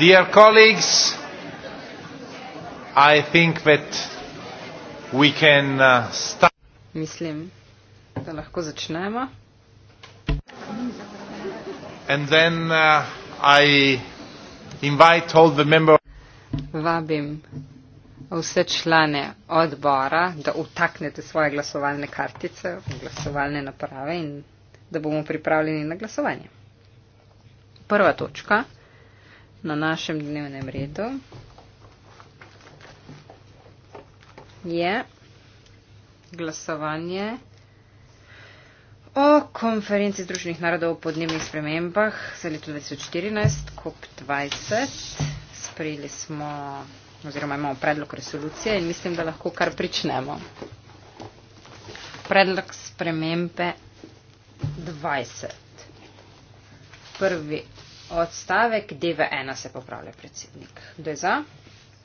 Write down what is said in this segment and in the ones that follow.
dear colleagues, I think that we can uh, start. Mislim, da lahko začnemo. And then uh, I invite all the members. Vabim vse člane odbora, da utaknete svoje glasovalne kartice, glasovalne naprave in da bomo pripravljeni na glasovanje. Prva točka na našem dnevnem redu je glasovanje o konferenci Združenih narodov o podnebnih spremembah za leto 2014, COP20. Sprejeli smo oziroma imamo predlog resolucije in mislim, da lahko kar pričnemo. Predlog spremembe 20. Prvi Odstavek D v 1 se popravlja predsednik. Kdo je za?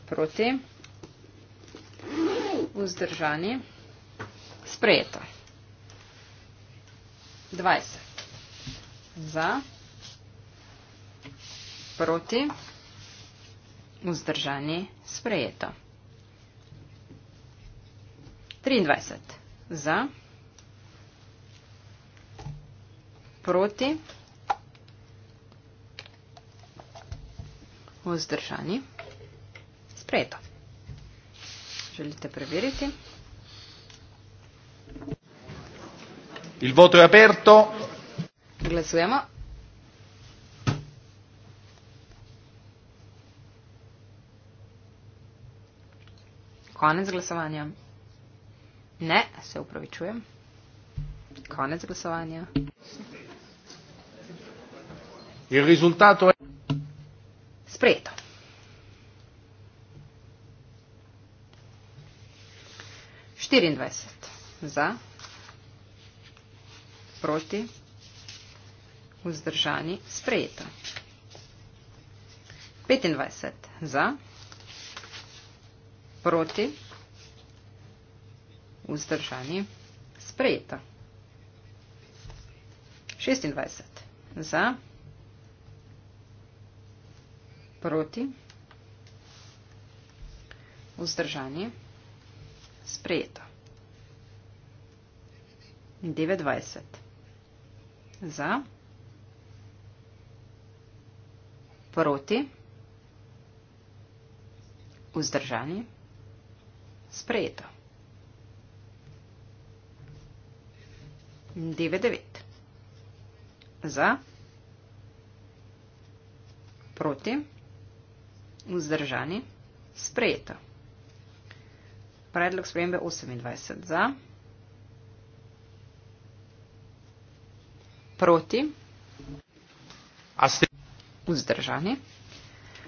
Proti? Vzdržani? Sprejeto. 20. Za? Proti? Vzdržani? Sprejeto. 23. Za? Proti? vzdržani. Sprejeto. Želite preveriti? Il voto je aperto. Glasujemo. Konec glasovanja. Ne, se upravičujem. Konec glasovanja. Il risultato è interpreto. Štiriindvajset za, proti, vzdržani, sprejeto. Petindvajset za, proti, vzdržani, sprejeto. Šestindvajset za, proti, vzdržani, sprejeto. Proti. Vzdržani. Sprejeto. 29. Za. Proti. Vzdržani. Sprejeto. 99. Za. Proti vzdržani, sprejeta. Predlog sprejembe 28 za, proti, vzdržani,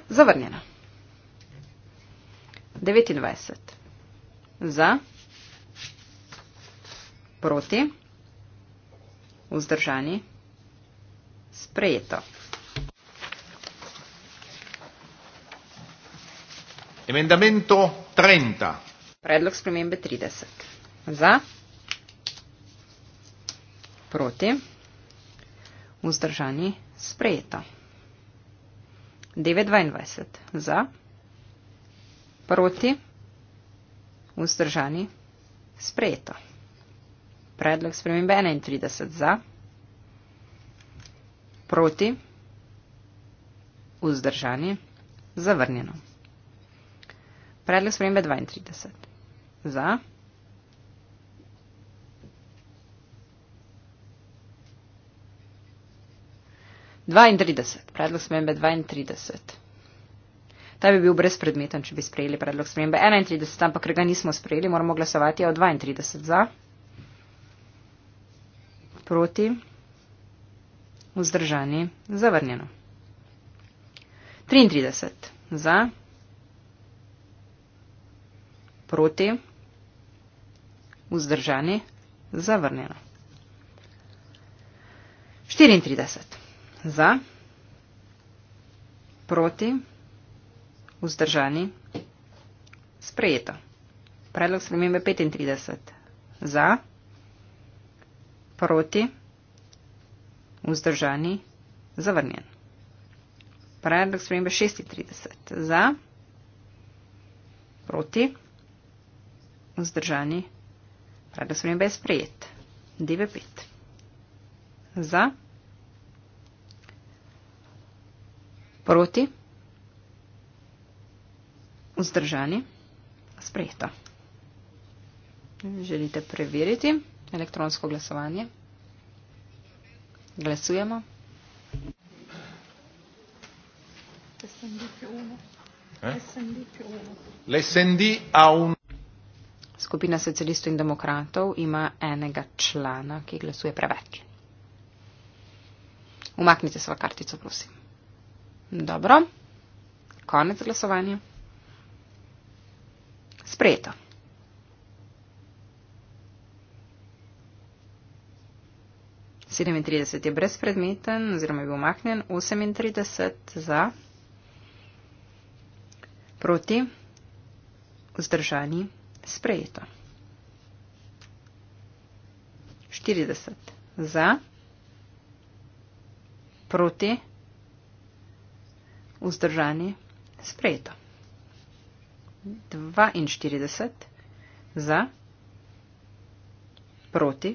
zavrnjena. 29 za, proti, vzdržani, sprejeta. Emendamento 30. Predlog spremembe 30. Za? Proti? Vzdržani? Sprejeta. 922. Za? Proti? Vzdržani? Sprejeta. Predlog spremembe 31. Za? Proti? Vzdržani? Zavrnjeno. Predlog spremembe 32. Za. Dvaintrideset. Predlog spremembe dvaintrideset. Ta bi bil brezpredmeten, če bi sprejeli predlog spremembe enaintrideset, ampak ker ga nismo sprejeli, moramo glasovati o dvaintrideset za, proti, vzdržani, zavrnjeno. Triintrideset za, proti, vzdržani, zavrnjeno. 34. Za, proti, vzdržani, sprejeto. Predlog spremembe 35. Za, proti, vzdržani, zavrnjen. Predlog spremembe 36. Za, proti, vzdržani, zavrnjen. Vzdržani. Rada sem nebe sprejet. Dive pet. Za. Proti. Vzdržani. Sprejeta. Želite preveriti elektronsko glasovanje? Glasujemo. L'SND a un... Skupina socialistov in demokratov ima enega člana, ki glasuje preveč. Umaknite svojo kartico, prosim. Dobro. Konec glasovanja. Sprejeto. Sedemintrideset je brezpredmeten oziroma je bil umaknjen, osemintrideset za, proti, vzdržani sprejeto. 40 za, proti, vzdržani, sprejeto. 42 za, proti,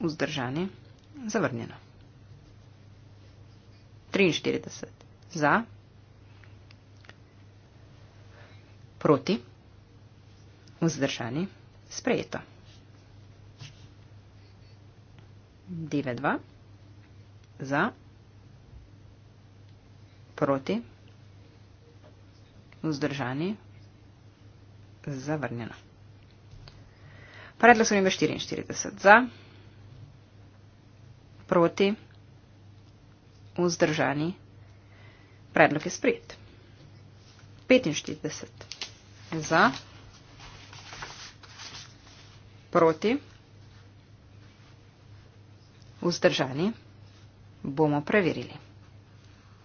vzdržani, zavrnjeno. 43 za, proti. Vzdržani. Sprejeto. Dive 2. Za. Proti. Vzdržani. Zavrnjeno. Predlog sprememba 44. Za. Proti. Vzdržani. Predlog je sprejet. 45. Za. Proti proti, vzdržani, bomo preverili.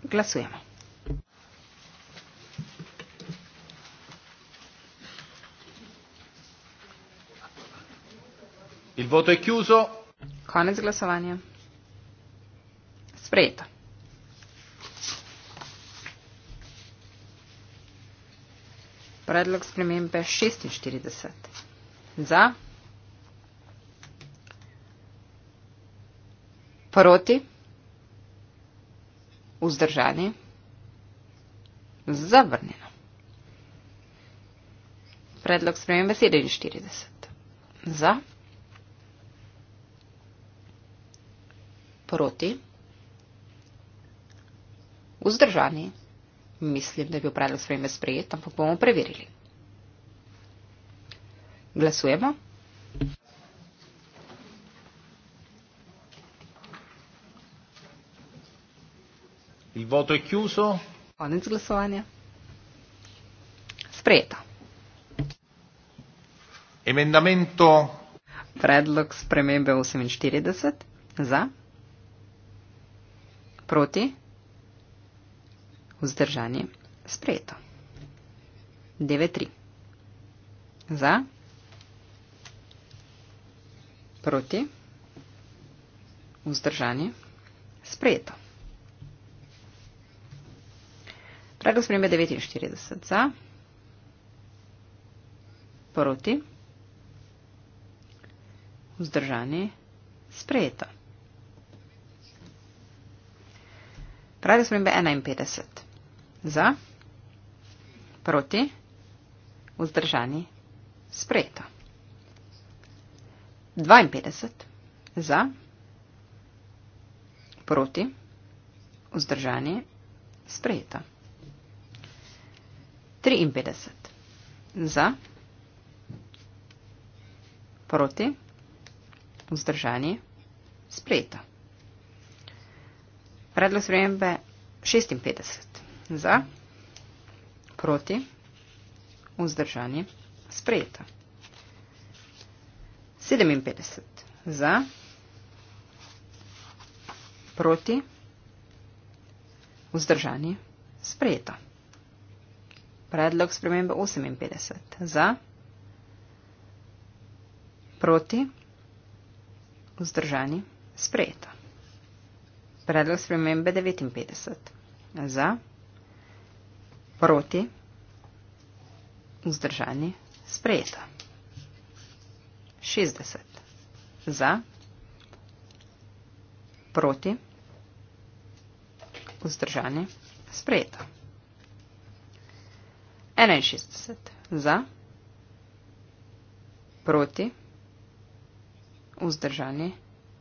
Glasujemo. Il voto è chiuso. Konec glasovanja. Sprejeto. Predlog spremembe 46. Za. Proti, vzdržani, zavrnjeno. Predlog spremembe 47. Za, proti, vzdržani, mislim, da je bil predlog spremembe sprejet, ampak bomo preverili. Glasujemo. Il voto è chiuso. Konec glasovanja. Sprejeto. Emendamento. Predlog spremembe 48. Za. Proti. Vzdržanje. Sprejeto. 9.3. Za. Proti. Vzdržanje. Sprejeto. 10.4. Predlog spremembe 49 za. Proti. Vzdržani. Sprejeto. Predlog spremembe 51 za. Proti. Vzdržani. Sprejeto. 52 za. Proti. Vzdržani. Sprejeto. 53. Za. Proti. Vzdržanje. Sprejeto. Predlog spremembe 56. Za. Proti. Vzdržanje. Sprejeto. 57. Za. Proti. Vzdržanje. Sprejeto. Predlog spremembe 58. Za? Proti? Vzdržani? Sprejeto. Predlog spremembe 59. Za? Proti? Vzdržani? Sprejeto. 60. Za? Proti? Vzdržani? Sprejeto. 61 za, proti, vzdržani,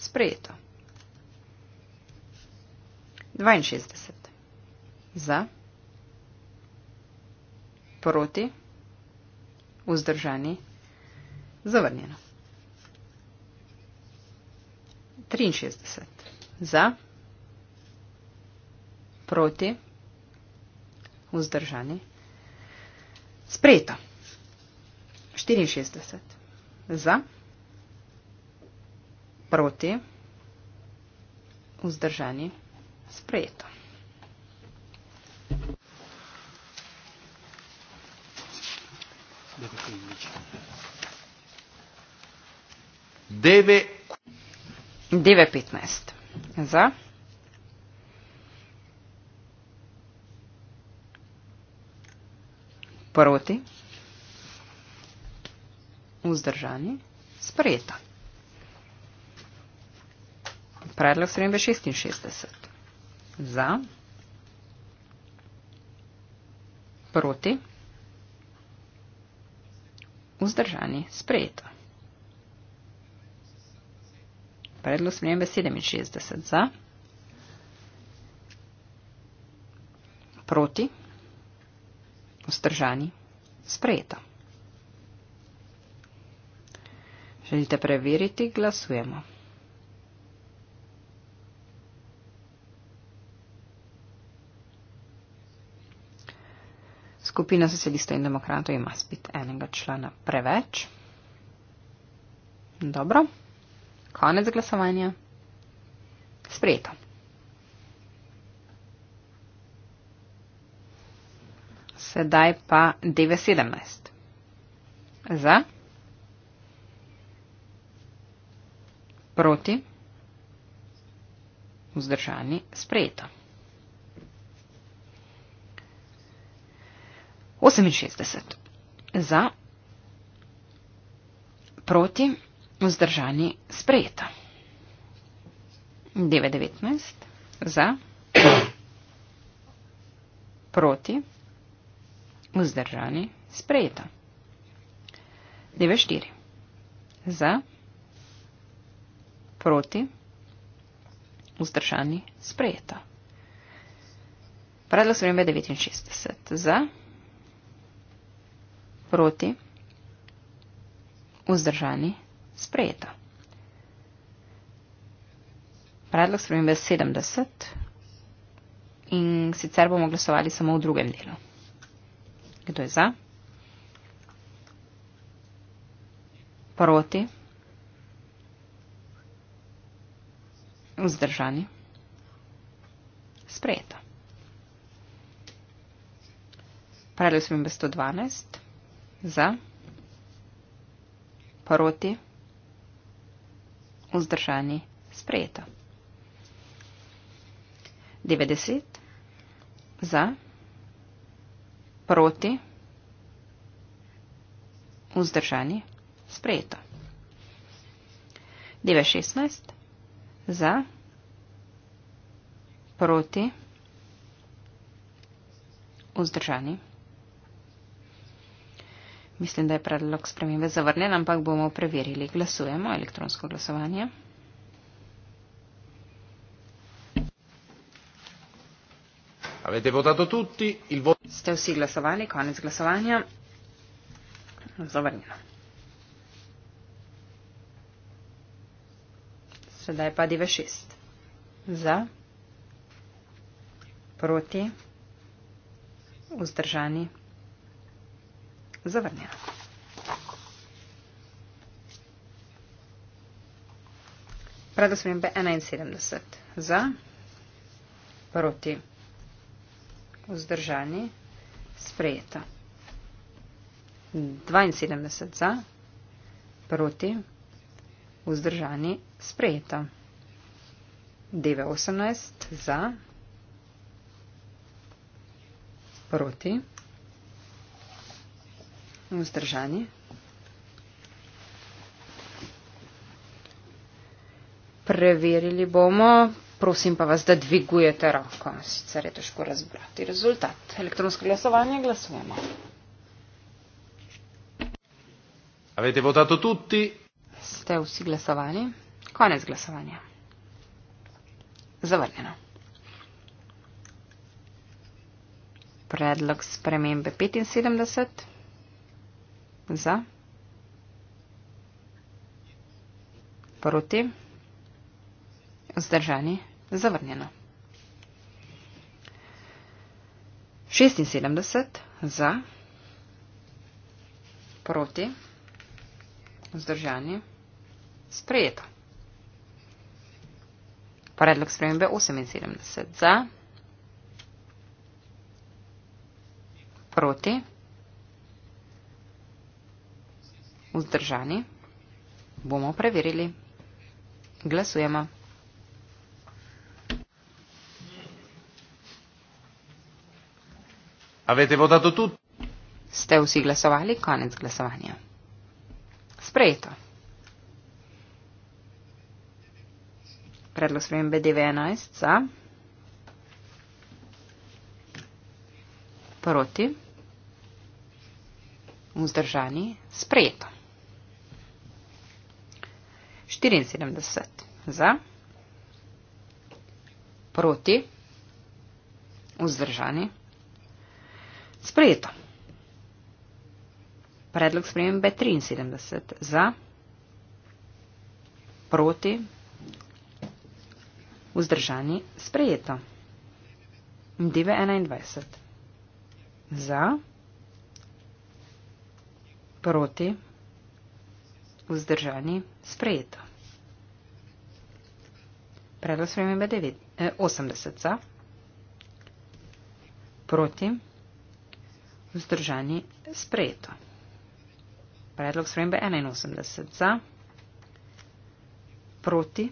sprejeto. 62 za, proti, vzdržani, zavrnjeno. 63 za, proti, vzdržani, zavrnjeno. Sprejeto. 64. Za. Proti. Vzdržani. Sprejeto. Deve 15. Deve 15. Za. proti, vzdržani, sprejeta. Predlog srembe 66. Za, proti, vzdržani, sprejeta. Predlog srembe 67. Za, proti, vzdržani, sprejeta vzdržani. Sprejeto. Želite preveriti? Glasujemo. Skupina socialistov in demokratov ima spet enega člana preveč. Dobro. Konec glasovanja. Sprejeto. sedaj pa 917. Za, proti, vzdržani, sprejeto. 68. Za, proti, vzdržani, sprejeto. 919. Za, proti, vzdržani, sprejeto vzdržani, sprejeta. 94. Za, proti, vzdržani, sprejeta. Predlog sprejme 69. Za, proti, vzdržani, sprejeta. Predlog sprejme 70 in sicer bomo glasovali samo v drugem delu. Kdo je za? Proti? Vzdržani? Sprejeto. Predlog sem 112. Za? Proti? Vzdržani? Sprejeto. 90. Za? proti, vzdržani, sprejeto. Deve 16, za, proti, vzdržani. Mislim, da je predlog spremembe zavrnjen, ampak bomo preverili. Glasujemo elektronsko glasovanje. Avete votato tutti, il voto... Ste vsi glasovali, konec glasovanja. Zavrnjeno. Sedaj pa dive šest. Za. Proti. Vzdržani. Zavrnjeno. Predosmembe 71. Za. Proti vzdržani, sprejeta. 72 za, proti, vzdržani, sprejeta. 918 za, proti, vzdržani. Preverili bomo Prosim pa vas, da dvigujete roko, sicer je težko razbrati rezultat. Elektronsko glasovanje glasujemo. Avete votato tutti? Ste vsi glasovali? Konec glasovanja. Zavrnjeno. Predlog spremembe 75. Za. Proti. Zdržani zavrnjeno. 76 za, proti, vzdržanje, sprejeto. Predlog spremembe 78 za, proti, vzdržanje, bomo preverili. Glasujemo. Avete votato tutti? Ste vsi glasovali? Konec glasovanja. Sprejeto. Predlog sprejem BDV 11 za. Proti. Vzdržani. Sprejeto. 74 za. Proti. Vzdržani. Sprejeto. Predlog spremembe 73 za, proti, vzdržani, sprejeto. Dive 21 za, proti, vzdržani, sprejeto. Predlog spremembe 80 eh, za, proti, vzdržani, sprejeto vzdržani sprejeto. Predlog spremembe 81 za, proti,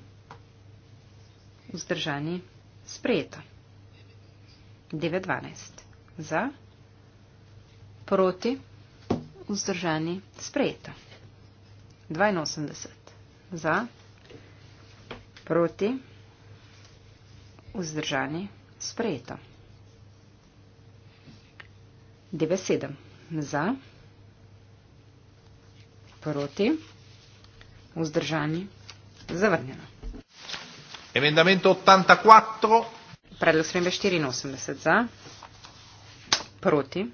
vzdržani sprejeto. 912 za, proti, vzdržani sprejeto. 82 za, proti, vzdržani sprejeto. 97 za, proti, vzdržani, zavrnjeno. Emendamento 84. Predlog sprembe 84 za, proti,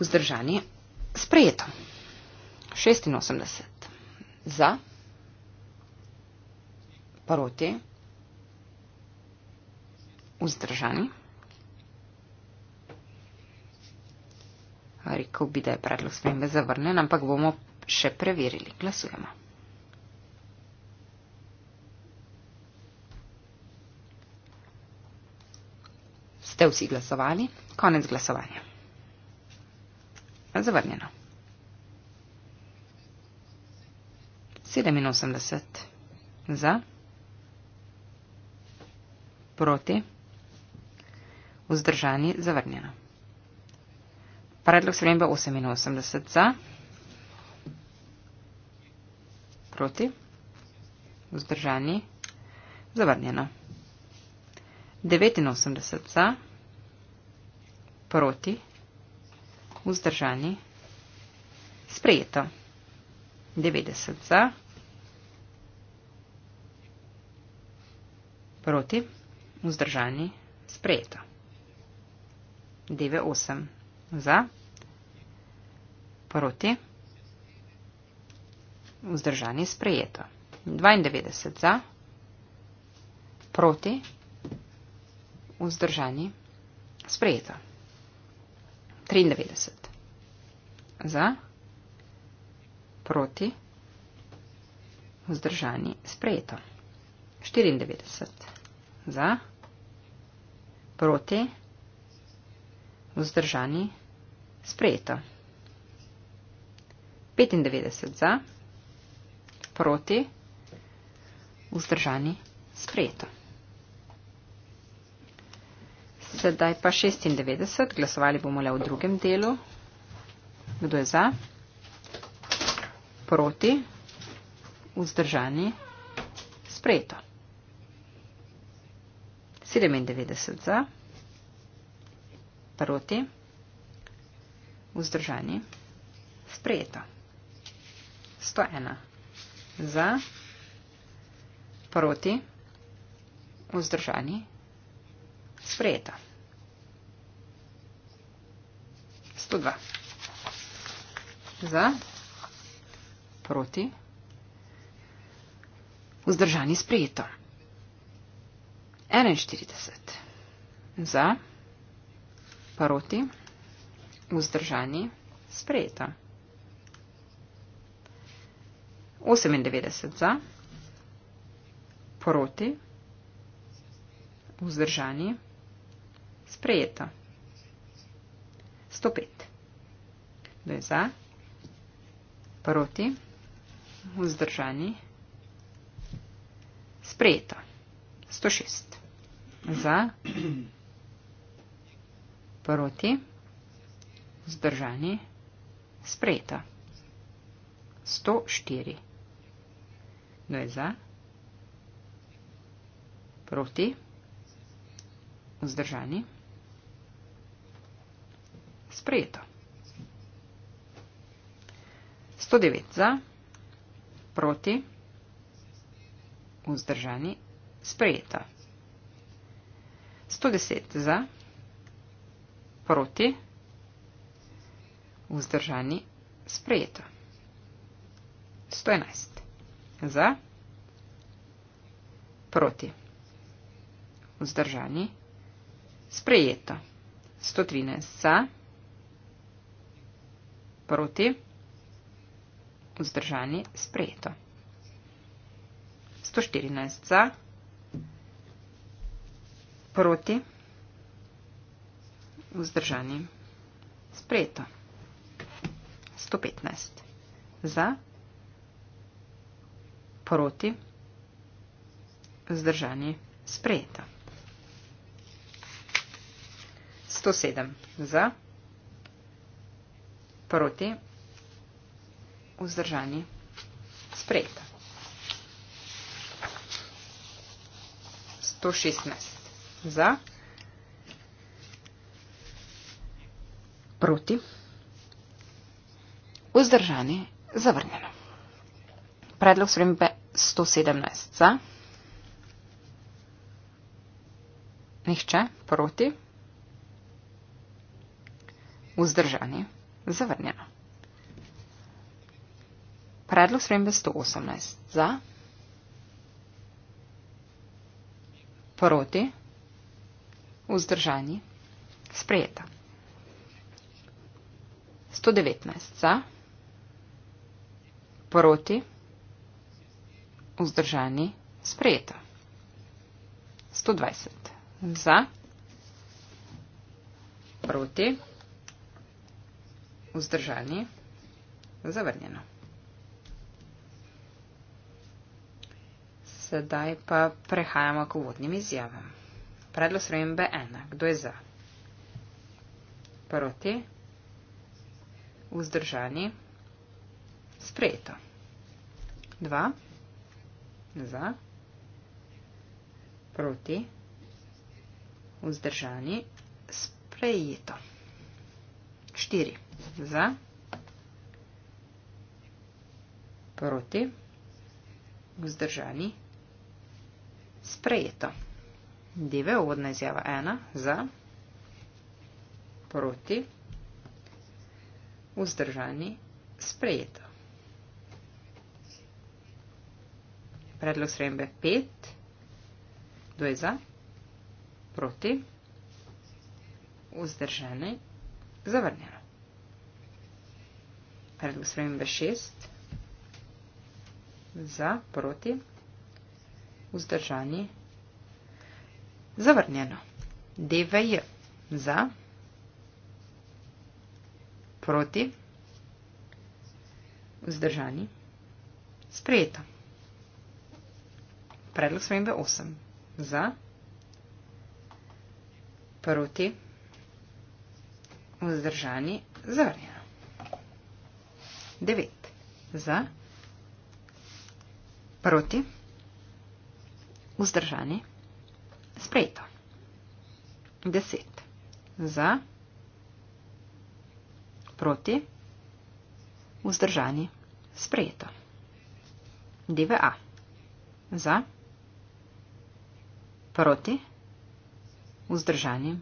vzdržani, sprejeto. 86 za, proti, vzdržani. rekel bi, da je predlog spremembe zavrnen, ampak bomo še preverili. Glasujemo. Ste vsi glasovali? Konec glasovanja. Zavrnjeno. 87 za, proti, vzdržani, zavrnjeno. Predlog spremembe 88 za. Proti. Vzdržani. Zavrnjeno. 89 za. Proti. Vzdržani. Sprejeto. 90 za. Proti. Vzdržani. Sprejeto. 98 za. Proti. Vzdržanje je sprejeto. 92 za. Proti. Vzdržanje je sprejeto. 93 za. Proti. Vzdržani sprejeto. 94 za, proti, vzdržani sprejeto. 95 za, proti, vzdržani, sprejeto. Sedaj pa 96, glasovali bomo le v drugem delu. Kdo je za? Proti, vzdržani, sprejeto. 97 za, proti, vzdržani, sprejeto. 101. Za, proti, vzdržani, sprejeta. 102. Za, proti, vzdržani, sprejeta. 41. Za, proti, vzdržani, sprejeta. 98 za, proti, vzdržani, sprejeta. 105. Kdo je za, proti, vzdržani, sprejeta. 106. Za, proti, vzdržani, sprejeta. 104. No je za, proti, vzdržani, sprejeto. 109 za, proti, vzdržani, sprejeto. 110 za, proti, vzdržani, sprejeto. 111 za, proti, vzdržani, sprejeto, 113 za, proti, vzdržani, sprejeto, 114 za, proti, vzdržani, sprejeto, 115 za, proti, proti, vzdržani, sprejeta. 107 za, proti, vzdržani, sprejeta. 116 za, proti, vzdržani, zavrnjena. Predlog spremembe 117 za. Nihče proti. Vzdržani. Zavrnjeno. Predlog spremembe 118 za. Proti. Vzdržani. Sprejeta. 119 za. Proti vzdržani, sprejeta. 120 za, proti, vzdržani, zavrnjeno. Sedaj pa prehajamo k uvodnim izjavam. Predlog spremembe 1. Kdo je za? Proti, vzdržani, sprejeto. 2 za, proti, vzdržani, sprejeto. 4. Za, proti, vzdržani, sprejeto. 9. Uvodna izjava 1. Za, proti, vzdržani, sprejeto. Predlog srembe 5. Kdo je za? Proti. Vzdržene. Zavrnjeno. Predlog srembe 6. Za, proti. Vzdržani. Zavrnjeno. DVJ. Za. Proti. Vzdržani. Sprejeto. Predlog spremembe 8. Za. Proti. Vzdržani. Zavrnjeno. 9. Za. Proti. Vzdržani. Sprejeto. 10. Za. Proti. Vzdržani. Sprejeto. DVA. Za. Proti? Vzdržanjem.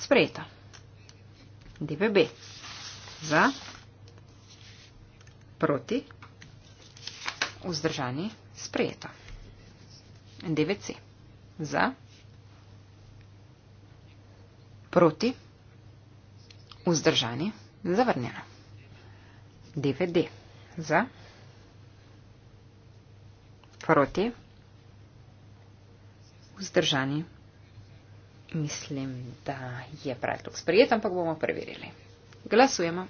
Sprejeto. DBB. Za? Proti? Vzdržanje. Sprejeto. DVC. Za? Proti? Vzdržanje. Zavrnjeno. DVD. Za? Proti? Proti? vzdržani. Mislim, da je predlog sprejet, ampak bomo preverili. Glasujemo.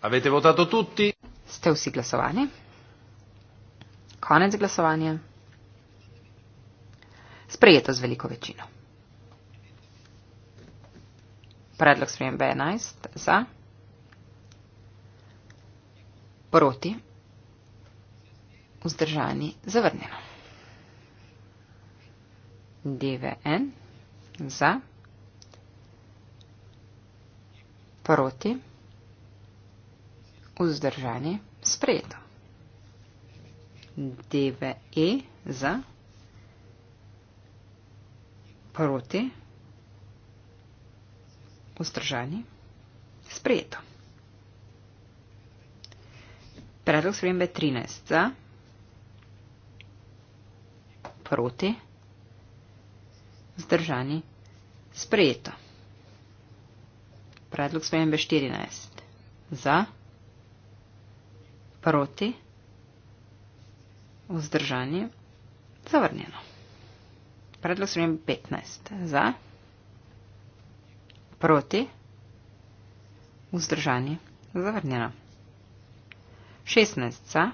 Avete votato tutti? Ste vsi glasovani? Konec glasovanja. Sprejeto z veliko večino. Predlog spremembe 11 za. Proti. Vzdržani. Zavrnjeno. DVN. Za. Proti. Vzdržani. Sprejeto. DVE. Za. Proti. Vzdržani. Sprejeto. Predlog spremembe 13 za. Proti. Zdržani. Sprejeto. Predlog spremembe 14 za. Proti. Vzdržani. Zavrnjeno. Predlog spremembe 15 za. Proti. Vzdržani. Zavrnjeno. 16.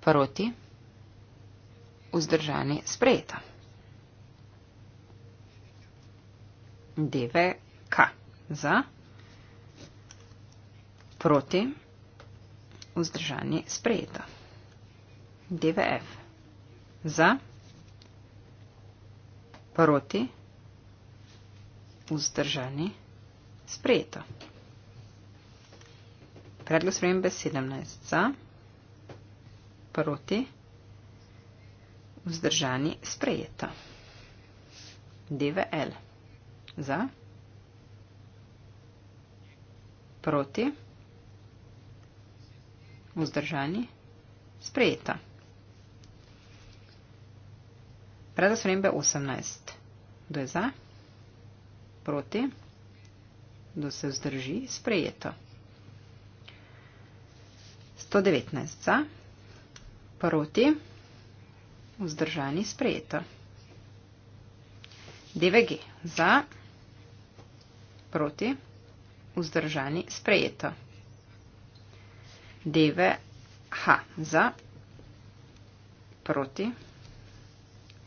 Proti. Vzdržani sprejeta. DVK za. Proti. Vzdržani sprejeta. DVF za. Proti. Vzdržani sprejeta. Predlog spremembe 17 za, proti, vzdržani, sprejeta. DVL za, proti, vzdržani, sprejeta. Predlog spremembe 18. Kdo je za? Proti. Kdo se vzdrži? Sprejeto. 119 za, proti, vzdržani, sprejeto. DVG za, proti, vzdržani, sprejeto. DVH za, proti,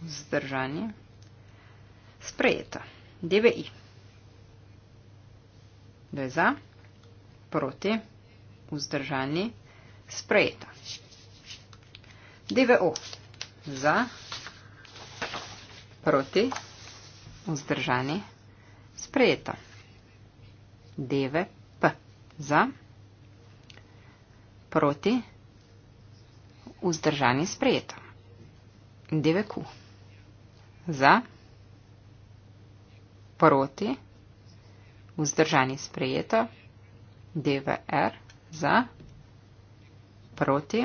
vzdržani, sprejeto. DVI. Kdo je za? Proti. Vzdržani. Sprejeto sprejeta. DVO za, proti, vzdržani, sprejeta. DVP za, proti, vzdržani, sprejeta. DVQ za, proti, vzdržani, sprejeta. DVR za, proti proti,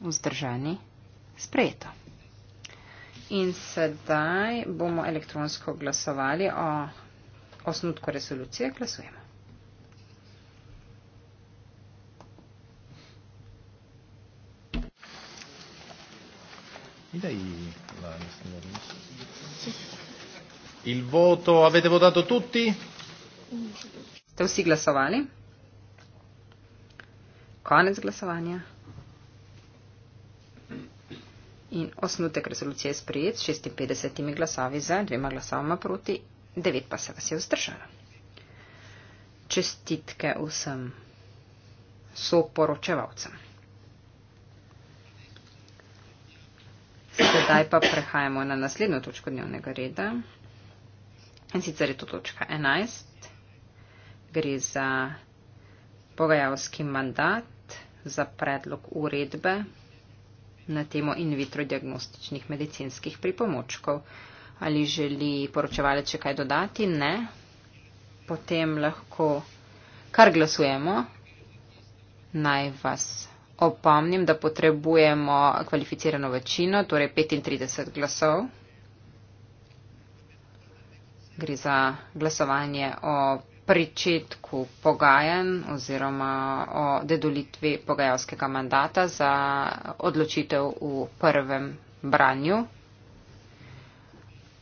vzdržani, sprejeto. In sedaj bomo elektronsko glasovali o osnutku resolucije. Glasujemo. Il voto avete votato tutti? Ste vsi glasovali? konec glasovanja. In osnutek rezolucije je sprejet s 56 glasovi za, dvema glasovoma proti, devet pa se vas je vzdržalo. Čestitke vsem soporočevalcem. Sedaj pa prehajamo na naslednjo točko dnevnega reda. In sicer je to točka 11. Gre za pogajalski mandat za predlog uredbe na temo in vitro diagnostičnih medicinskih pripomočkov. Ali želi poročevalec še kaj dodati? Ne. Potem lahko kar glasujemo. Naj vas opomnim, da potrebujemo kvalificirano večino, torej 35 glasov. Gre za glasovanje o pričetku pogajanj oziroma o dedolitvi pogajalskega mandata za odločitev v prvem branju.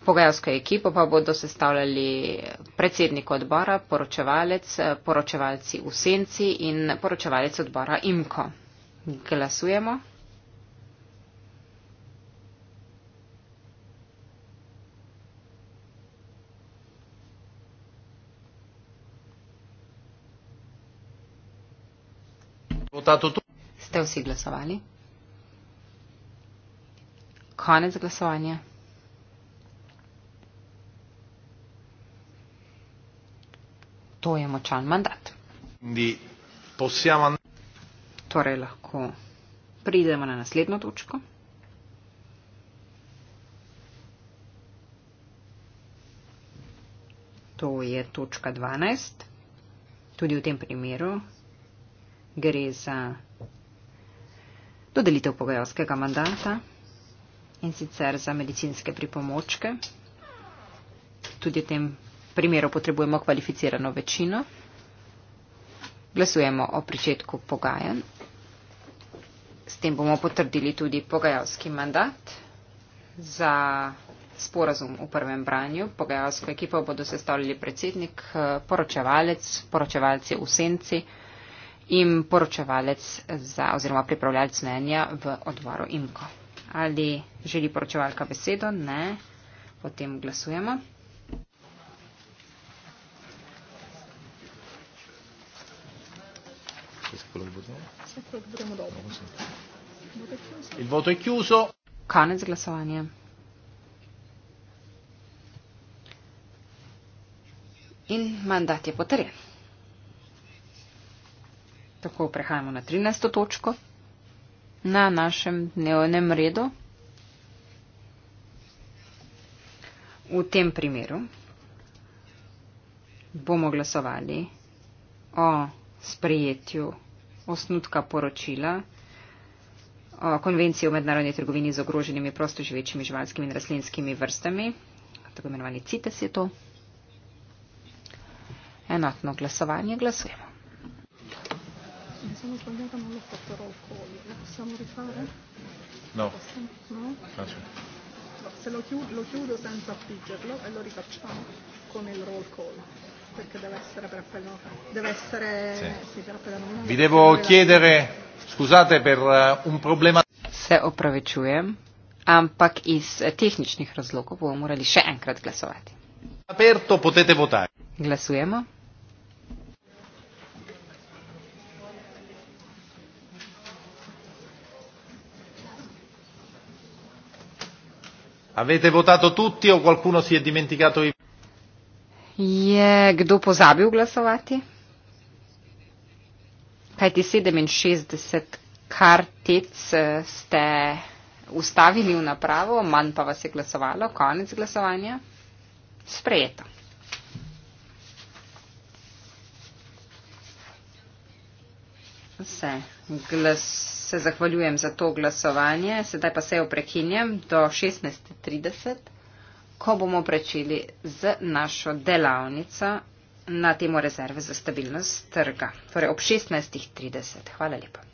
Pogajalsko ekipo pa bodo sestavljali predsednik odbora, poročevalec, poročevalci v senci in poročevalec odbora IMKO. Glasujemo. rezultatov tudi. Ste vsi glasovali? Konec glasovanja. To je močan mandat. Torej lahko pridemo na naslednjo točko. To je točka 12. Tudi v tem primeru gre za dodelitev pogajalskega mandata in sicer za medicinske pripomočke. Tudi v tem primeru potrebujemo kvalificirano večino. Glasujemo o pričetku pogajanj. S tem bomo potrdili tudi pogajalski mandat za sporazum v prvem branju. Pogajalsko ekipo bodo sestavljali predsednik, poročevalec, poročevalci v senci in poročevalec za, oziroma pripravljalec mnenja v odvoru IMKO. Ali želi poročevalka besedo? Ne. Potem glasujemo. Il voto è chiuso. Canez glasovanje. In mandat je potrjen. Tako prehajamo na 13. točko na našem dnevnem redu. V tem primeru bomo glasovali o sprejetju osnutka poročila o konvenciji o mednarodni trgovini z ogroženimi prostoživečimi živalskimi in rastlinskimi vrstami, tako imenovani CITES je to. Enotno glasovanje glasujemo sono sbagliata non l'ho fatto però collo. Lo possiamo rifare? No. No? Faccio. No. Se lo chiudo, lo chiudo senza appiggerlo e lo rifacciamo con il roll call perché deve essere per appello. Deve essere. Sì. Sì, per appello non Vi devo chiedere, la... scusate per uh, un problema. Se opravičujem, ampak iz eh, tehničnih razlogov bomo morali še enkrat glasovati. Aperto, potete votare. Glasujemo. Avete votato tutti o qualcuno si è dimenticato i Je kdo pozabil glasovati? Kajti 67 kartic eh, ste ustavili v napravo, manj pa vas je glasovalo, konec glasovanja. Sprejeto. Vse glas, se zahvaljujem za to glasovanje. Sedaj pa sejo prekinjem do 16.30, ko bomo prečeli z našo delavnico na temo rezerve za stabilnost trga. Torej ob 16.30. Hvala lepa.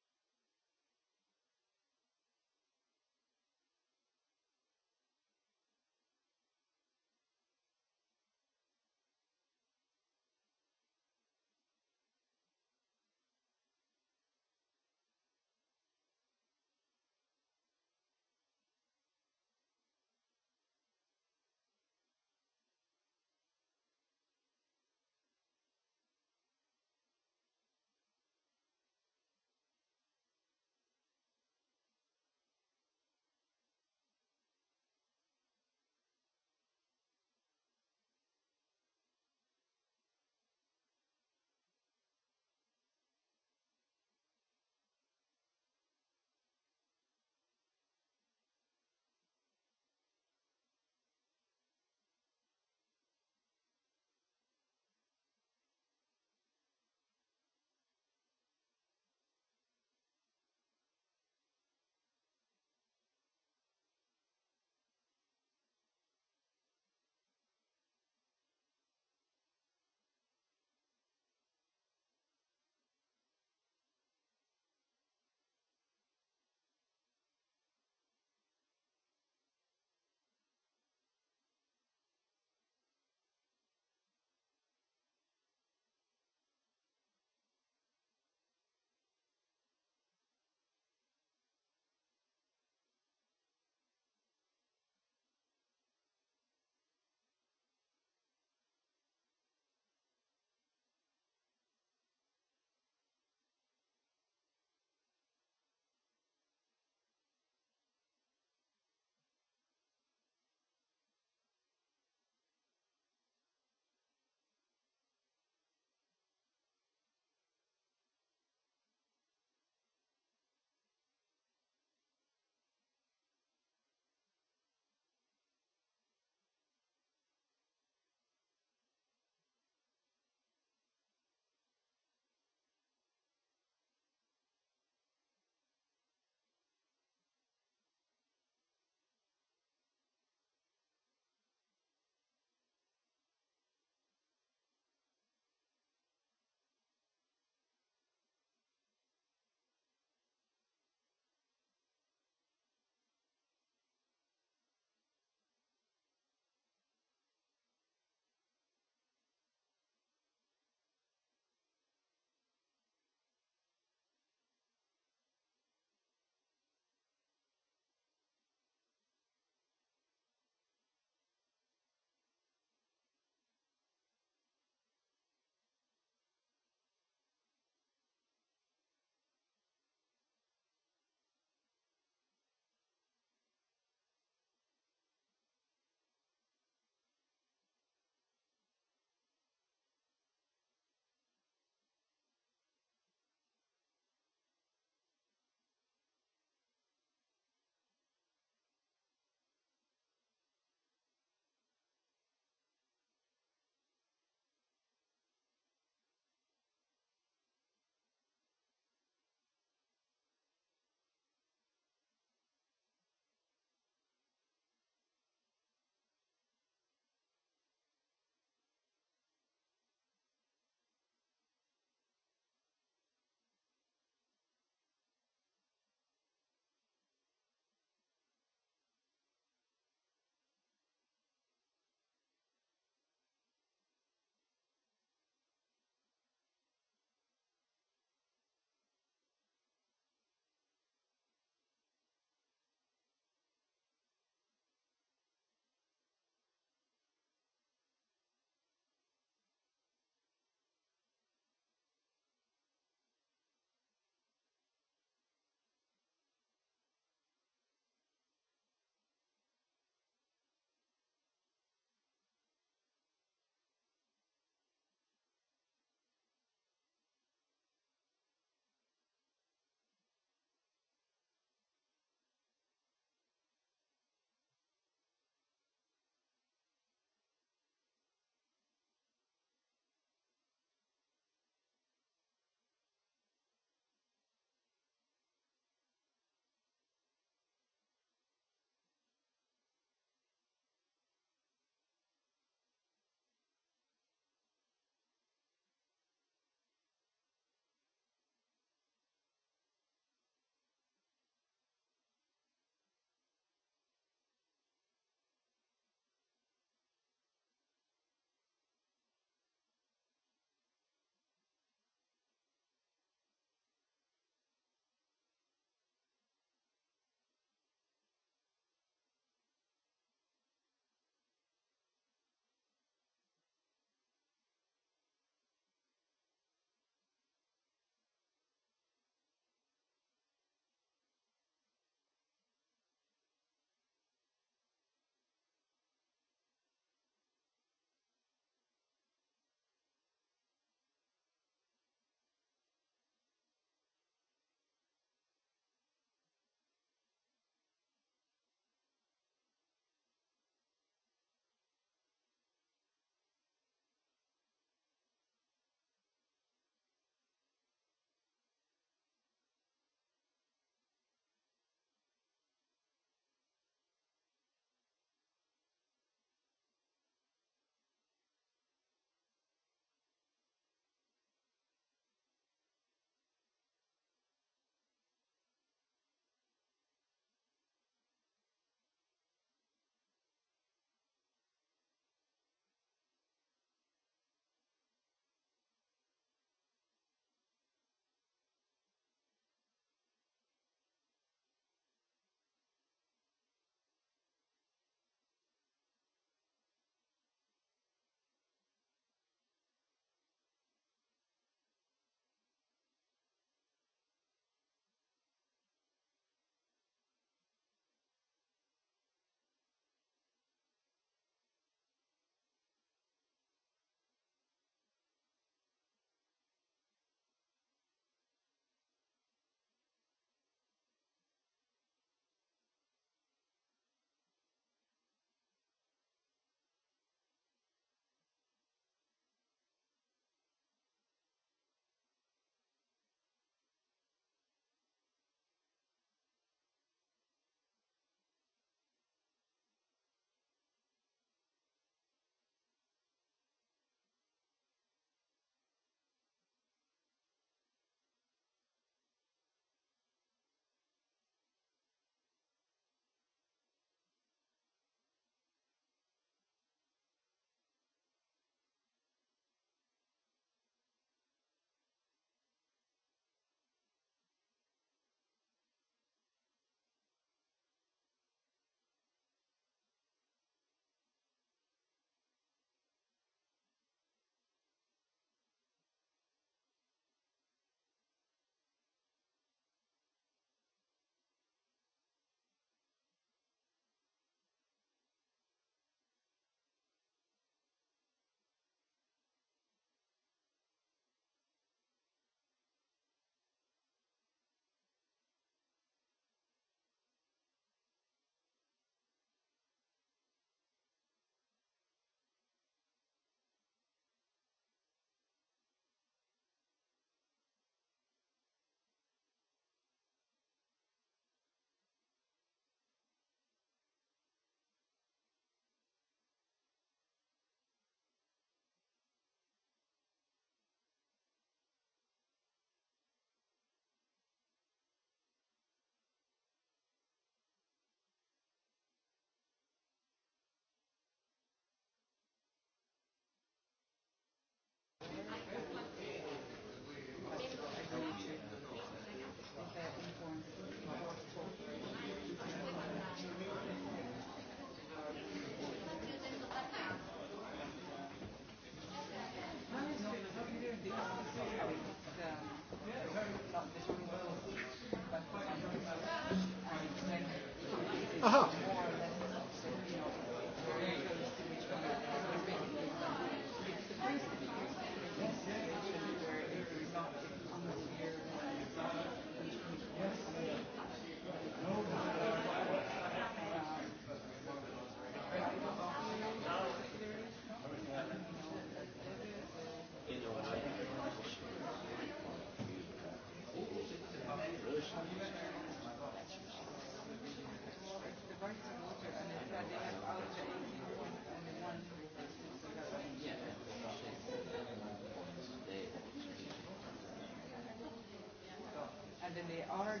and they are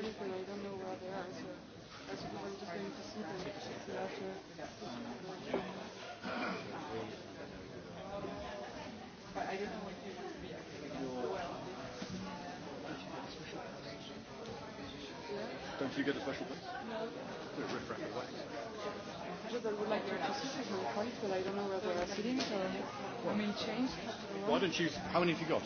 briefly, I don't know where they are, so I suppose I'm just going to see them after. But I don't know what you should be Don't you get a special place? No. They're riff wrapped away. Yeah. I would like to sit at some point, but I don't know where they are sitting, so I mean, change. Why don't you, how many have you got? Uh,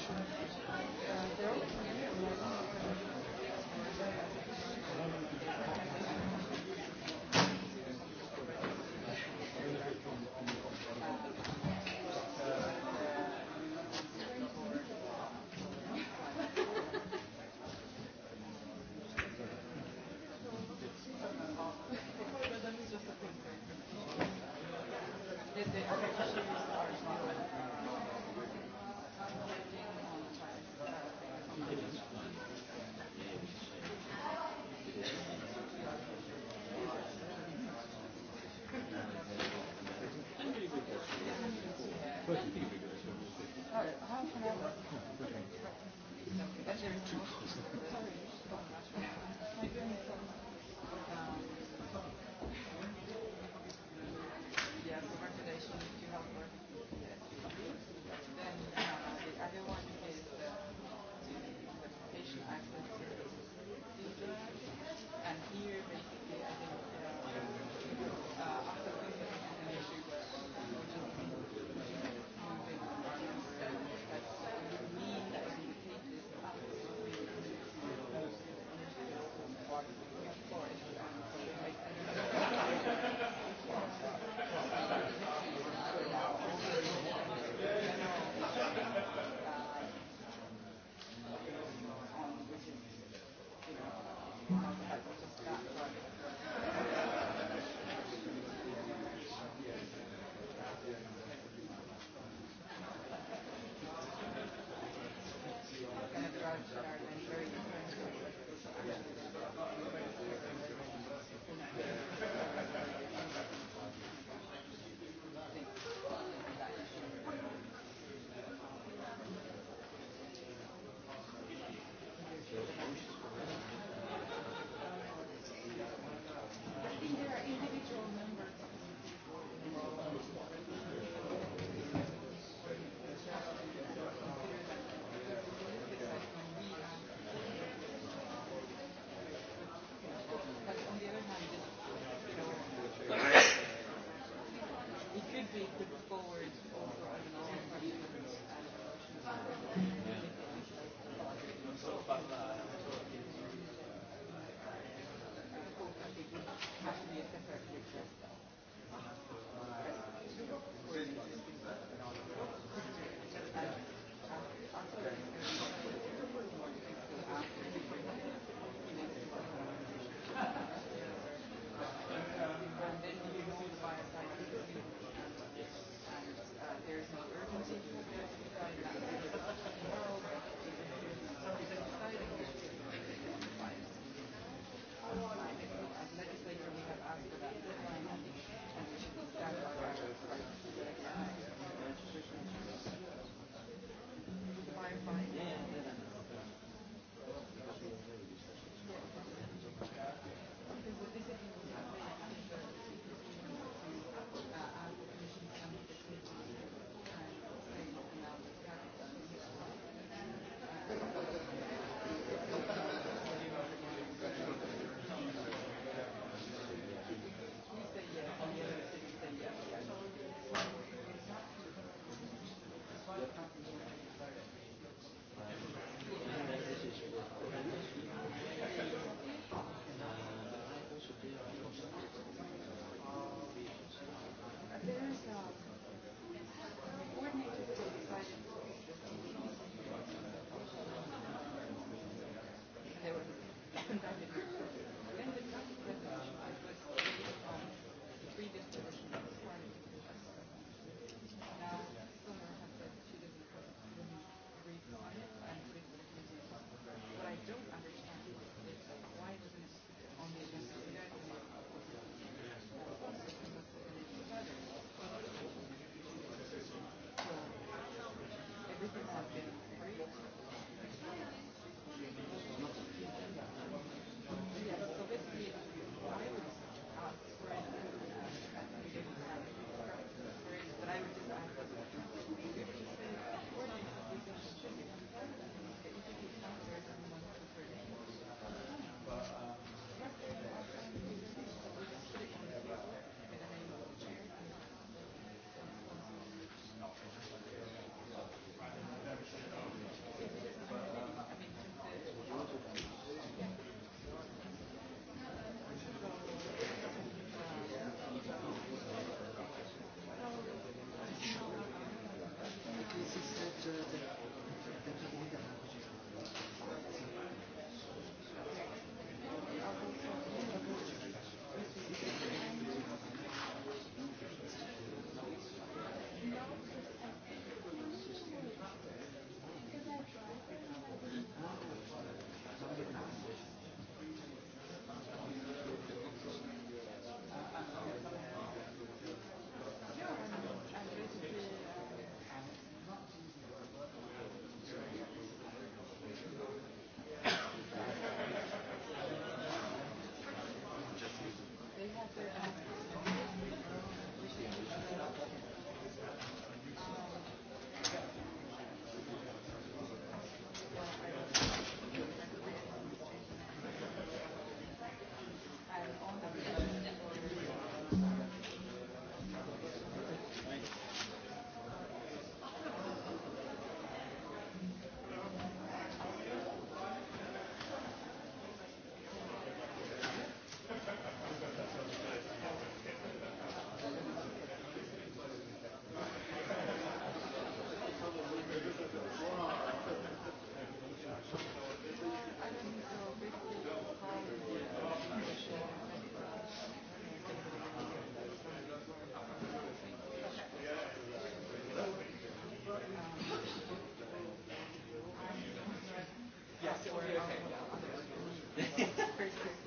Thank you.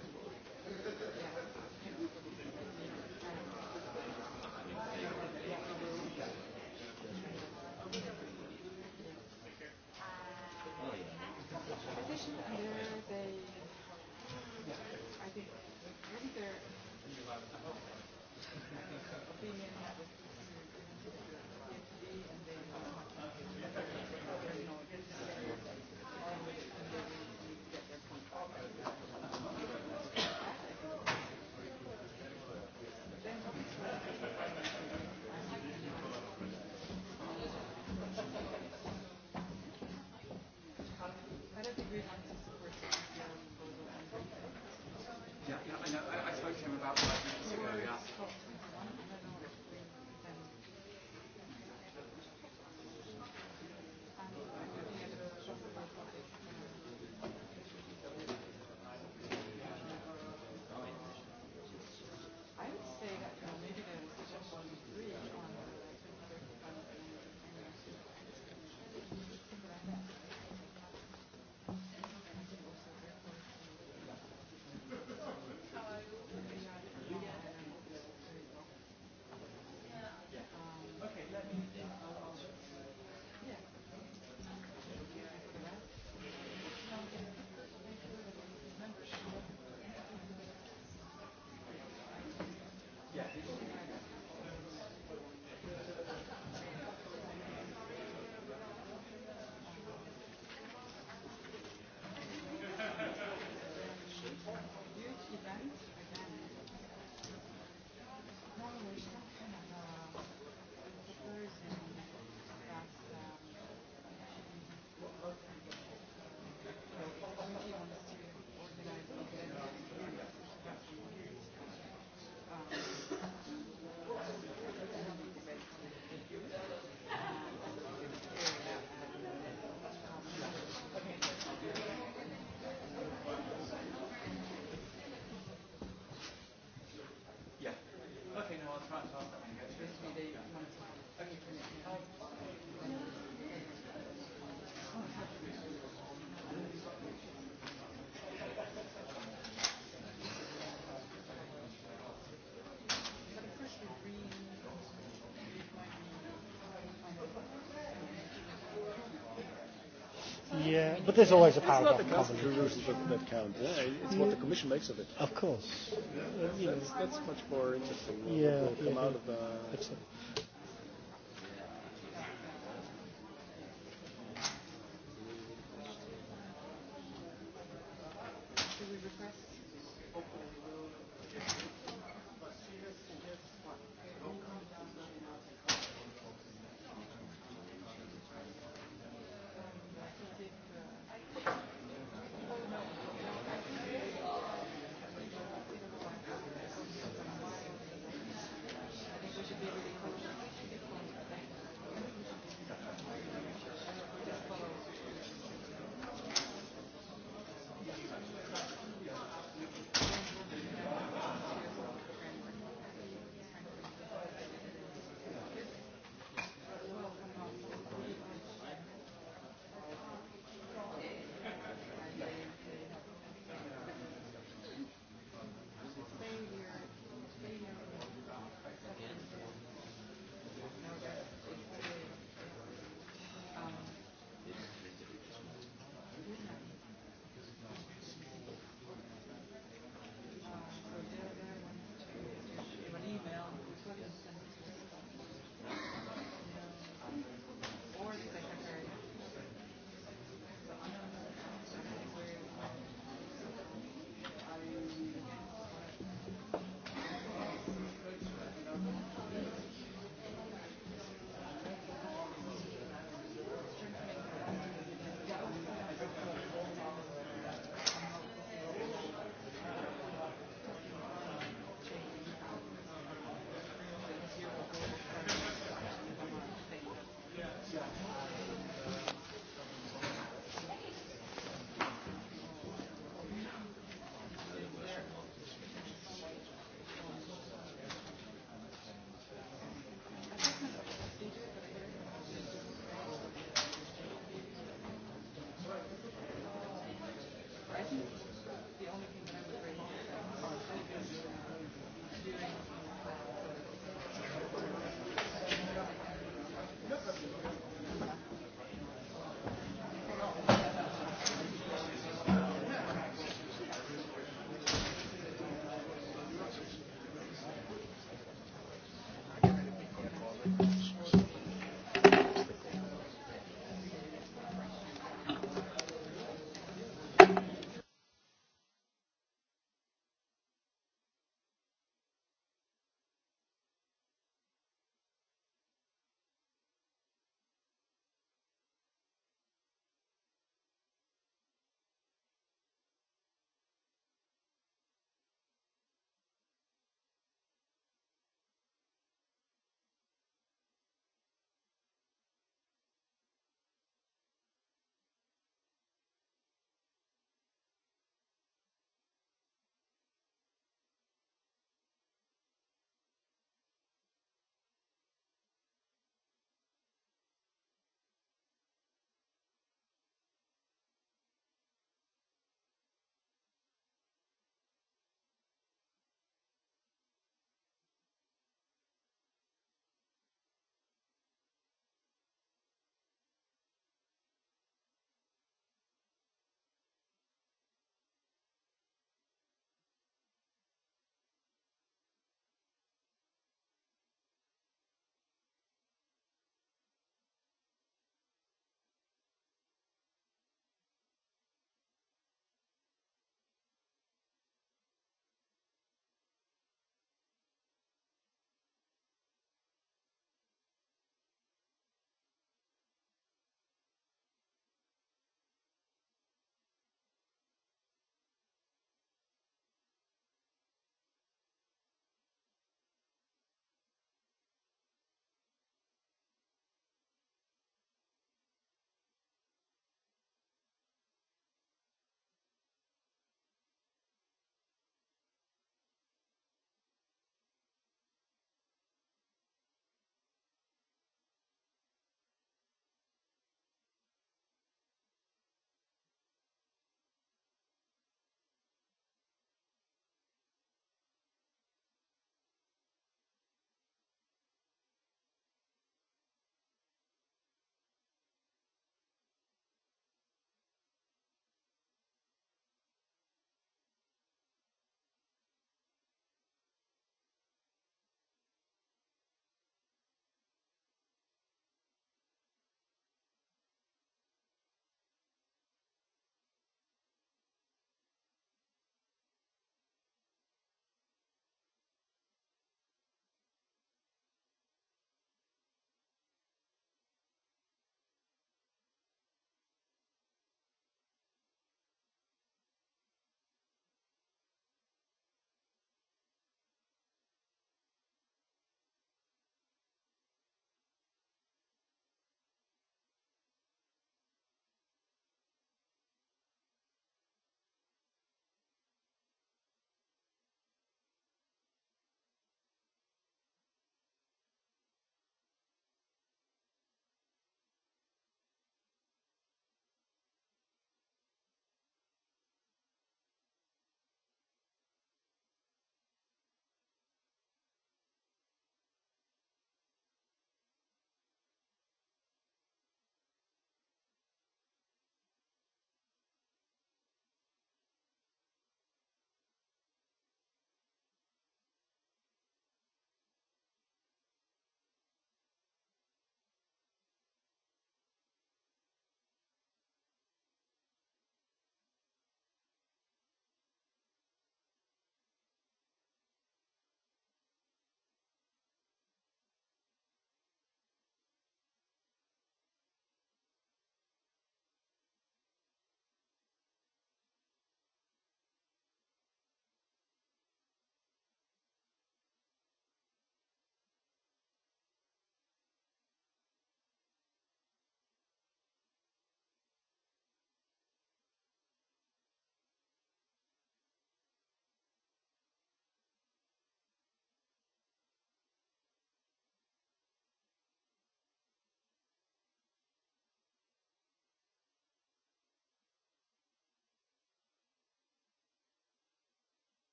Yeah, but there's always a paradox. It's not the constitutional rules that count. Yeah, it's yeah. what the commission makes of it. Of course. Yeah, that's, that's, that's much more interesting. Yeah. Come yeah, out yeah. Of, uh,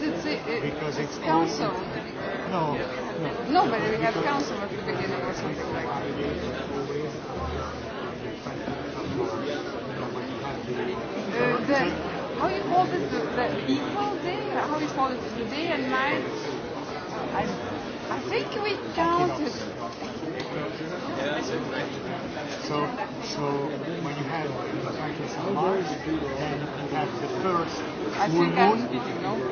because it's it, because it's, it's council. All, no, no, no, but we have council at the beginning or something like that. Uh, the, how you call this the, the equal day? How you call it the day and night? I, I think we counted. So, so when you have the Frankenstein, then you have the first I moon, think I, moon. No.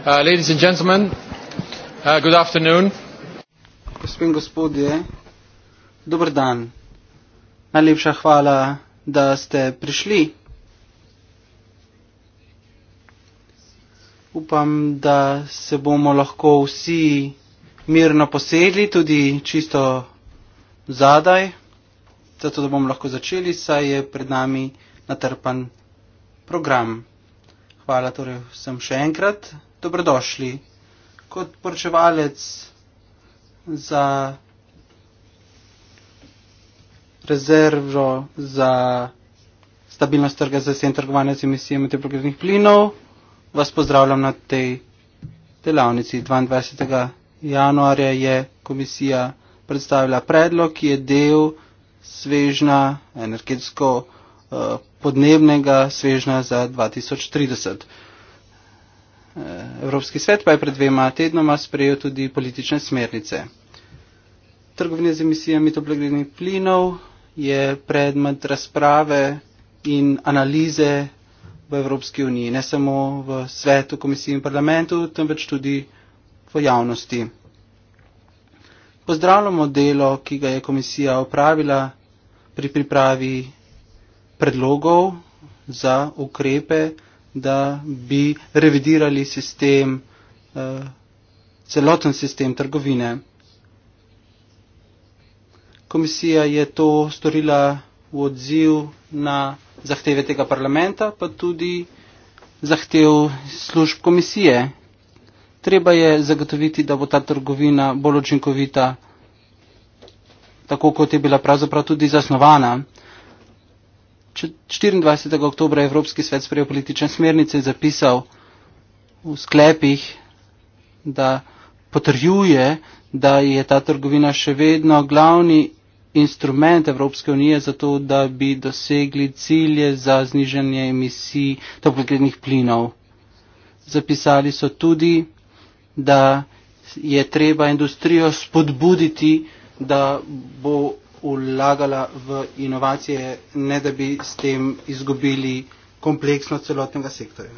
Uh, ladies and gentlemen, uh, good afternoon. Gospod in gospodje, dober dan. Najlepša hvala, da ste prišli. Upam, da se bomo lahko vsi mirno posedli, tudi čisto zadaj, zato da bomo lahko začeli, saj je pred nami natrpan program. Hvala torej vsem še enkrat dobrodošli. Kot poročevalec za rezervo za stabilnost trga za sen trgovanja z emisijami teplogrednih plinov, vas pozdravljam na tej delavnici. 22. januarja je komisija predstavila predlog, ki je del svežna energetsko eh, podnebnega svežna za 2030. Eh, Evropski svet pa je pred dvema tednoma sprejel tudi politične smernice. Trgovine z emisijami toplogrednih plinov je predmet razprave in analize v Evropski uniji, ne samo v svetu, komisiji in parlamentu, temveč tudi v javnosti. Pozdravljamo delo, ki ga je komisija opravila pri pripravi predlogov za ukrepe, da bi revidirali sistem, eh, celoten sistem trgovine. Komisija je to storila v odziv na zahteve tega parlamenta, pa tudi zahtev služb komisije. Treba je zagotoviti, da bo ta trgovina bolj učinkovita, tako kot je bila pravzaprav tudi zasnovana. 24. oktober je Evropski svet sprejel politične smernice in zapisal v sklepih, da potrjuje, da je ta trgovina še vedno glavni instrument Evropske unije za to, da bi dosegli cilje za znižanje emisij toplogrednih plinov. Zapisali so tudi, da je treba industrijo spodbuditi, da bo vlagala v inovacije, ne da bi s tem izgubili kompleksno celotnega sektorja.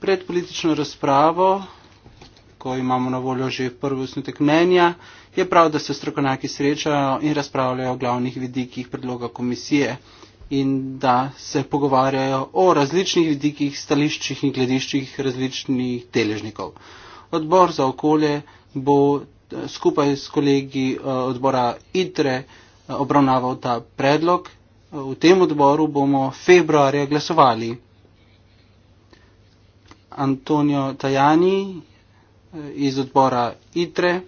Pred politično razpravo, ko imamo na voljo že prvi osnutek mnenja, je prav, da se strokovnjaki srečajo in razpravljajo o glavnih vidikih predloga komisije in da se pogovarjajo o različnih vidikih, stališčih in glediščih različnih deležnikov. Odbor za okolje bo skupaj s kolegi eh, odbora ITRE eh, obravnaval ta predlog. Eh, v tem odboru bomo februarja glasovali. Antonio Tajani iz odbora ITRE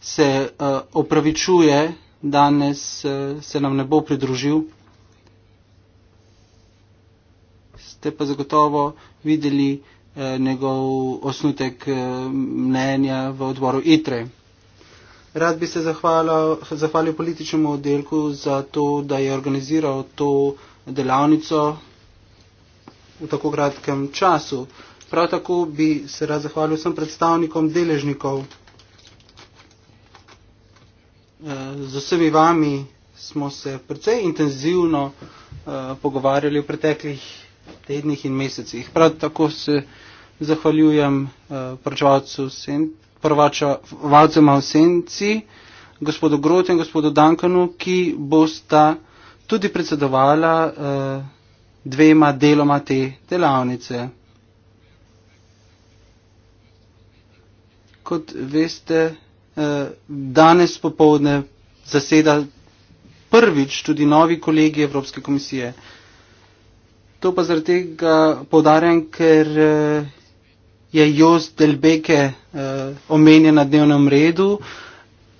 se opravičuje, danes se nam ne bo pridružil. Ste pa zagotovo videli Eh, njegov osnutek eh, mnenja v odboru ITRE. Rad bi se zahvalil, zahvalil političnemu oddelku za to, da je organiziral to delavnico v tako kratkem času. Prav tako bi se rad zahvalil vsem predstavnikom deležnikov. Eh, z vsemi vami smo se precej intenzivno pogovarjali v preteklih tednih in mesecih. Prav tako se zahvaljujem eh, prvačevalcema v senci, gospodu Grotu in gospodu Dankanu, ki bosta tudi predsedovala eh, dvema deloma te delavnice. Kot veste, eh, danes popovdne zaseda prvič tudi novi kolegi Evropske komisije. To pa zaradi tega povdarjam, ker eh, je Jos del Beke eh, omenjen na dnevnem redu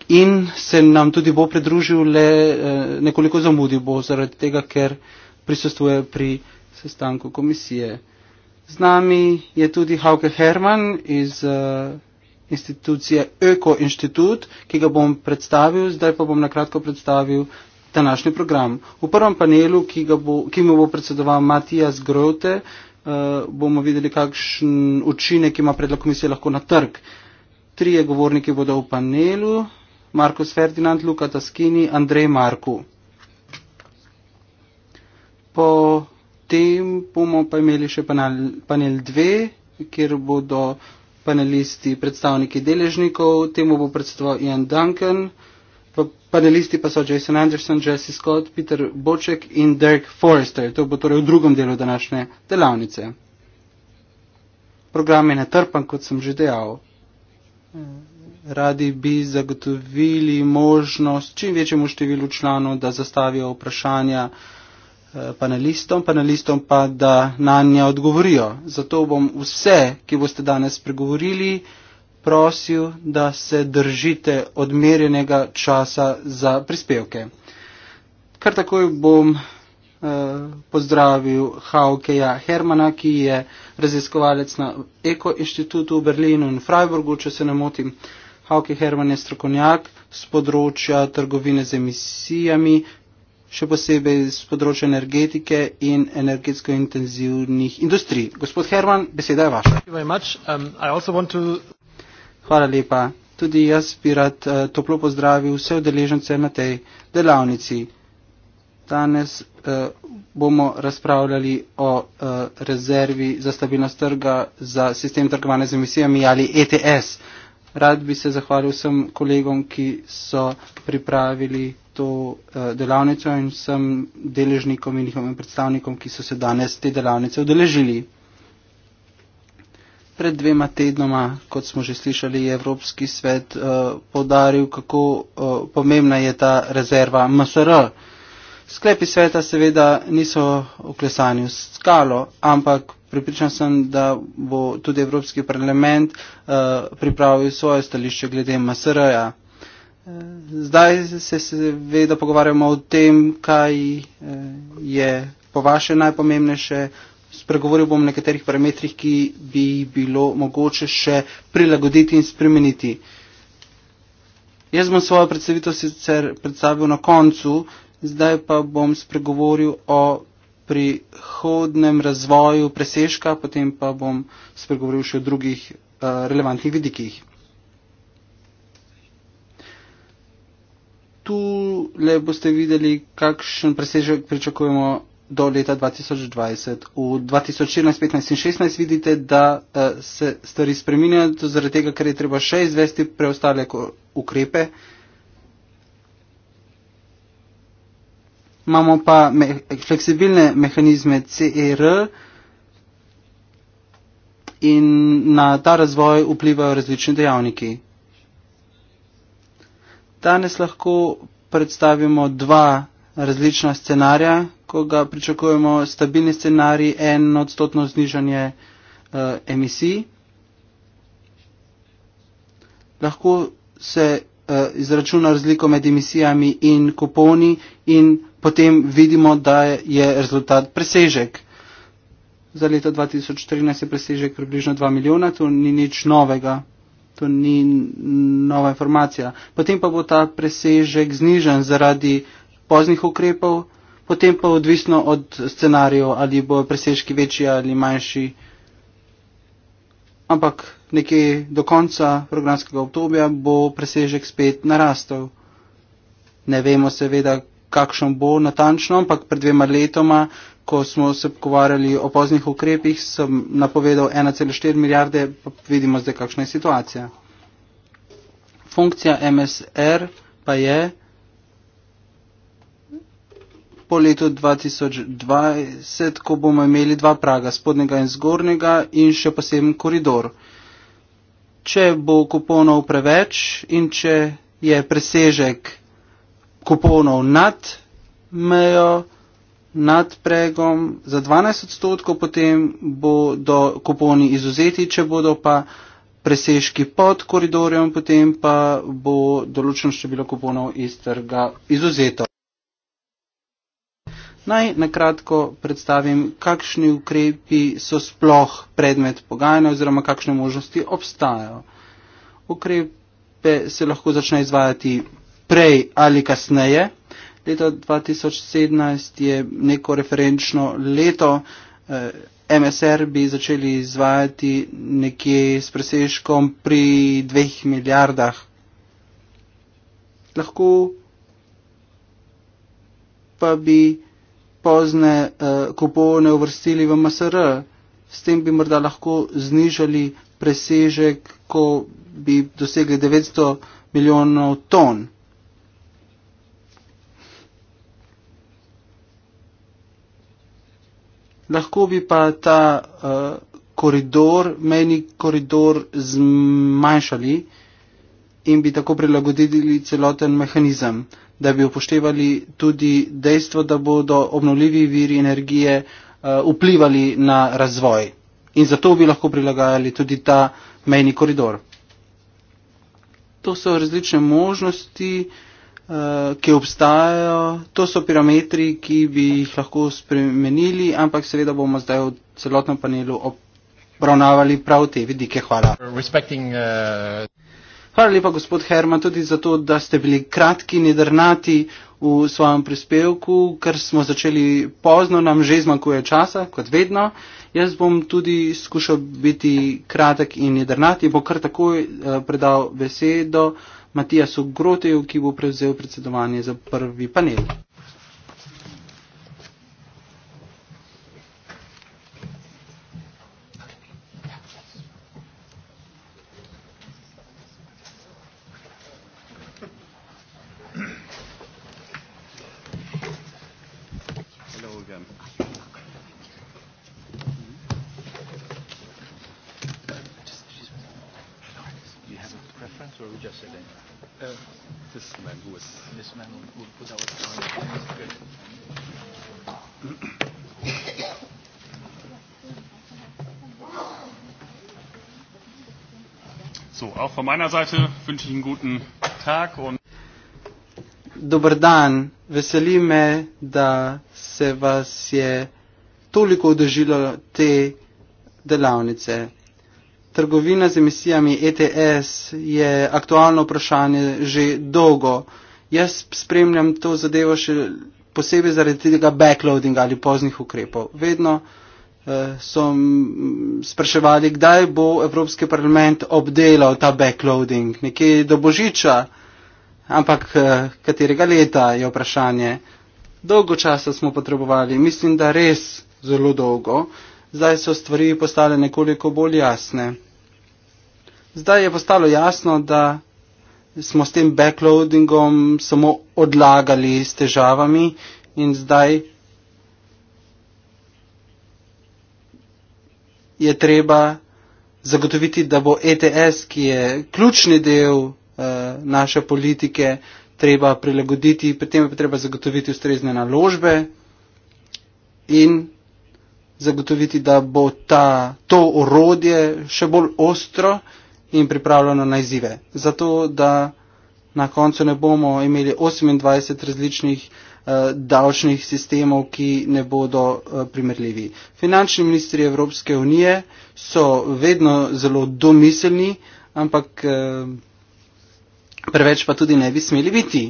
in se nam tudi bo pridružil, le eh, nekoliko zamudil bo zaradi tega, ker prisostuje pri sestanku komisije. Z nami je tudi Hauke Herman iz institucije Öko inštitut, ki ga bom predstavil, zdaj pa bom nakratko predstavil današnji program. V prvem panelu, ki, bo, ki mu bo predsedoval Matijas Grote, uh, bomo videli, kakšen učinek ima predlog komisije lahko na trg. Trije govorniki bodo v panelu, Markus Ferdinand, Luka Taskini, Andrej Marku. Po tem bomo pa imeli še panel, panel dve, kjer bodo panelisti predstavniki deležnikov, temu bo predsedoval Ian Duncan. Panelisti pa so Jason Anderson, Jesse Scott, Peter Boček in Derek Forrester. To bo torej v drugem delu današnje delavnice. Program je natrpan, kot sem že dejal. Radi bi zagotovili možnost čim večjemu številu članov, da zastavijo vprašanja eh, panelistom, panelistom pa, da na nje odgovorijo. Zato bom vse, ki boste danes pregovorili, prosil, da se držite odmerjenega časa za prispevke. Kar takoj bom eh, pozdravil Haukeja Hermana, ki je raziskovalec na Eko inštitutu v Berlinu in Freiburgu, če se ne motim. Hauke Herman je strokovnjak z področja trgovine z emisijami, še posebej z področja energetike in energetsko intenzivnih industrij. Gospod Herman, beseda je vaša. Hvala lepa. Tudi jaz bi rad uh, toplo pozdravil vse udeležence na tej delavnici. Danes uh, bomo razpravljali o uh, rezervi za stabilnost trga za sistem trgovanja z emisijami ali ETS. Rad bi se zahvalil vsem kolegom, ki so pripravili to uh, delavnico in vsem deležnikom in njihovim predstavnikom, ki so se danes te delavnice udeležili. Pred dvema tednoma, kot smo že slišali, je Evropski svet uh, eh, podaril, kako uh, pomembna je ta rezerva MSR. Sklepi sveta seveda niso v klesanju skalo, ampak pripričan sem, da bo tudi Evropski parlament uh, pripravil svoje stališče glede MSR-ja. Zdaj se seveda pogovarjamo o tem, kaj je po vaše najpomembnejše uh, spregovoril bom o nekaterih parametrih, ki bi jih bilo mogoče še prilagoditi in spremeniti. Jaz bom svojo predstavitev sicer predstavil na koncu, zdaj pa bom spregovoril o prihodnem razvoju presežka, potem pa bom spregovoril še o drugih uh, relevantnih vidikih. Tu le boste videli, kakšen presežek pričakujemo do leta 2020. V 2014, 15 in 16 vidite, da eh, se stvari spreminjajo, to zaradi tega, ker je treba še izvesti preostale ukrepe. Imamo pa me fleksibilne mehanizme CER in na ta razvoj vplivajo različni dejavniki. Danes lahko predstavimo dva različna scenarija, ko ga pričakujemo stabilni scenarij, en odstotno znižanje uh, emisij. Lahko se uh, izračuna razliko med emisijami in kuponi in potem vidimo, da je rezultat presežek. Za leto 2013 je presežek približno 2 milijona, to ni nič novega, to ni nova informacija. Potem pa bo ta presežek znižen zaradi uh, poznih ukrepov, potem pa odvisno od scenarijev, ali bo presežki večji ali manjši. Ampak nekje do konca programskega obdobja bo presežek spet narastel. Ne vemo seveda, kakšen bo natančno, ampak pred dvema letoma, ko smo se pogovarjali o poznih ukrepih, sem napovedal 1,4 milijarde, pa vidimo zdaj, kakšna je situacija. Funkcija MSR pa je po letu 2020, ko bomo imeli dva praga, spodnega in zgornjega in še poseben koridor. Če bo kuponov preveč in če je presežek kuponov nad mejo, nad pregom za 12 odstotkov, potem bodo kuponi izuzeti, če bodo pa presežki pod koridorjem, potem pa bo določeno število kuponov iz trga izuzeto. Naj nakratko predstavim, kakšni ukrepi so sploh predmet pogajanja oziroma kakšne možnosti obstajajo. Ukrepe se lahko začne izvajati prej ali kasneje. Leto 2017 je neko referenčno leto. Eh, MSR bi začeli izvajati nekje s presežkom pri dveh milijardah. Lahko pa bi pozne uh, kupone uvrstili v MSR. S tem bi morda lahko znižali presežek, ko bi dosegli 900 milijonov ton. Lahko bi pa ta uh, koridor, meni koridor, zmanjšali in bi tako prilagodili celoten mehanizem da bi upoštevali tudi dejstvo, da bodo obnovljivi viri energije eh, vplivali na razvoj. In zato bi lahko prilagajali tudi ta mejni koridor. To so različne možnosti, eh, ki obstajajo, to so parametri, ki bi jih lahko spremenili, ampak seveda bomo zdaj v celotnem panelu obravnavali prav te vidike. Hvala. Respecting, uh... Hvala lepa, gospod Herman, tudi za to, da ste bili kratki in jedrnati v svojem prispevku, ker smo začeli pozno, nam že zmanjkuje časa, kot vedno. Jaz bom tudi skušal biti kratek in jedrnati, bo kar takoj eh, predal besedo Matijasu Groteju, ki bo prevzel predsedovanje za prvi panel. this man who was this man who put out the good. So, auch von meiner Seite wünsche ich einen guten Tag und Dober dan, veseli me, da se vas je toliko odežilo te delavnice. Trgovina z emisijami ETS je aktualno vprašanje že dolgo. Jaz spremljam to zadevo še posebej zaradi tega backloadinga ali poznih ukrepov. Vedno eh, so spraševali, kdaj bo Evropski parlament obdelal ta backloading. Nekje do božiča, ampak eh, katerega leta je vprašanje. Dolgo časa smo potrebovali, mislim, da res zelo dolgo. Eh, zdaj so stvari postale nekoliko bolj jasne. Zdaj je postalo jasno, da smo s tem backloadingom samo odlagali s težavami in zdaj je treba zagotoviti, da bo ETS, ki je ključni del eh, naše politike, treba prilagoditi, pri tem je treba zagotoviti ustrezne naložbe in zagotoviti, da bo ta, to orodje še bolj ostro in pripravljeno na izzive. Zato, da na koncu ne bomo imeli 28 različnih eh, davčnih sistemov, ki ne bodo eh, primerljivi. Finančni ministri Evropske unije so vedno zelo domiselni, ampak eh, preveč pa tudi ne bi smeli biti.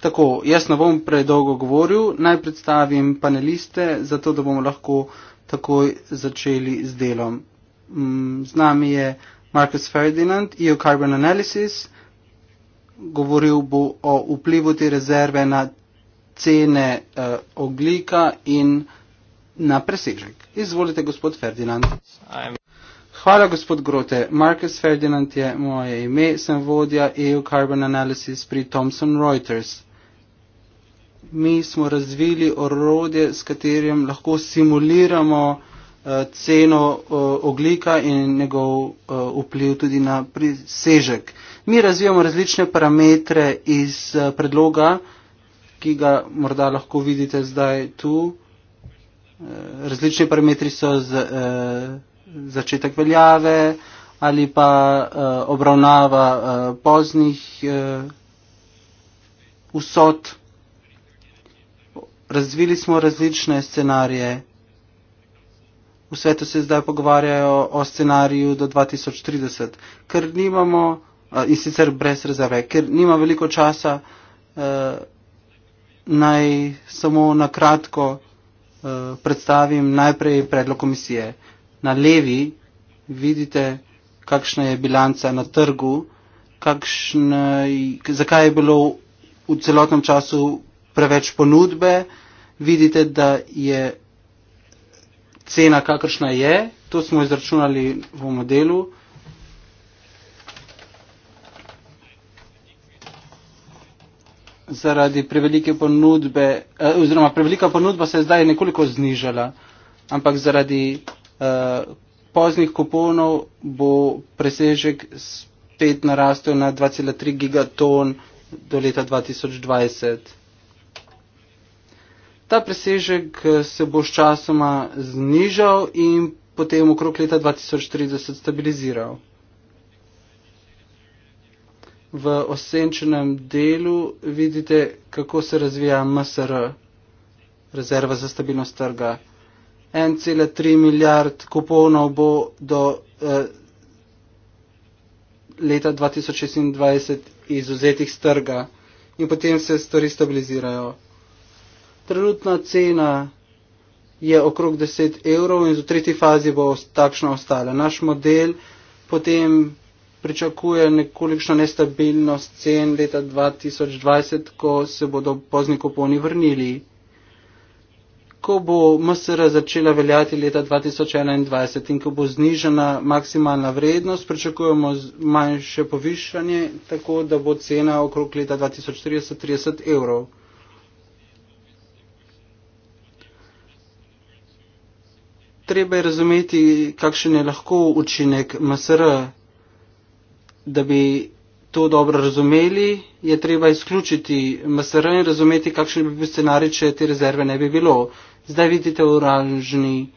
Tako, jaz ne bom predolgo govoril, naj predstavim paneliste, zato da bomo lahko takoj začeli z delom. Mm, z nami je Marcus Ferdinand, EU Carbon Analysis. Govoril bo o vplivu te rezerve na cene uh, oglika in na presežek. Izvolite, gospod Ferdinand. Hvala, gospod Grote. Marcus Ferdinand je moje ime, sem vodja EU Carbon Analysis pri Thomson Reuters mi smo razvili orodje, s katerim lahko simuliramo eh, ceno eh, oglika in njegov eh, vpliv tudi na presežek. Mi razvijamo različne parametre iz predloga, ki ga morda lahko vidite zdaj tu. Različni parametri so z, začetek veljave ali pa obravnava poznih vsot razvili smo različne scenarije. V svetu se zdaj pogovarjajo o scenariju do 2030, ker nimamo, in sicer brez rezerve, ker nima veliko časa, eh, naj samo na kratko eh, predstavim najprej predlog komisije. Na levi vidite, kakšna je bilanca na trgu, kakšne, zakaj je bilo v celotnem času preveč ponudbe, vidite, da je cena kakršna je, to smo izračunali v modelu. Zaradi prevelike ponudbe, eh, oziroma prevelika ponudba se je zdaj nekoliko znižala, ampak zaradi eh, poznih kuponov bo presežek spet narastel na 2,3 gigaton do leta 2020. Ta presežek eh, se bo s časoma znižal in potem okrog leta 2030 stabiliziral. V osenčenem delu vidite, kako se razvija MSR, rezerva za stabilnost trga. 1,3 milijard kuponov bo do eh, leta 2026 izuzetih z trga in potem se stvari stabilizirajo. Trenutna cena je okrog 10 evrov in v tretji fazi bo takšna ostala. Naš model potem pričakuje nekolikšno nestabilnost cen leta 2020, ko se bodo pozni kuponi vrnili. Ko bo MSR začela veljati leta 2021 in ko bo znižena maksimalna vrednost, pričakujemo manjše povišanje, tako da bo cena okrog leta 2030 30 evrov. treba je razumeti, kakšen je lahko učinek MSR. Da bi to dobro razumeli, je treba izključiti MSR in razumeti, kakšen bi bil scenarij, če te rezerve ne bi bilo. Zdaj vidite oranžni,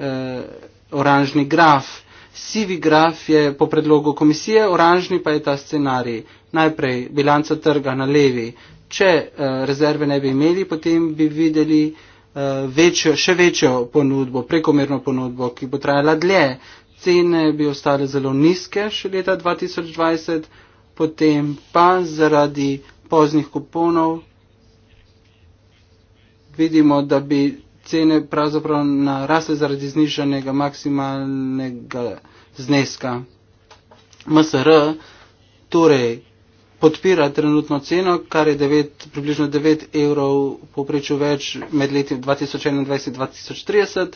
eh, oranžni graf. Sivi graf je po predlogu komisije, oranžni pa je ta scenarij. Najprej bilanca trga na levi. Če eh, rezerve ne bi imeli, potem bi videli, Eh, večjo, še večjo ponudbo, prekomerno ponudbo, ki bo trajala dlje. Cene bi ostale zelo nizke še leta 2020, potem pa zaradi poznih kuponov vidimo, da bi cene pravzaprav narasle zaradi znižanega maksimalnega zneska. MSR, torej podpira trenutno ceno, kar je 9, približno 9 evrov poprečju več med leti 2021-2030.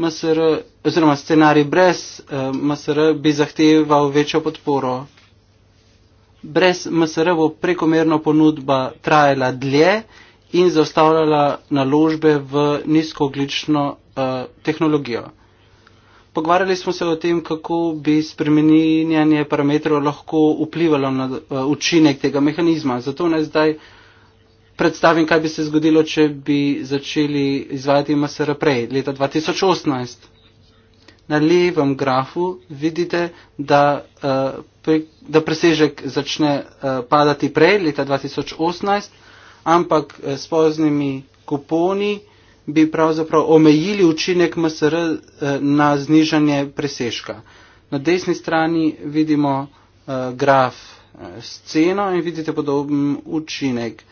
MSR, oziroma scenarij brez eh, MSR bi zahteval večjo podporo. Brez MSR bo prekomerno ponudba trajala dlje in zaustavljala naložbe v nizkooglično uh, eh, tehnologijo. Pogovarjali smo se o tem, kako bi spremenjanje parametrov lahko vplivalo na eh, učinek tega mehanizma. Zato naj zdaj predstavim, kaj bi se zgodilo, če bi začeli izvajati MSR prej, leta 2018. Na levem grafu vidite, da, eh, da presežek začne eh, padati prej, leta 2018, ampak s poznimi kuponi bi pravzaprav omejili učinek MSR eh, na znižanje preseška. Na desni strani vidimo eh, graf eh, s ceno in vidite podoben učinek.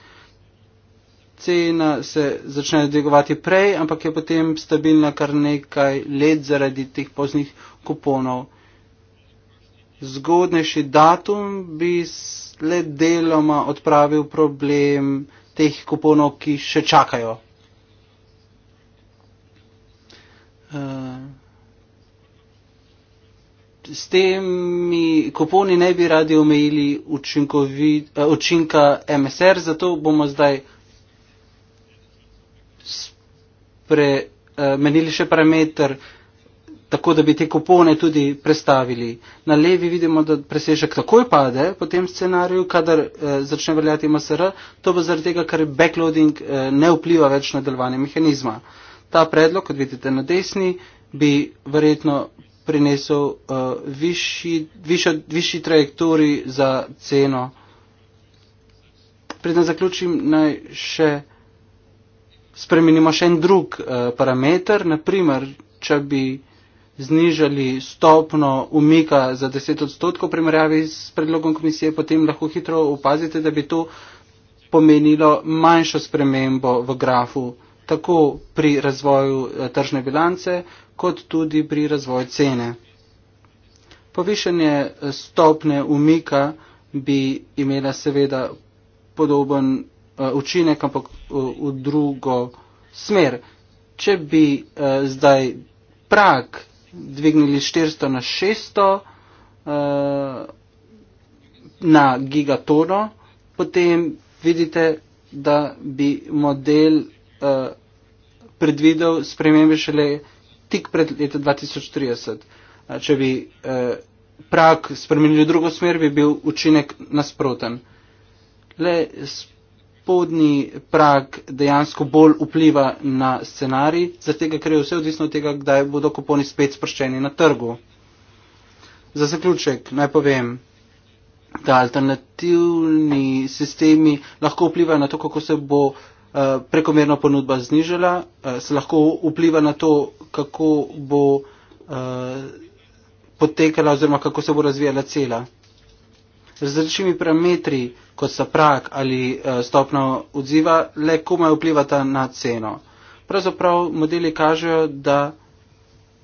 Cena se začne dvigovati prej, ampak je potem stabilna kar nekaj let zaradi teh poznih kuponov. Zgodnejši datum bi le deloma odpravil problem teh kuponov, ki še čakajo Eh, s temi kuponi ne bi radi omejili eh, učinka MSR, zato bomo zdaj spremenili eh, še parameter, tako da bi te kupone tudi prestavili. Na levi vidimo, da presežek takoj pade po tem scenariju, kadar eh, začne veljati MSR, to bo zaradi tega, ker backloading eh, ne vpliva več na delovanje mehanizma. Eh, Ta predlog, kot vidite na desni, bi verjetno prinesel uh, višji trajektori za ceno. Preden zaključim, naj še spremenimo še en drug uh, parameter, naprimer, če bi znižali stopno umika za 10 odstotkov primerjavi s predlogom komisije, potem lahko hitro opazite, da bi to pomenilo manjšo spremembo v grafu tako pri razvoju eh, tržne bilance, kot tudi pri razvoju cene. Povišanje eh, stopne umika bi imela seveda podoben eh, učinek, ampak v drugo smer. Če bi zdaj prak dvignili 400 na 600 na gigatono, potem vidite, da bi model predvidel spremembe šele tik pred leta 2030. Če bi e, prak spremenili v drugo smer, bi bil učinek nasproten. Le spodnji prak dejansko bolj vpliva na scenarij, zato ker je vse odvisno od tega, kdaj bodo kuponi spet sproščeni na trgu. Za zaključek naj povem, da alternativni sistemi lahko vplivajo na to, kako se bo uh, Eh, prekomerna ponudba znižala, eh, se lahko vpliva na to, kako bo eh, potekala oziroma kako se bo razvijala cela. Z različnimi parametri, kot so prak ali stopna odziva, le komaj vplivata na ceno. Pravzaprav modeli kažejo, da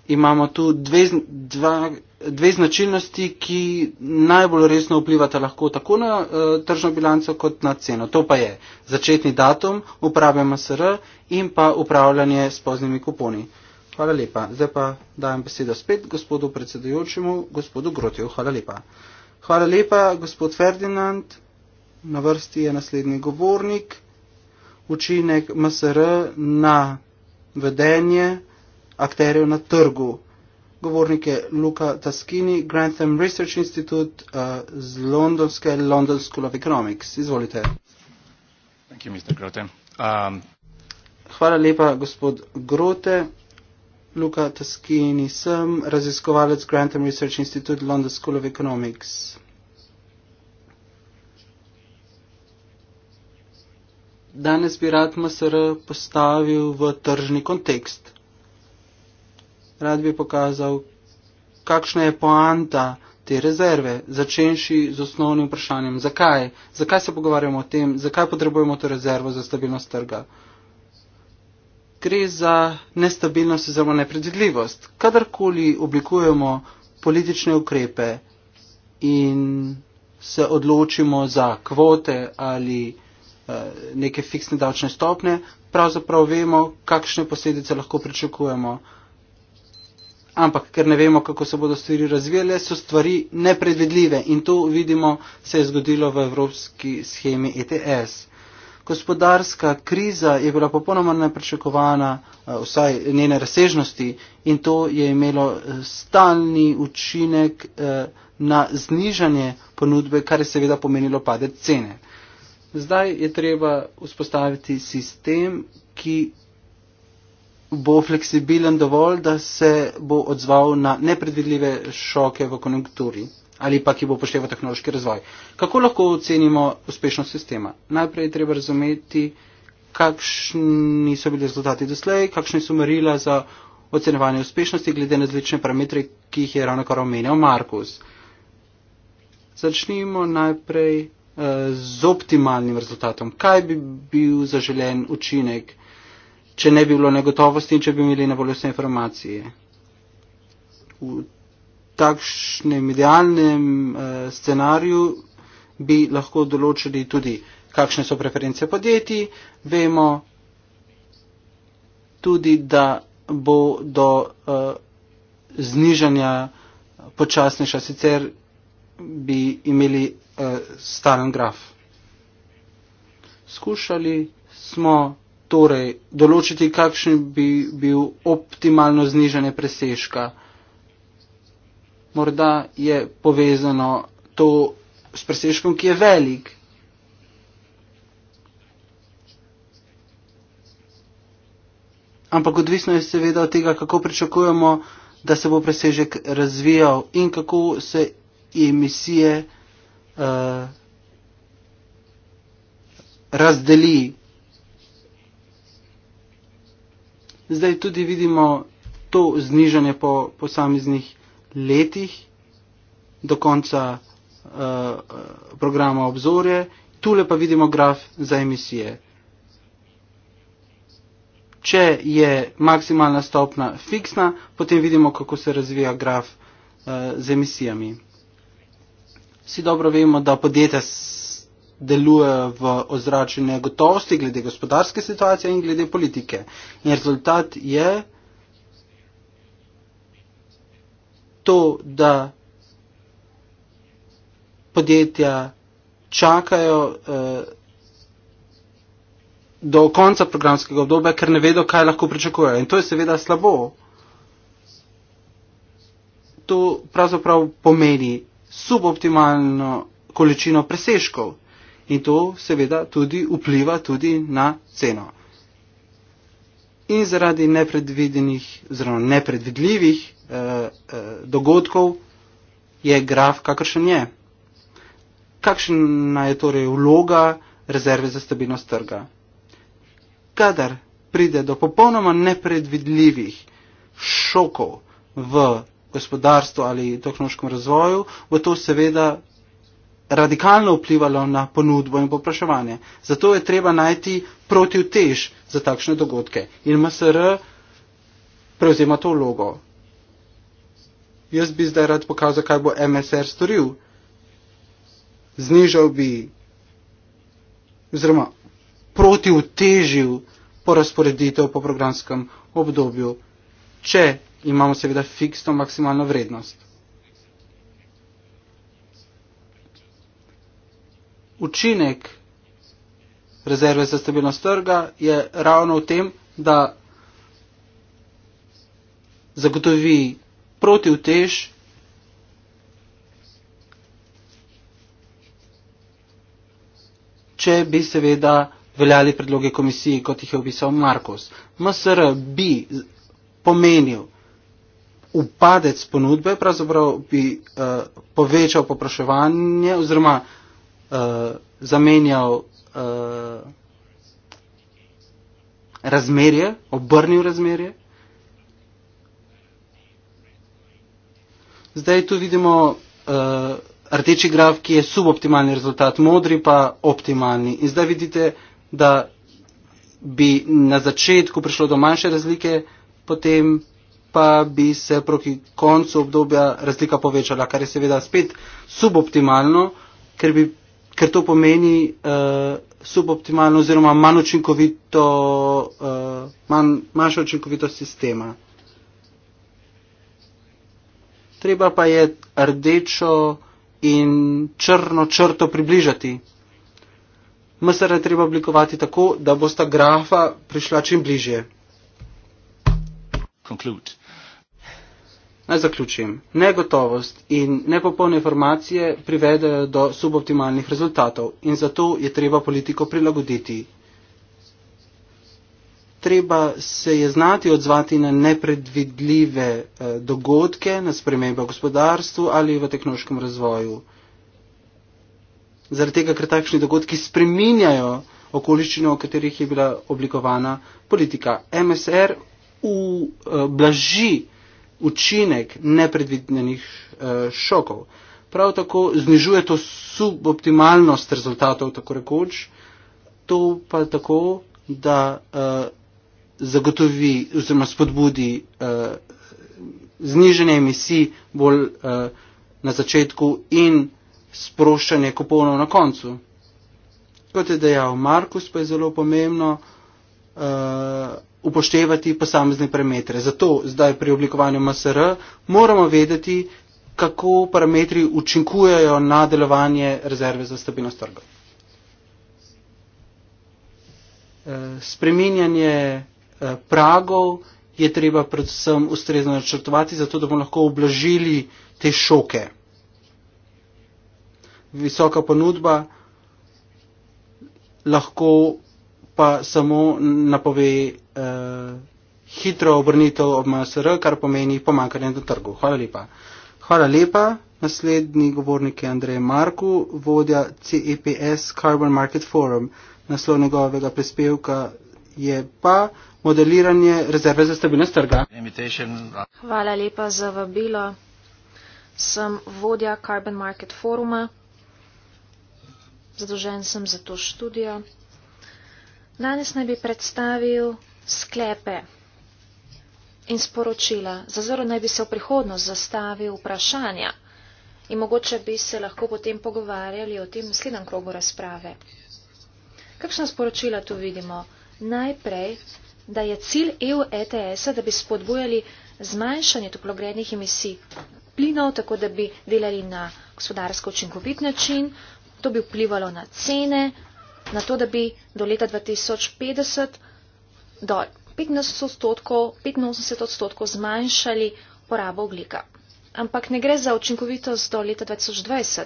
imamo tu dve, dva, dve značilnosti, ki najbolj resno vplivata lahko tako na uh, tržno bilanco kot na ceno. To pa je začetni datum uprave MSR in pa upravljanje s poznimi kuponi. Hvala lepa. Zdaj pa dajem besedo spet gospodu predsedujočemu, gospodu Grotju. Hvala lepa. Hvala lepa, gospod Ferdinand. Na vrsti je naslednji govornik. Učinek MSR na vedenje akterjev na trgu. Govornik je Luka Taskini, Grantham Research Institute uh, z Londonske London School of Economics. Izvolite. Thank you, Mr. Grote. Um... Hvala lepa, gospod Grote. Luka Taskini sem, raziskovalec Grantham Research Institute London School of Economics. Danes bi rad MSR postavil v tržni kontekst rad bi pokazal, kakšna je poanta te rezerve, začenši z osnovnim vprašanjem, zakaj, zakaj se pogovarjamo o tem, zakaj potrebujemo to rezervo za stabilnost trga. Gre za nestabilnost oziroma nepredvidljivost. Kadarkoli oblikujemo politične ukrepe in se odločimo za kvote ali eh, neke fiksne davčne stopne, pravzaprav vemo, kakšne posledice lahko pričakujemo ampak ker ne vemo, kako se bodo stvari razvijale, so stvari nepredvidljive in to vidimo se je zgodilo v evropski schemi ETS. Gospodarska kriza je bila popolnoma neprečakovana, eh, vsaj njene razsežnosti in to je imelo eh, stalni učinek eh, na znižanje ponudbe, kar je seveda pomenilo padec cene. Zdaj je treba vzpostaviti sistem, ki bo fleksibilen dovolj, da se bo odzval na nepredvidljive šoke v konjunkturi ali pa ki bo upošteval tehnološki razvoj. Kako lahko ocenimo uspešnost sistema? Najprej je treba razumeti, kakšni so bili rezultati doslej, kakšni so merila za ocenevanje uspešnosti glede na različne parametre, ki jih je ravno kar omenjal Markus. Začnimo najprej uh, z optimalnim rezultatom. Kaj bi bil zaželen učinek? če ne bi bilo negotovosti in če bi imeli na voljo vse informacije. V takšnem idealnem uh, scenariju bi lahko določili tudi, kakšne so preference podjetij. Vemo tudi, da bo do uh, znižanja počasnejša, sicer bi imeli uh, stalen graf. Skušali smo torej določiti, kakšen bi bil optimalno znižanje presežka. Morda je povezano to s presežkom, ki je velik. Ampak odvisno je seveda od tega, kako pričakujemo, da se bo presežek razvijal in kako se emisije uh, razdeli. zdaj tudi vidimo to znižanje po posameznih letih do konca uh, programa obzorje. Tule pa vidimo graf za emisije. Če je maksimalna stopna fiksna, potem vidimo, kako se razvija graf uh, z emisijami. Vsi dobro vemo, da podjetja delujejo v ozračju negotovosti glede gospodarske situacije in glede politike. In rezultat je to, da podjetja čakajo eh, do konca programskega obdobja, ker ne vedo, kaj lahko pričakujejo. In to je seveda slabo. To pravzaprav pomeni suboptimalno količino preseškov in to seveda tudi vpliva tudi na ceno. In zaradi nepredvidenih, zelo nepredvidljivih eh, eh, dogodkov je graf kakršen je. Kakšna je torej vloga rezerve za stabilnost trga? Kadar pride do popolnoma nepredvidljivih šokov v gospodarstvu ali tehnološkem razvoju, bo to seveda radikalno vplivalo na ponudbo in popraševanje. Zato je treba najti protivtež za takšne dogodke in MSR prevzema to vlogo. Jaz bi zdaj rad pokazal, kaj bo MSR storil. Znižal bi oziroma protivtežil porazporeditev po programskem obdobju, če imamo seveda fiksno maksimalno vrednost. učinek rezerve za stabilnost trga je ravno v tem, da zagotovi protivtež če bi seveda veljali predloge komisiji, kot jih je opisal Markus. MSR bi pomenil upadec ponudbe, pravzaprav bi uh, povečal popraševanje oziroma uh, uh, zamenjal uh, razmerje, obrnil razmerje. Zdaj tu vidimo uh, rdeči graf, ki je suboptimalni rezultat, modri pa optimalni. In zdaj vidite, da bi na začetku prišlo do manjše razlike, potem pa bi se proti koncu obdobja razlika povečala, kar je seveda spet suboptimalno, ker bi ker to pomeni uh, suboptimalno oziroma manj učinkovito, uh, manj, manjšo učinkovito sistema. Treba pa je rdečo in črno črto približati. MSR je treba oblikovati tako, da bosta grafa prišla čim bližje. Conclude. Naj zaključim. Negotovost in nepopolne informacije privedejo do suboptimalnih rezultatov in zato je treba politiko prilagoditi. Treba se je znati odzvati na nepredvidljive eh, dogodke, na spremembe v gospodarstvu ali v tehnološkem razvoju. Zaradi tega, ker takšni dogodki spreminjajo okoliščino, v katerih je bila oblikovana politika. MSR ublaži. Eh, uh, učinek nepredvidenih eh, šokov. Prav tako znižuje to suboptimalnost rezultatov, tako rekoč, to pa tako, da uh, zagotovi oziroma spodbudi uh, znižanje emisij bolj uh, na začetku in sproščanje kuponov na koncu. Kot je dejal Markus, pa je zelo pomembno, uh, upoštevati posamezne parametre. Zato zdaj pri oblikovanju MSR moramo vedeti, kako parametri učinkujejo na delovanje rezerve za stabilnost trga. Eh, spreminjanje eh, pragov je treba predvsem ustrezno načrtovati, zato da bomo lahko oblažili te šoke. Visoka ponudba lahko pa samo napove eh, hitro obrnitev ob MSR, kar pomeni pomankanje na trgu. Hvala lepa. Hvala lepa. Naslednji govornik je Andrej Marku, vodja CEPS Carbon Market Forum. Naslov njegovega prispevka je pa modeliranje rezerve za stabilnost trga. Hvala lepa za vabilo. Sem vodja Carbon Market Foruma. Zadolžen sem za to študijo. Danes naj bi predstavil sklepe in sporočila. Zazoro naj bi se v prihodnost zastavil vprašanja in mogoče bi se lahko potem pogovarjali o tem naslednjem krogu razprave. Kakšna sporočila tu vidimo? Najprej, da je cilj EU ETS-a, da bi spodbujali zmanjšanje toplogrednih emisij plinov, tako da bi delali na gospodarsko učinkovit način, to bi vplivalo na cene, na to, da bi do leta 2050 do 15 odstotkov, 85 odstotkov zmanjšali porabo oglika. Ampak ne gre za učinkovitost do leta 2020.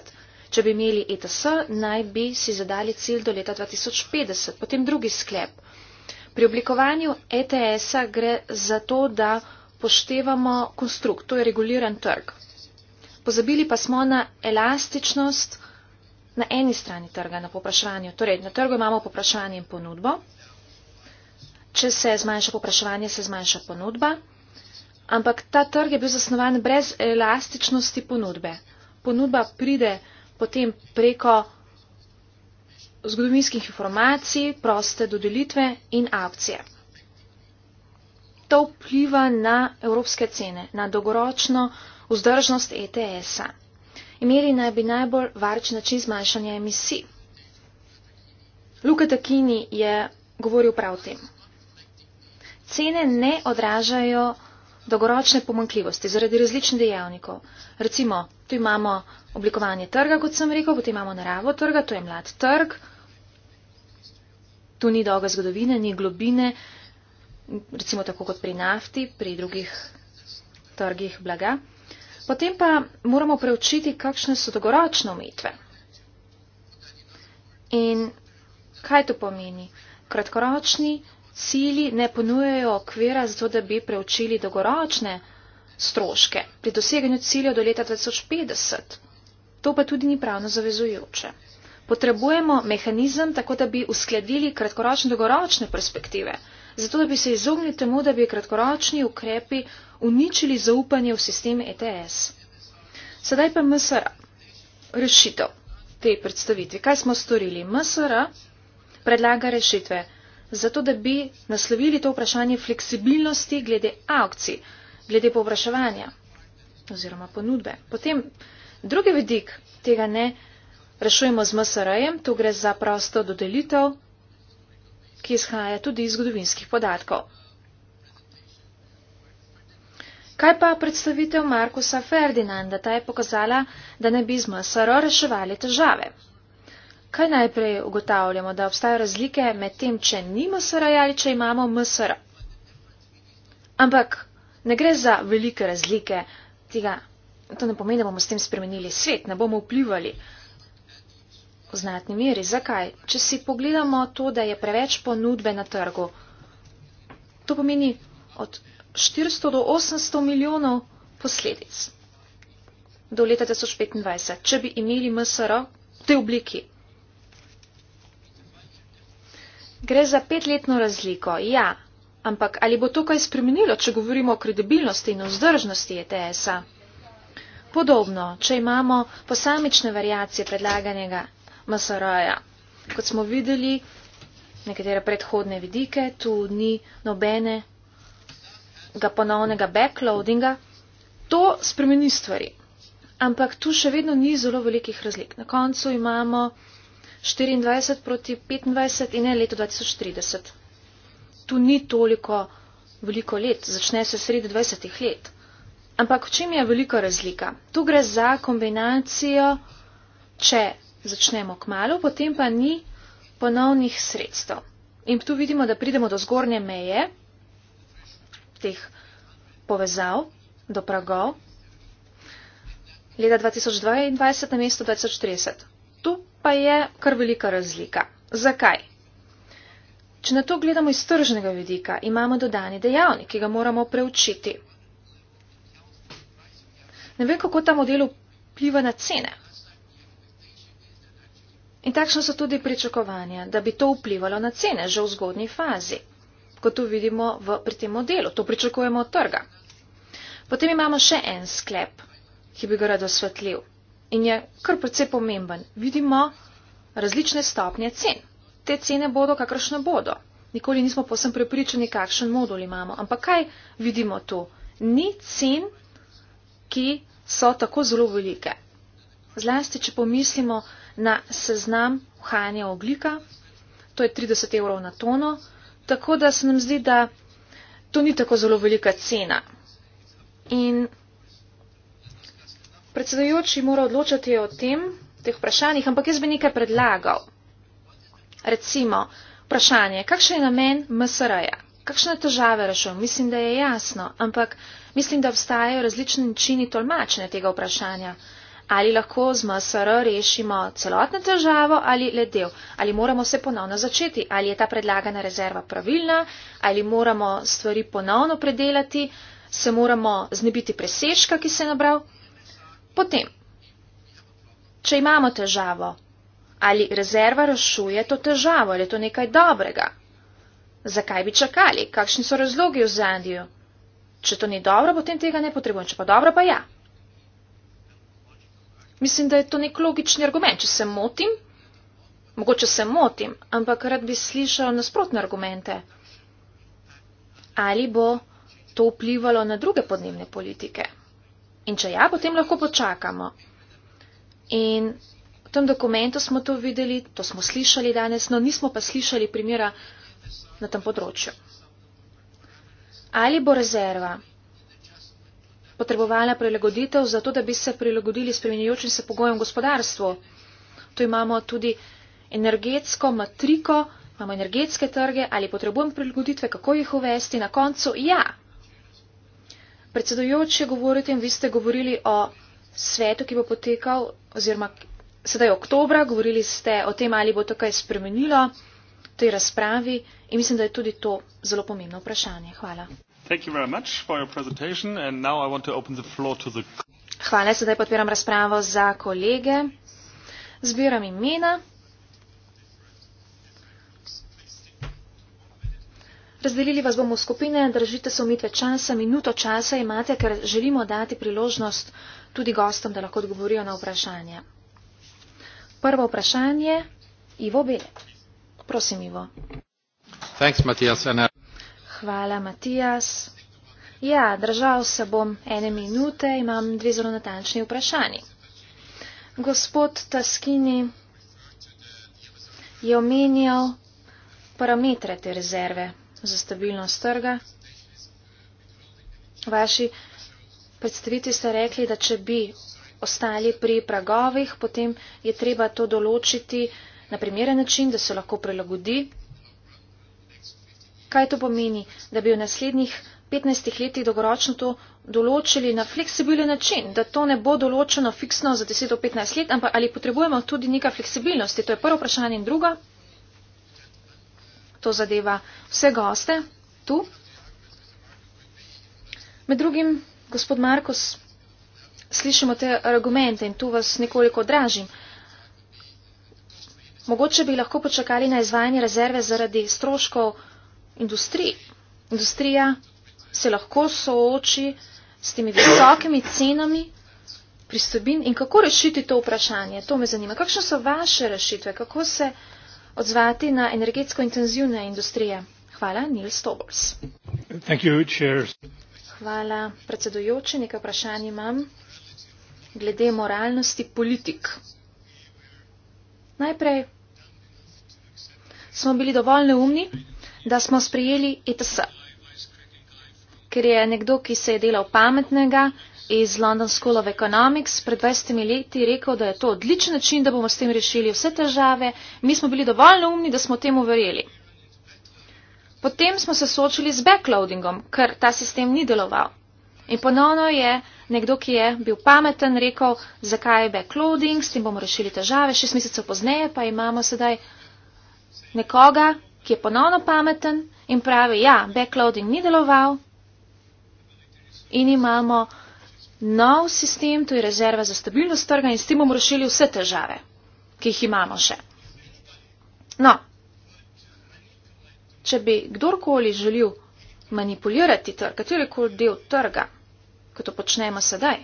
Če bi imeli ETS, naj bi si zadali cilj do leta 2050. Potem drugi sklep. Pri oblikovanju ETS-a gre za to, da poštevamo konstrukt, to je reguliran trg. Pozabili pa smo na elastičnost na eni strani trga, na popraševanju. Torej, na trgu imamo popraševanje in ponudbo. Če se zmanjša popraševanje, se zmanjša ponudba. Ampak ta trg je bil zasnovan brez elastičnosti ponudbe. Ponudba pride potem preko zgodovinskih informacij, proste dodelitve in akcije. To vpliva na evropske cene, na dolgoročno vzdržnost ETS-a imeli naj bi najbolj varč način zmanjšanja emisij. Luka Takini je govoril prav tem. Cene ne odražajo dolgoročne pomankljivosti zaradi različnih dejavnikov. Recimo, tu imamo oblikovanje trga, kot sem rekel, potem imamo naravo trga, to je mlad trg, tu ni dolga zgodovine, ni globine, recimo tako kot pri nafti, pri drugih trgih blaga. Potem pa moramo preučiti, kakšne so dolgoročne omejitve. In kaj to pomeni? Kratkoročni cilji ne ponujejo okvira za to, da bi preučili dolgoročne stroške pri doseganju ciljev do leta 2050. To pa tudi ni pravno zavezujoče. Potrebujemo mehanizem, tako da bi uskladili kratkoročne in dolgoročne perspektive zato da bi se izognili temu, da bi kratkoročni ukrepi uničili zaupanje v sistem ETS. Sedaj pa MSR. Rešitev te predstavitve. Kaj smo storili? MSR predlaga rešitve, zato da bi naslovili to vprašanje fleksibilnosti glede aukcij, glede povpraševanja oziroma ponudbe. Potem drugi vidik tega ne rešujemo z MSR-jem, tu gre za prosto dodelitev ki izhaja tudi iz zgodovinskih podatkov. Kaj pa predstavitev Markusa Ferdinanda? Ta je pokazala, da ne bi z MSRO reševali težave. Kaj najprej ugotavljamo, da obstajajo razlike med tem, če ni MSRO ali če imamo MSRO? Ampak ne gre za velike razlike. Tega. To ne pomeni, da bomo s tem spremenili svet, ne bomo vplivali uh, v znatni meri. Zakaj? Če si pogledamo to, da je preveč ponudbe na trgu, to pomeni od 400 do 800 milijonov posledic do leta 2025, če bi imeli MSR v tej obliki. Gre za petletno razliko, ja, ampak ali bo to kaj spremenilo, če govorimo o kredibilnosti in vzdržnosti ETS-a? Podobno, če imamo posamične variacije predlaganega Masaraja. Kot smo videli, nekatere predhodne vidike, tu ni nobene ga ponovnega backloadinga, to spremeni stvari. Ampak tu še vedno ni zelo velikih razlik. Na koncu imamo 24 proti 25 in ne leto 2030. Tu ni toliko veliko let, začne se sredi 20 let. Ampak v čem je velika razlika? Tu gre za kombinacijo, če začnemo kmalo, potem pa ni ponovnih sredstev. In tu vidimo, da pridemo do zgornje meje teh povezav, do pragov, leta 2022 na mesto 2030. Tu pa je kar velika razlika. Zakaj? Če na to gledamo iz tržnega vidika, imamo dodani dejavnik, ki ga moramo preučiti. Ne vem, kako ta model vpliva na cene. In takšno so tudi pričakovanja, da bi to vplivalo na cene že v zgodnji fazi, kot to vidimo v, pri tem modelu. To pričakujemo od trga. Potem imamo še en sklep, ki bi ga rad osvetlil in je kar precej pomemben. Vidimo različne stopnje cen. Te cene bodo, kakršne bodo. Nikoli nismo posem prepričani, kakšen modul imamo. Ampak kaj vidimo tu? Ni cen, ki so tako zelo velike. Zlasti, če pomislimo, na seznam uhajanja oglika, to je 30 evrov na tono, tako da se nam zdi, da to ni tako zelo velika cena. In predsedujoči mora odločati o tem, teh vprašanjih, ampak jaz bi nekaj predlagal. Recimo, vprašanje, kakšen je namen MSR-ja? Kakšne težave rešujem? Mislim, da je jasno, ampak mislim, da obstajajo različni načini tolmačenja tega vprašanja ali lahko z MSR rešimo celotno državo ali le del, ali moramo se ponovno začeti, ali je ta predlagana rezerva pravilna, ali moramo stvari ponovno predelati, se moramo znebiti presežka, ki se je nabral. Potem, če imamo težavo, ali rezerva rešuje to težavo, ali je to nekaj dobrega, zakaj bi čakali, kakšni so razlogi v zadju. Če to ni dobro, potem tega ne potrebujem, če pa dobro, pa ja. Mislim, da je to nek logični argument, če se motim. Mogoče se motim, ampak rad bi slišal nasprotne argumente. Ali bo to vplivalo na druge podnebne politike? In če ja, potem lahko počakamo. In v tem dokumentu smo to videli, to smo slišali danes, no nismo pa slišali primera na tem področju. Ali bo rezerva potrebovala prilagoditev, zato da bi se prilagodili spremenjujočim se pogojem gospodarstvu. Tu imamo tudi energetsko matriko, imamo energetske trge ali potrebujemo prilagoditve, kako jih uvesti. Na koncu, ja. Predsedujoče, govorite in vi ste govorili o svetu, ki bo potekal, oziroma sedaj oktobra, govorili ste o tem, ali bo to kaj spremenilo v tej razpravi in mislim, da je tudi to zelo pomembno vprašanje. Hvala. Thank you very much for your presentation and now I want to open the floor to the Hvala, sedaj podpiram razpravo za kolege. Zbiram imena. Razdelili vas bomo v skupine, držite se omitve časa, minuto časa imate, ker želimo dati priložnost tudi gostom, da lahko odgovorijo na vprašanje. Prvo vprašanje, Ivo Bele. Prosim, Ivo. Thanks, Matijas hvala, Matijas. Ja, držal se bom ene minute, imam dve zelo natančni vprašanji. Gospod Taskini je omenjal parametre te rezerve za stabilnost trga. Vaši predstaviti ste rekli, da če bi ostali pri pragovih, potem je treba to določiti na primeren način, da se lahko prilagodi kaj to pomeni, da bi v naslednjih 15 letih dolgoročno to določili na fleksibilen način, da to ne bo določeno fiksno za 10 do 15 let, ampak ali potrebujemo tudi nekaj fleksibilnosti, to je prvo vprašanje in druga. To zadeva vse goste tu. Med drugim, gospod Markus, slišimo te argumente in tu vas nekoliko odražim. Mogoče bi lahko počakali na izvajanje rezerve zaradi stroškov industriji. Industrija se lahko sooči s temi visokimi cenami pristobin in kako rešiti to vprašanje. To me zanima. Kakšne so vaše rešitve? Kako se odzvati na energetsko intenzivne industrije? Hvala, Nils Stobols. Hvala, predsedujoči. Nekaj vprašanj imam glede moralnosti politik. Najprej smo bili dovolj neumni, da smo sprijeli ITS, ker je nekdo, ki se je delal pametnega iz London School of Economics pred 20 leti rekel, da je to odličen način, da bomo s tem rešili vse težave. Mi smo bili dovolj neumni, da smo temu verjeli. Potem smo se soočili z backloadingom, ker ta sistem ni deloval. In ponovno je nekdo, ki je bil pameten, rekel, zakaj je backloading, s tem bomo rešili težave. Šest mesecev pozneje pa imamo sedaj nekoga, ki je ponovno pameten in pravi, ja, backloading ni deloval in imamo nov sistem, to je rezerva za stabilnost trga in s tem bomo rešili vse težave, ki jih imamo še. No, če bi kdorkoli želil manipulirati trg, katerikoli del trga, ko to počnemo sedaj,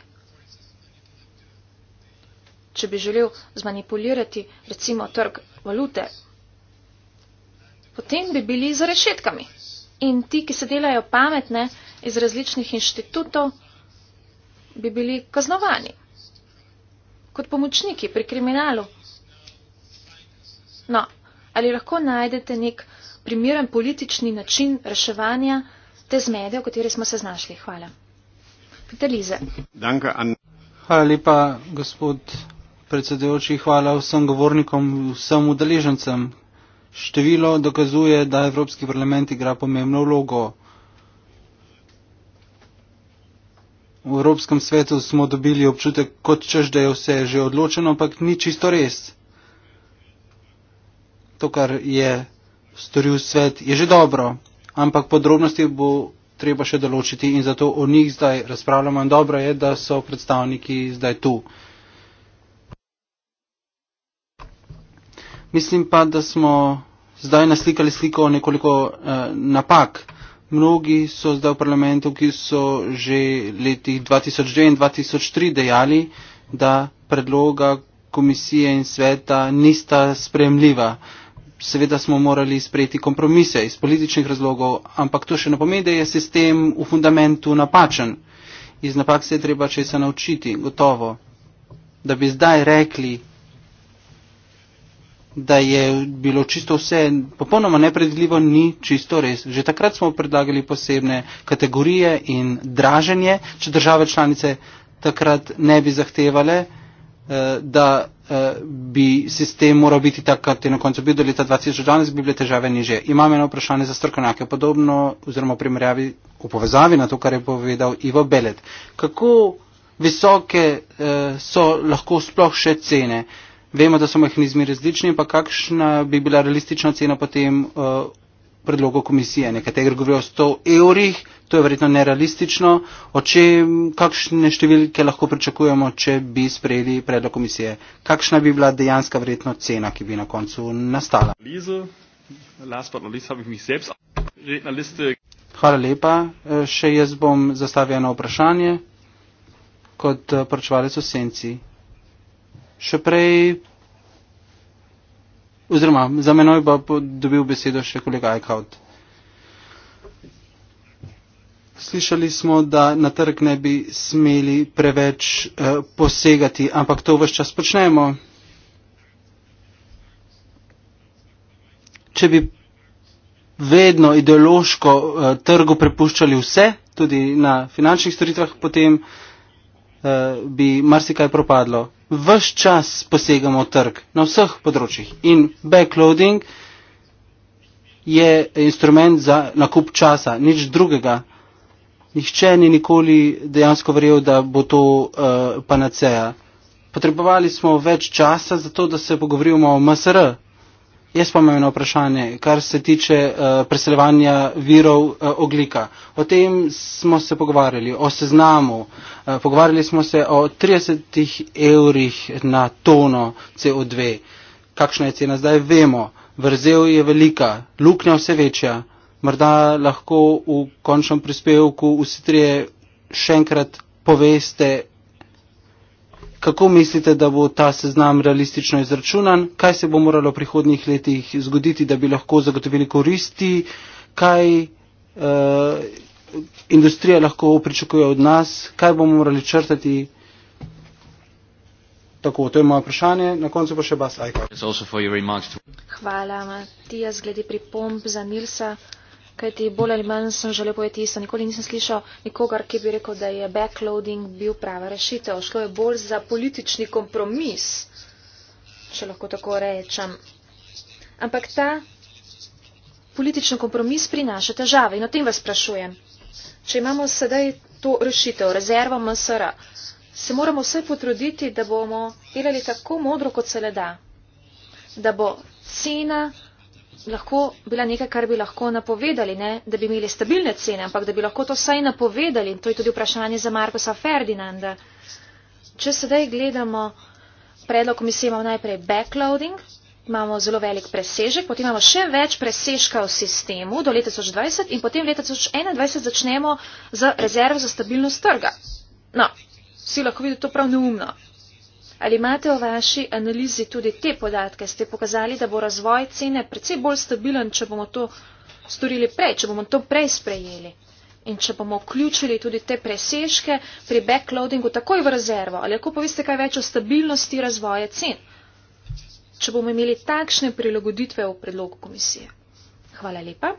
če bi želel zmanipulirati recimo trg valute, potem bi bili za rešetkami. In ti, ki se delajo pametne iz različnih inštitutov, bi bili kaznovani kot pomočniki pri kriminalu. No, ali lahko najdete nek primeren politični način reševanja te zmede, v kateri smo se znašli? Hvala. Peter Lize. Hvala lepa, gospod predsedujoči. Hvala vsem govornikom, vsem udeležencem, Število dokazuje, da Evropski parlament igra pomembno vlogo. V Evropskem svetu smo dobili občutek, kot češ, da je vse že odločeno, ampak ni čisto res. To, kar je storil svet, je že dobro, ampak podrobnosti bo treba še določiti in zato o njih zdaj razpravljamo in dobro je, da so predstavniki zdaj tu. Mislim pa, da smo zdaj naslikali sliko nekoliko eh, napak. Mnogi so zdaj v parlamentu, ki so že letih 2002 in 2003 dejali, da predloga komisije in sveta nista spremljiva. Seveda smo morali sprejeti kompromise iz političnih razlogov, ampak to še ne pomeni, da je sistem v fundamentu napačen. Iz napak se je treba česa naučiti, gotovo. Da bi zdaj rekli, da je bilo čisto vse popolnoma nepredvidljivo, ni čisto res. Že takrat smo predlagali posebne kategorije in draženje, če države članice takrat ne bi zahtevale, eh, da eh, bi sistem moral biti tak, kot je na koncu bil do leta 2012, bi bile težave niže. Imam eno vprašanje za strokovnjake podobno oziroma v primerjavi v povezavi na to, kar je povedal Ivo Belet. Kako visoke eh, so lahko sploh še cene? Vemo, da so mehanizmi različni, ampak kakšna bi bila realistična cena potem uh, predlogo komisije? Nekateri govorijo o 100 evrih, to je verjetno nerealistično. Čem, kakšne številke lahko pričakujemo, če bi sprejeli predlog komisije? Kakšna bi bila dejanska verjetno cena, ki bi na koncu nastala? Hvala lepa. Še jaz bom zastavil eno vprašanje kot eh, pračevalec v senci še prej, oziroma za menoj pa dobil besedo še kolega Eichhout. Slišali smo, da na trg ne bi smeli preveč uh, posegati, ampak to vse čas počnemo. Če bi vedno ideološko uh, trgu prepuščali vse, tudi na finančnih storitvah, potem uh, Eh, bi marsikaj propadlo. Ves čas posegamo trg na vseh področjih in backloading je instrument za nakup časa, nič drugega. Nihče ni nikoli dejansko verjel, da bo to uh, panaceja. Potrebovali smo več časa za to, da se pogovorimo o MSR, Jaz pa imam eno vprašanje, kar se tiče uh, preseljevanja virov uh, oglika. O tem smo se pogovarjali, o seznamu. Uh, pogovarjali smo se o 30 evrih na tono CO2. Kakšna je cena zdaj, vemo. Vrzel je velika, luknja vse večja. Morda lahko v končnem prispevku vsi trije še enkrat poveste, Kako mislite, da bo ta seznam realistično izračunan? Kaj se bo moralo v prihodnjih letih zgoditi, da bi lahko zagotovili koristi? Kaj uh, industrija lahko pričakuje od nas? Kaj bomo morali črtati? Tako, to je moje vprašanje. Na koncu pa še vas, Ajka. Hvala, Matija, zglede pripomb za Nilsa kajti bolj ali manj sem želel povedati isto. Nikoli nisem slišal nikogar, ki bi rekel, da je backloading bil prava rešitev. Šlo je bolj za politični kompromis, če lahko tako rečem. Ampak ta politični kompromis prinaša težave in o tem vas sprašujem. Če imamo sedaj to rešitev, rezervo MSR, se moramo vse potruditi, da bomo delali tako modro, kot se le da. Da bo cena lahko bila nekaj, kar bi lahko napovedali, ne, da bi imeli stabilne cene, ampak da bi lahko to vsaj napovedali. In to je tudi vprašanje za Markosa Ferdinanda. Če sedaj gledamo predlog komisije, imamo najprej backloading, imamo zelo velik presežek, potem imamo še več presežka v sistemu do leta 2020 in potem leta 2021 začnemo z rezerv za stabilnost trga. No, vsi lahko vidijo to prav neumno. Ali imate v vaši analizi tudi te podatke? Ste pokazali, da bo razvoj cene predvsej bolj stabilen, če bomo to storili prej, če bomo to prej sprejeli in če bomo vključili tudi te presežke pri backloadingu takoj v rezervo. Ali lahko poveste kaj več o stabilnosti razvoja cen, če bomo imeli takšne prilagoditve v predlogu komisije? Hvala lepa.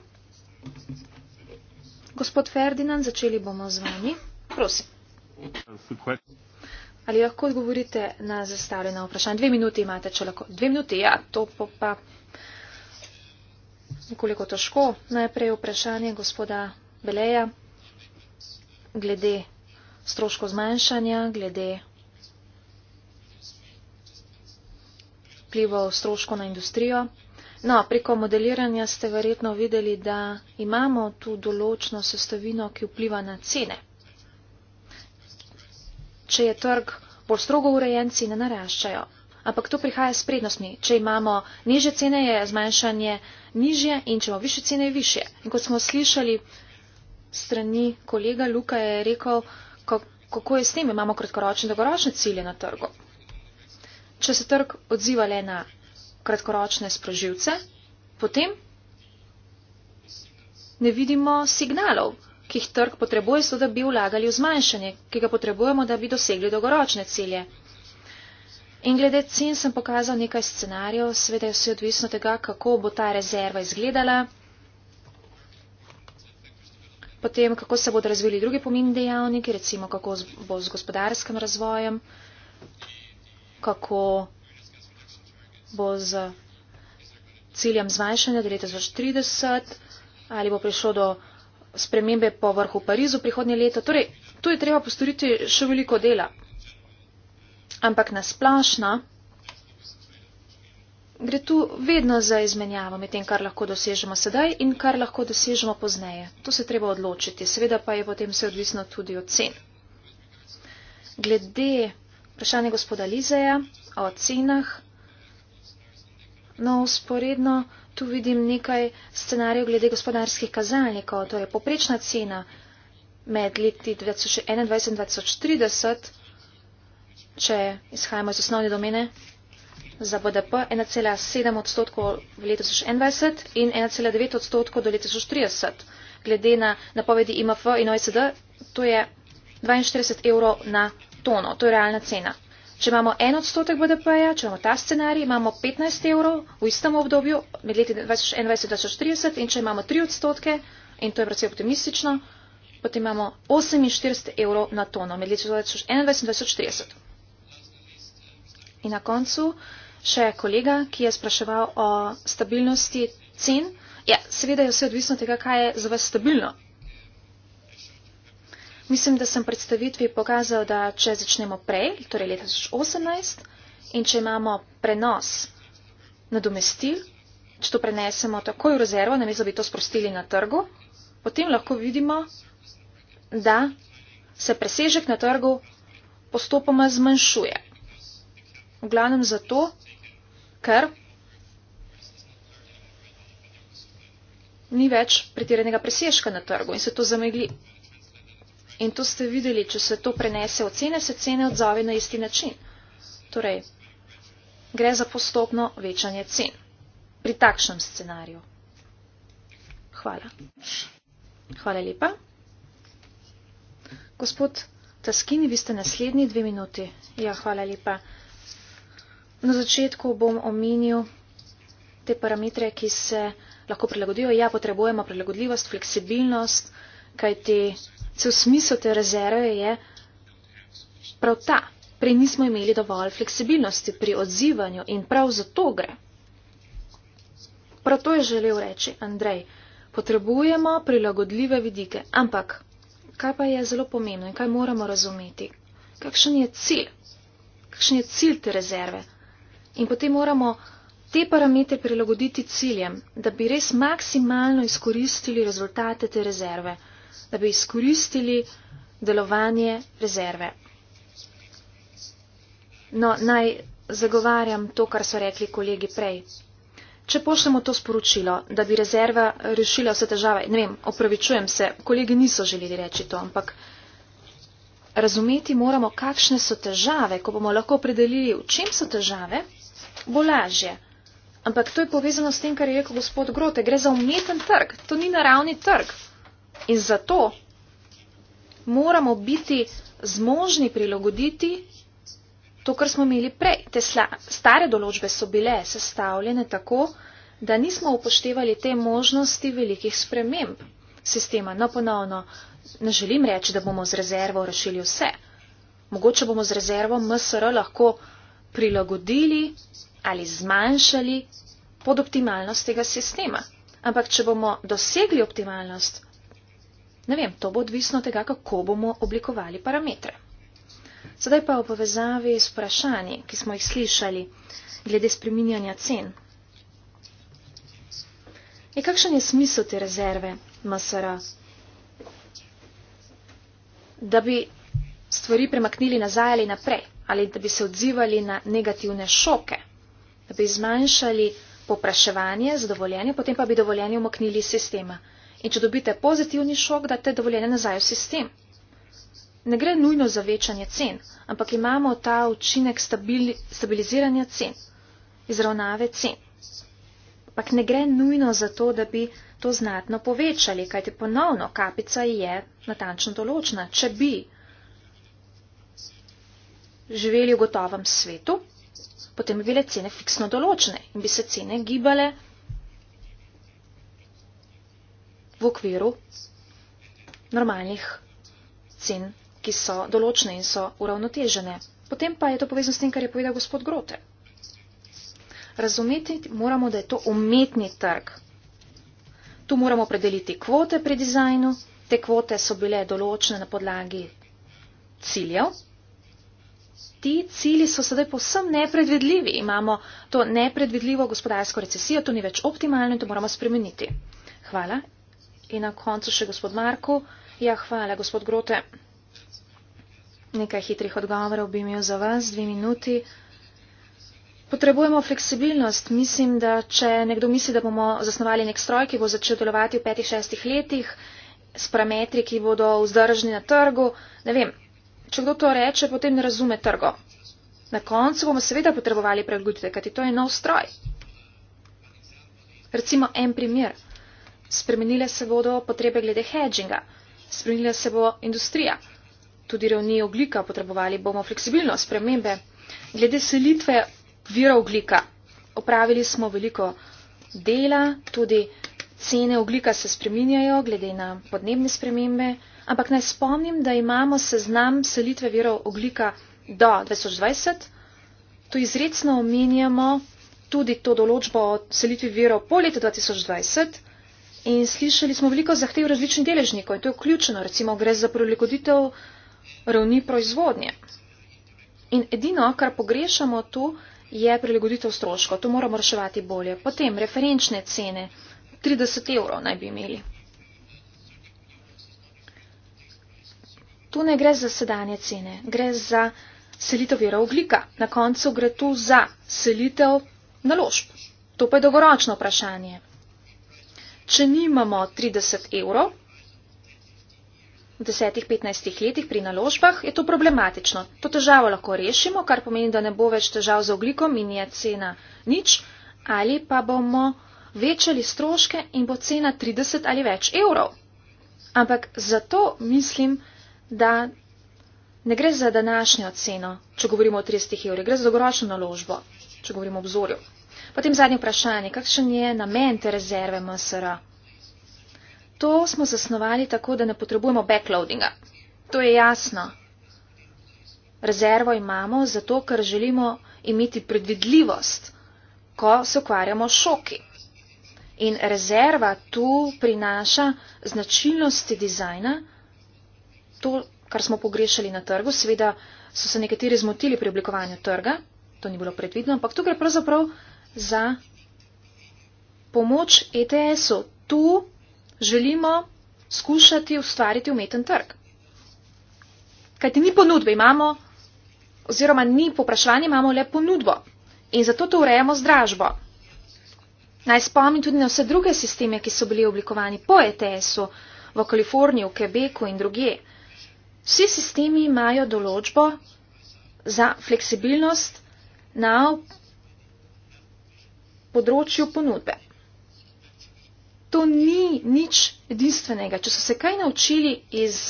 Gospod Ferdinand, začeli bomo z vami. Prosim. Ali lahko odgovorite na zastavljena vprašanja? Dve minuti imate, če lahko. Dve minuti, ja, to pa nekoliko težko. Najprej vprašanje gospoda Beleja glede stroško zmanjšanja, glede vplivov stroško na industrijo. No, preko modeliranja ste verjetno videli, da imamo tu določno sestavino, ki vpliva na cene če je trg bolj strogo urejen, cene naraščajo. Ampak to prihaja s prednostmi. Če imamo niže cene, je zmanjšanje nižje in če imamo više cene, je više. In kot smo slišali strani kolega Luka je rekel, kako je s tem, imamo kratkoročne in dolgoročne cilje na trgu. Če se trg odziva le na kratkoročne sproživce, potem ne vidimo signalov, ki jih trg potrebuje, so da bi vlagali v zmanjšanje, ki ga potrebujemo, da bi dosegli dolgoročne cilje. In glede cen sem pokazal nekaj scenarijev, seveda je vse odvisno tega, kako bo ta rezerva izgledala, potem kako se bodo razvili drugi pomembni dejavniki, recimo kako bo z gospodarskim razvojem, kako bo z ciljem zmanjšanja do leta 2030 ali bo prišlo do spremembe po vrhu Parizu prihodnje leto. Torej, tu je treba postoriti še veliko dela. Ampak nasplašna gre tu vedno za izmenjavo med tem, kar lahko dosežemo sedaj in kar lahko dosežemo pozneje. To se treba odločiti. Seveda pa je potem vse odvisno tudi od cen. Glede vprašanja gospoda Lizeja o cenah, no, usporedno tu vidim nekaj scenarijev glede gospodarskih kazalnikov, to je poprečna cena med leti 2021 in 2030, če izhajamo iz osnovne domene za BDP, 1,7 odstotkov v letu 2021 in 1,9 odstotkov do leta 2030. Glede na napovedi IMF in OECD, to je 42 evrov na tono, to je realna cena. Če imamo en odstotek BDP-ja, če imamo ta scenarij, imamo 15 evrov v istem obdobju med leti 2021-2030 in če imamo 3 odstotke, in to je precej optimistično, potem imamo 48 evrov na tono med leti 2021-2030. In na koncu še je kolega, ki je spraševal o stabilnosti cen. Ja, seveda je vse odvisno tega, kaj je za vas stabilno. Mislim, da sem predstavitvi pokazal, da če začnemo prej, torej leta 2018, in če imamo prenos nadomestil, če to prenesemo takoj v rezervo, namesto bi to sprostili na trgu, potem lahko vidimo, da se presežek na trgu postopoma zmanjšuje. V glavnem zato, ker ni več pretirenega presežka na trgu in se to zamegli. In tu ste videli, če se to prenese v cene, se cene odzove na isti način. Torej, gre za postopno večanje cen pri takšnem scenariju. Hvala. Hvala lepa. Gospod Taskini, vi ste naslednji dve minuti. Ja, hvala lepa. Na začetku bom omenil te parametre, ki se lahko prilagodijo. Ja, potrebujemo prilagodljivost, fleksibilnost, kaj te cel smisel te rezerve je prav ta. Prej nismo imeli dovolj fleksibilnosti pri odzivanju in prav zato gre. Prav to je želel reči Andrej. Potrebujemo prilagodljive vidike, ampak kaj pa je zelo pomembno in kaj moramo razumeti? Kakšen je cilj? Kakšen je cilj te rezerve? In potem moramo te parametre prilagoditi ciljem, da bi res maksimalno izkoristili rezultate te rezerve da bi izkoristili delovanje rezerve. No, naj zagovarjam to, kar so rekli kolegi prej. Če pošljemo to sporočilo, da bi rezerva rešila vse težave, ne vem, opravičujem se, kolegi niso želeli reči to, ampak razumeti moramo, kakšne so težave, ko bomo lahko opredelili, v čem so težave, bo lažje. Ampak to je povezano s tem, kar je rekel gospod Grote, gre za umeten trg, to ni naravni trg. In zato moramo biti zmožni prilagoditi to, kar smo imeli prej. Te stare določbe so bile sestavljene tako, da nismo upoštevali te možnosti velikih sprememb sistema. No, ponovno, ne želim reči, da bomo z rezervo rešili vse. Mogoče bomo z rezervo MSR lahko prilagodili ali zmanjšali pod optimalnost tega sistema. Ampak, če bomo dosegli optimalnost, Ne vem, to bo odvisno tega, kako bomo oblikovali parametre. Sedaj pa v povezavi s vprašanji, ki smo jih slišali glede spreminjanja cen. Je kakšen je smisel te rezerve MSR? Da bi stvari premaknili nazaj ali naprej, ali da bi se odzivali na negativne šoke, da bi zmanjšali popraševanje, zadovoljenje, potem pa bi dovoljenje umaknili iz sistema in če dobite pozitivni šok, date dovoljenje nazaj v sistem. Ne gre nujno za večanje cen, ampak imamo ta učinek stabili, stabiliziranja cen, izravnave cen. Ampak ne gre nujno za to, da bi to znatno povečali, kajti ponovno kapica je natančno določena. Če bi živeli v gotovem svetu, potem bi bile cene fiksno določene in bi se cene gibale v okviru normalnih cen, ki so določene in so uravnotežene. Potem pa je to povezano s tem, kar je povedal gospod Grote. Razumeti moramo, da je to umetni trg. Tu moramo predeliti kvote pri dizajnu. Te kvote so bile določene na podlagi ciljev. Ti cilji so sedaj povsem nepredvidljivi. Imamo to nepredvidljivo gospodarsko recesijo, to ni več optimalno in to moramo spremeniti. Hvala In na koncu še gospod Marko. Ja, hvala, gospod Grote. Nekaj hitrih odgovorov bi imel za vas, dve minuti. Potrebujemo fleksibilnost. Mislim, da če nekdo misli, da bomo zasnovali nek stroj, ki bo začel delovati v petih, šestih letih, s parametri, ki bodo vzdržni na trgu, ne vem, če kdo to reče, potem ne razume trgo. Na koncu bomo seveda potrebovali prilagoditve, kajti to je nov stroj. Recimo en primer spremenile se bodo potrebe glede hedžinga, spremenila se bo industrija. Tudi ravni oglika potrebovali bomo fleksibilno spremembe. Glede selitve vira oglika, opravili smo veliko dela, tudi cene oglika se spreminjajo glede na podnebne spremembe, ampak naj spomnim, da imamo seznam selitve vira oglika do 2020. To izredno omenjamo tudi to določbo o selitvi virov po letu 2020. In slišali smo veliko zahtev različnih deležnikov in to je vključeno, recimo gre za prilagoditev ravni proizvodnje. In edino, kar pogrešamo tu, je prilagoditev stroškov. To moramo reševati bolje. Potem referenčne cene, 30 evrov naj bi imeli. Tu ne gre za sedanje cene, gre za selitev vira oglika. Na koncu gre tu za selitev naložb. To pa je dolgoročno vprašanje. Če nimamo 30 evrov v 10-15 letih pri naložbah, je to problematično. To težavo lahko rešimo, kar pomeni, da ne bo več težav z oglikom in je cena nič, ali pa bomo večali stroške in bo cena 30 ali več evrov. Ampak zato mislim, da ne gre za današnjo ceno, če govorimo o 30 evrih, gre za dolgoročno naložbo, če govorimo o obzorju. Potem zadnje vprašanje, kakšen je namen te rezerve MSR? To smo zasnovali tako, da ne potrebujemo backloadinga. To je jasno. Rezervo imamo zato, ker želimo imeti predvidljivost, ko se ukvarjamo šoki. In rezerva tu prinaša značilnosti dizajna, to, kar smo pogrešali na trgu. Seveda so se nekateri zmotili pri oblikovanju trga, to ni bilo predvidno, ampak tukaj pravzaprav za pomoč ETS-u. Tu želimo skušati ustvariti umeten trg. Kaj ti ni ponudbe, imamo, oziroma ni poprašanje, imamo le ponudbo. In zato to urejamo z dražbo. Naj spomnim tudi na vse druge sisteme, ki so bili oblikovani po ETS-u v Kaliforniji, v Quebecu in druge. Vsi sistemi imajo določbo za fleksibilnost na področju ponudbe. To ni nič edinstvenega. Če so se kaj naučili iz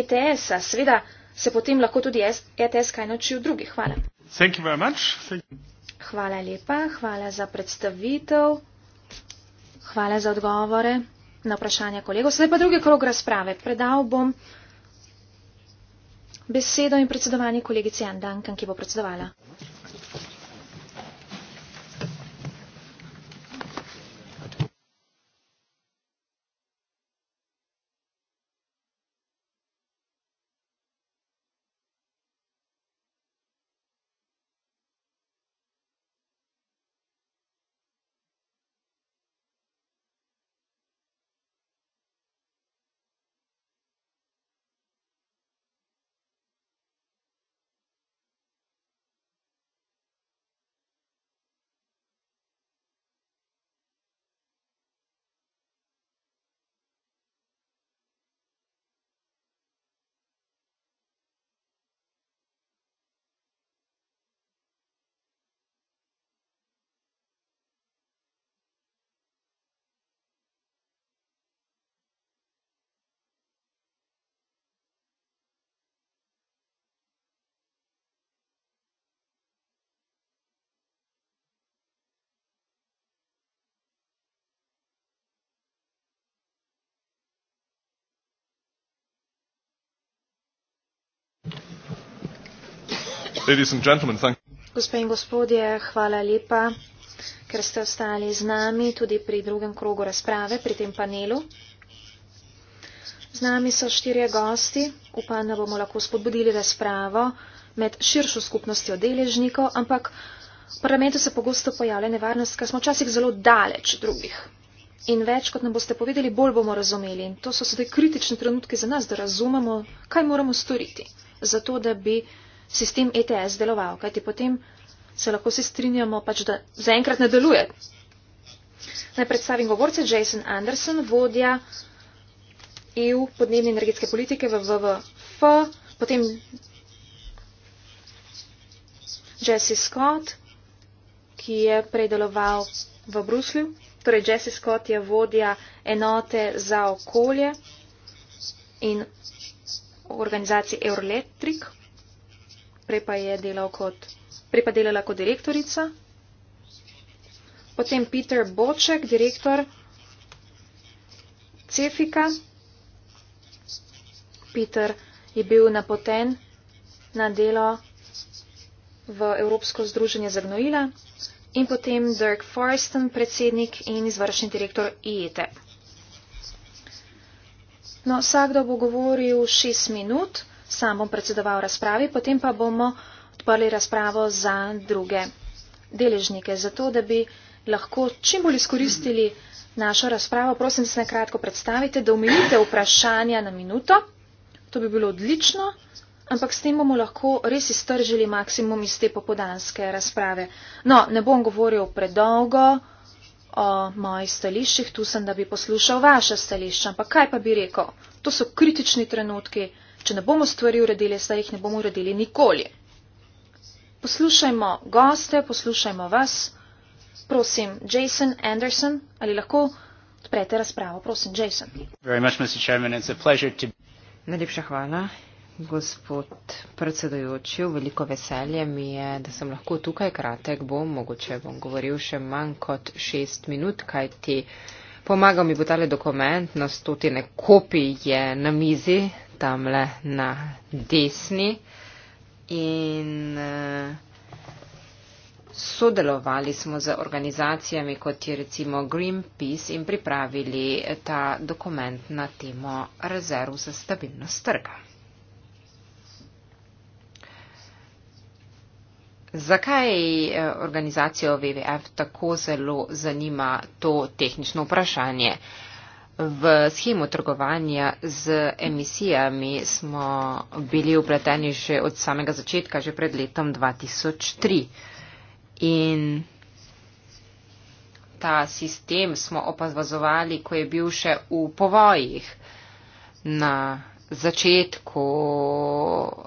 ETS-a, seveda se potem lahko tudi ETS e kaj nauči od drugih. Hvala. Hvala lepa, hvala za predstavitev, hvala za odgovore na vprašanje kolegov. Sedaj pa drugi krog razprave. Predal bom besedo in predsedovanje kolegici Jan Dankan, ki bo predsedovala. Gospe in gospodje, hvala lepa, ker ste ostali z nami tudi pri drugem krogu razprave, pri tem panelu. Z nami so štirje gosti. Upam, da bomo lahko spodbudili razpravo med širšo skupnostjo deležnikov, ampak v parlamentu se pogosto pojavlja nevarnost, ker smo včasih zelo daleč drugih. In več, kot nam boste povedali, bolj bomo razumeli. In to so sedaj kritični trenutki za nas, da razumemo, kaj moramo storiti, zato da bi sistem ETS deloval, kajti potem se lahko se strinjamo, pač, da zaenkrat ne deluje. Naj predstavim govorce Jason Anderson, vodja EU podnebne energetske politike v WWF, potem Jesse Scott, ki je predeloval v Bruslju. Torej, Jesse Scott je vodja enote za okolje in organizacije Euroelectric prej pa je delal kot, prej pa delala kot direktorica. Potem Peter Boček, direktor Cefika. Peter je bil napoten na delo v Evropsko združenje za gnojila. In potem Dirk Forresten, predsednik in izvršni direktor IETEP. No, vsakdo bo govoril šest minut sam bom predsedoval razpravi, potem pa bomo odprli razpravo za druge deležnike. Zato, da bi lahko čim bolj izkoristili našo razpravo, prosim, da se nakratko predstavite, da umilite vprašanja na minuto. To bi bilo odlično, ampak s tem bomo lahko res iztržili maksimum iz te popodanske razprave. No, ne bom govoril predolgo o mojih stališčih, tu sem, da bi poslušal vaše stališče, ampak kaj pa bi rekel? To so kritični trenutki če ne bomo stvari uredili, saj jih ne bomo uredili nikoli. Poslušajmo goste, poslušajmo vas. Prosim, Jason Anderson, ali lahko odprete razpravo? Prosim, Jason. Najlepša hvala, gospod predsedojoči. Veliko veselje mi je, da sem lahko tukaj kratek bom, mogoče bom govoril še manj kot šest minut, kaj ti. Pomagal mi bo tale dokument, na stotine kopij je na mizi, tamle na desni in eh, sodelovali smo z organizacijami, kot je recimo Greenpeace in pripravili eh, ta dokument na temo rezerv za stabilnost trga. Zakaj eh, organizacijo WWF tako zelo zanima to tehnično vprašanje? Uh, V schemu trgovanja z emisijami smo bili upleteni že od samega začetka, že pred letom 2003. In ta sistem smo opazovali, ko je bil še v povojih na začetku.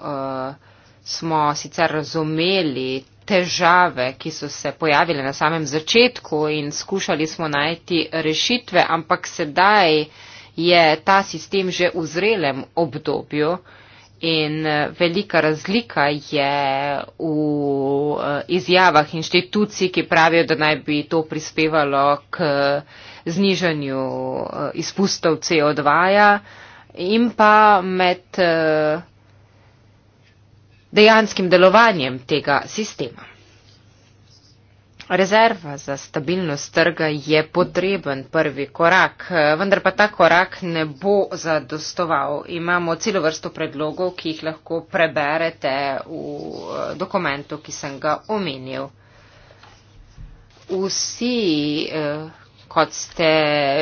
Uh, smo sicer razumeli težave, ki so se pojavile na samem začetku in skušali smo najti rešitve, ampak sedaj je ta sistem že v zrelem obdobju in eh, velika razlika je v eh, izjavah inštitucij, ki pravijo, da naj bi to prispevalo k eh, znižanju izpustov CO2 in pa med dejanskim delovanjem tega sistema. Rezerva za stabilnost trga je potreben prvi korak, vendar pa ta korak ne bo zadostoval. Imamo celo vrsto predlogov, ki jih lahko preberete v eh, dokumentu, ki sem ga omenil. Vsi eh, kot ste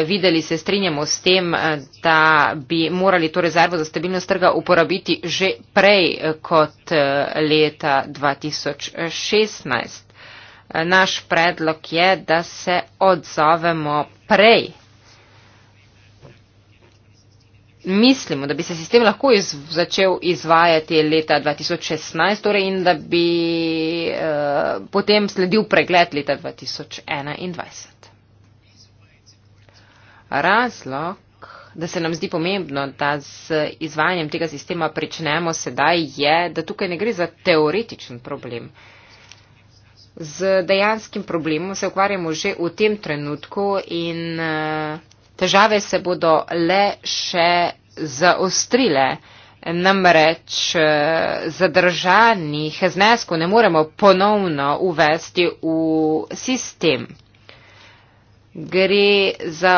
videli, se strinjamo s tem, eh, da bi morali to rezervo za stabilnost trga uporabiti že prej eh, kot eh, leta 2016. Naš predlog je, da se odzovemo prej. Mislimo, da bi se sistem lahko iz, začel izvajati leta 2016 torej, in da bi eh, potem sledil pregled leta 2021. Razlog, da se nam zdi pomembno, da z izvajanjem tega sistema pričnemo sedaj, je, da tukaj ne gre za teoretičen problem. Z dejanskim problemom se ukvarjamo že v tem trenutku in eh, težave se bodo le še zaostrile. Namreč eh, zadržanih znesko ne moremo ponovno uvesti v sistem. Gre za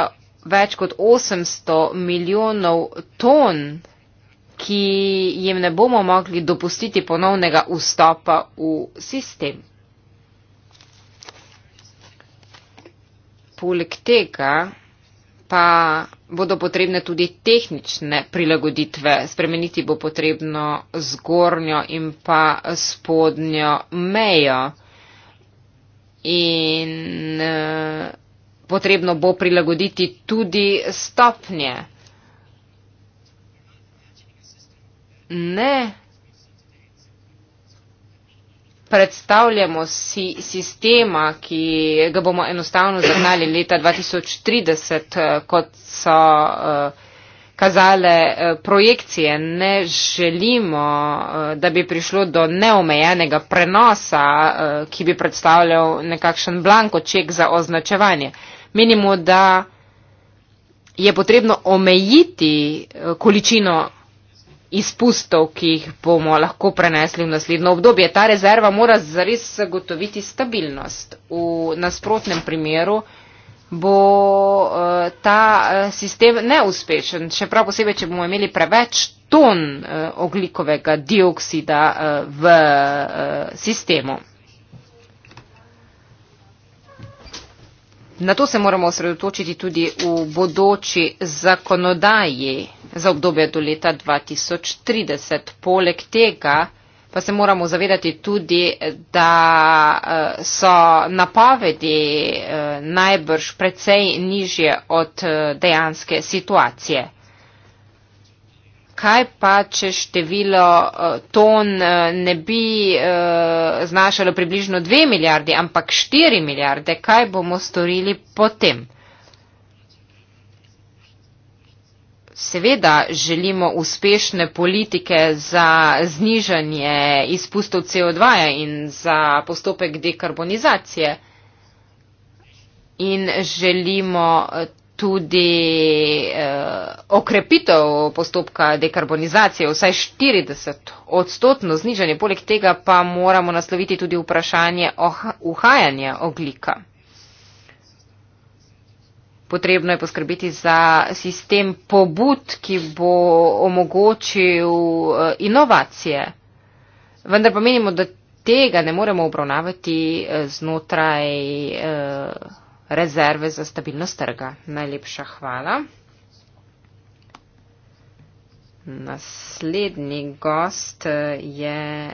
več kot 800 milijonov ton, ki jim ne bomo mogli dopustiti ponovnega vstopa v sistem. Poleg tega pa bodo potrebne tudi tehnične prilagoditve. Spremeniti bo potrebno zgornjo in pa spodnjo mejo. In, uh, potrebno bo prilagoditi tudi stopnje. Ne predstavljamo si sistema, ki ga bomo enostavno zagnali leta 2030, kot so uh, kazale eh, projekcije. Ne želimo, eh, da bi prišlo do neomejenega prenosa, eh, ki bi predstavljal nekakšen blanko ček za označevanje. Menimo, da je potrebno omejiti količino izpustov, ki jih bomo lahko prenesli v naslednjo obdobje. Ta rezerva mora zares zagotoviti stabilnost. V nasprotnem primeru bo eh, ta eh, sistem neuspešen, še prav posebej, če bomo imeli preveč ton eh, oglikovega dioksida v sistemu. Na to se moramo osredotočiti tudi v bodoči zakonodaji za obdobje do leta 2030. Poleg tega, pa se moramo zavedati tudi, da eh, so napovedi eh, najbrž precej nižje od eh, dejanske situacije. Kaj pa, če število ton ne bi znašalo približno 2 milijarde, ampak 4 milijarde, kaj bomo storili potem? seveda želimo uspešne politike za znižanje izpustov CO2 in za postopek dekarbonizacije. In želimo tudi eh, okrepitev postopka dekarbonizacije, vsaj 40 odstotno znižanje. Poleg tega pa moramo nasloviti tudi vprašanje uhajanja oglika potrebno je poskrbeti za sistem pobud, ki bo omogočil eh, inovacije. Vendar pa menimo, da tega ne moremo obravnavati eh, znotraj eh, rezerve za stabilnost trga. Najlepša hvala. Naslednji gost je.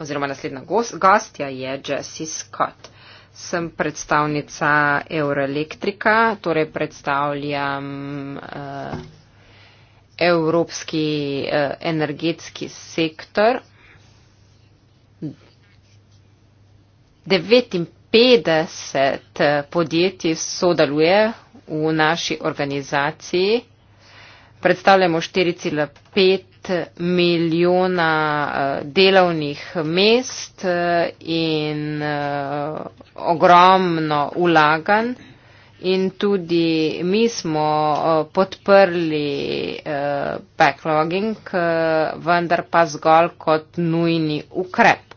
Oziroma naslednja gostja je Jessie Scott sem predstavnica Euroelektrika, torej predstavljam uh, evropski uh, energetski sektor. 59 podjetij sodeluje v naši organizaciji. Predstavljamo 4,5 milijona eh, delovnih mest eh, in eh, ogromno ulagan. In tudi mi smo podprli backlogging, vendar pa zgolj kot nujni ukrep.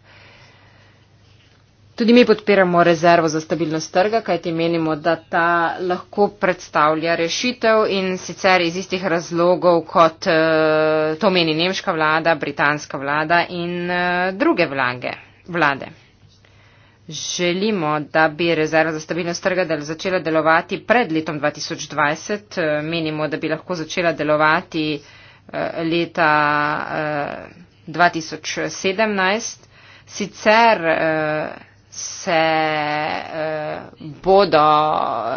Tudi mi podpiramo rezervo za stabilnost trga, kajti menimo, da ta lahko predstavlja rešitev in sicer iz istih razlogov, kot eh, to meni nemška vlada, britanska vlada in eh, druge vlage, vlade. Želimo, da bi rezerva za stabilnost trga del začela delovati pred letom 2020. Eh, menimo, da bi lahko začela delovati leta 2017. Sicer se eh, bodo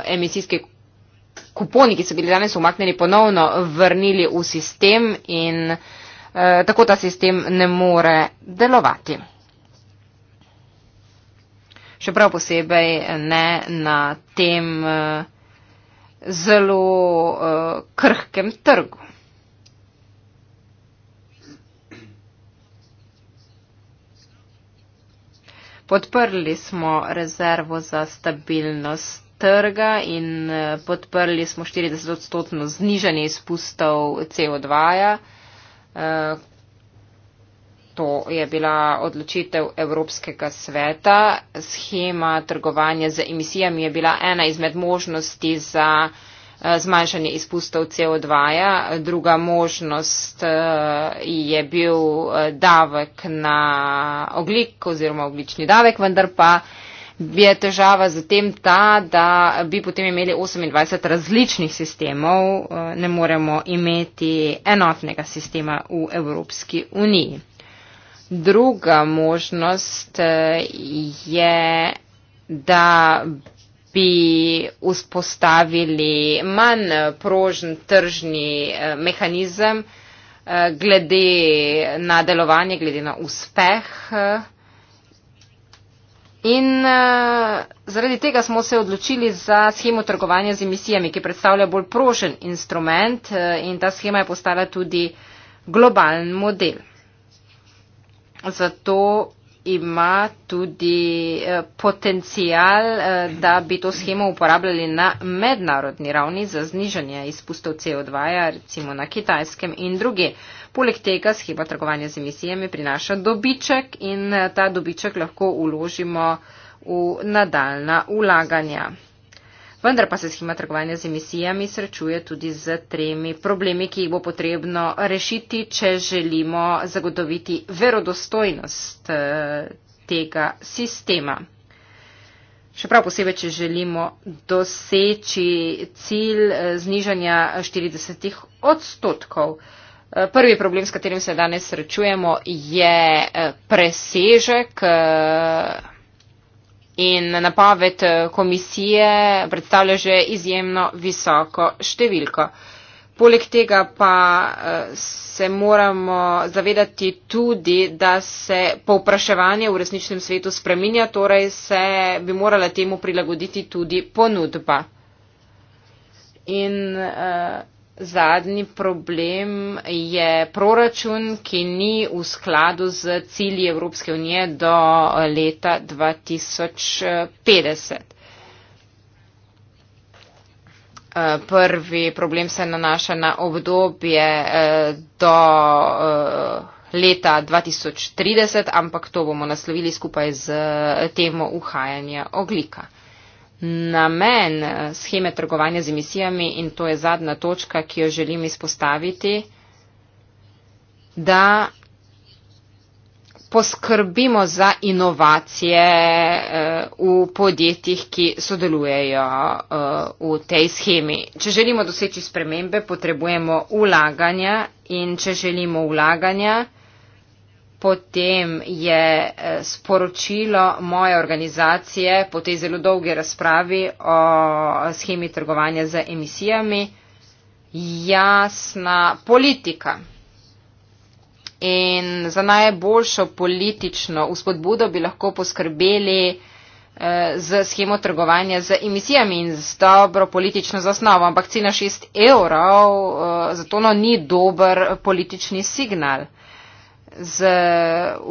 emisijski kuponi, ki so bili danes umaknjeni, ponovno vrnili v sistem in eh, tako ta sistem ne more delovati. Še prav posebej ne na tem eh, zelo eh, krhkem trgu. Podprli smo rezervo za stabilnost trga in eh, podprli smo 40 odstotno znižanje izpustov CO2-ja. Eh, to je bila odločitev Evropskega sveta. Schema trgovanja z emisijami je bila ena izmed možnosti za Eh, zmanjšanje izpustov CO2. -ja. Druga možnost eh, je bil eh, davek na oglik oziroma oglični davek, vendar pa je težava zatem ta, da bi potem imeli 28 različnih sistemov, ne moremo imeti enotnega sistema v Evropski uniji. Druga možnost je, da bi vzpostavili manj prožen tržni eh, mehanizem eh, glede na delovanje, glede na uspeh. Eh, in zaradi tega smo se odločili za schemo trgovanja z emisijami, ki predstavlja bolj prožen instrument in ta schema je postala tudi globalen model. Zato ima tudi eh, potencial, eh, da bi to schemo uporabljali na mednarodni ravni za znižanje izpustov CO2, -ja, recimo na kitajskem in druge. Poleg tega schema trgovanja z emisijami prinaša dobiček in eh, ta dobiček lahko uložimo v nadaljna ulaganja vendar pa se schema trgovanja z emisijami srečuje tudi z tremi problemi, ki jih bo potrebno rešiti, če želimo zagotoviti verodostojnost eh, tega sistema. Še prav posebej, če želimo doseči cilj eh, znižanja 40 odstotkov. Eh, prvi problem, s katerim se danes srečujemo, je presežek in napoved eh, komisije predstavlja že izjemno visoko številko. Poleg tega pa eh, se moramo zavedati tudi, da se povpraševanje v resničnem svetu spreminja, torej se bi morala temu prilagoditi tudi ponudba. In, uh, zadnji problem je proračun, ki ni v skladu z cilji Evropske unije do leta 2050. Eh, prvi problem se nanaša na obdobje eh, do eh, leta 2030, ampak to bomo naslovili skupaj z temo uhajanja oglika. Namen eh, scheme trgovanja z emisijami in to je zadnja točka, ki jo želim izpostaviti, da poskrbimo za inovacije eh, v podjetjih, ki sodelujejo eh, v tej schemi. Če želimo doseči spremembe, potrebujemo ulaganja in če želimo ulaganja, Potem je eh, sporočilo moje organizacije po tej zelo dolgi razpravi o schemi trgovanja z emisijami jasna politika. In za najboljšo politično uspodbudo bi lahko poskrbeli eh, z schemo trgovanja z emisijami in z dobro politično zasnovo, ampak cena 6 evrov eh, za tono ni dober politični signal z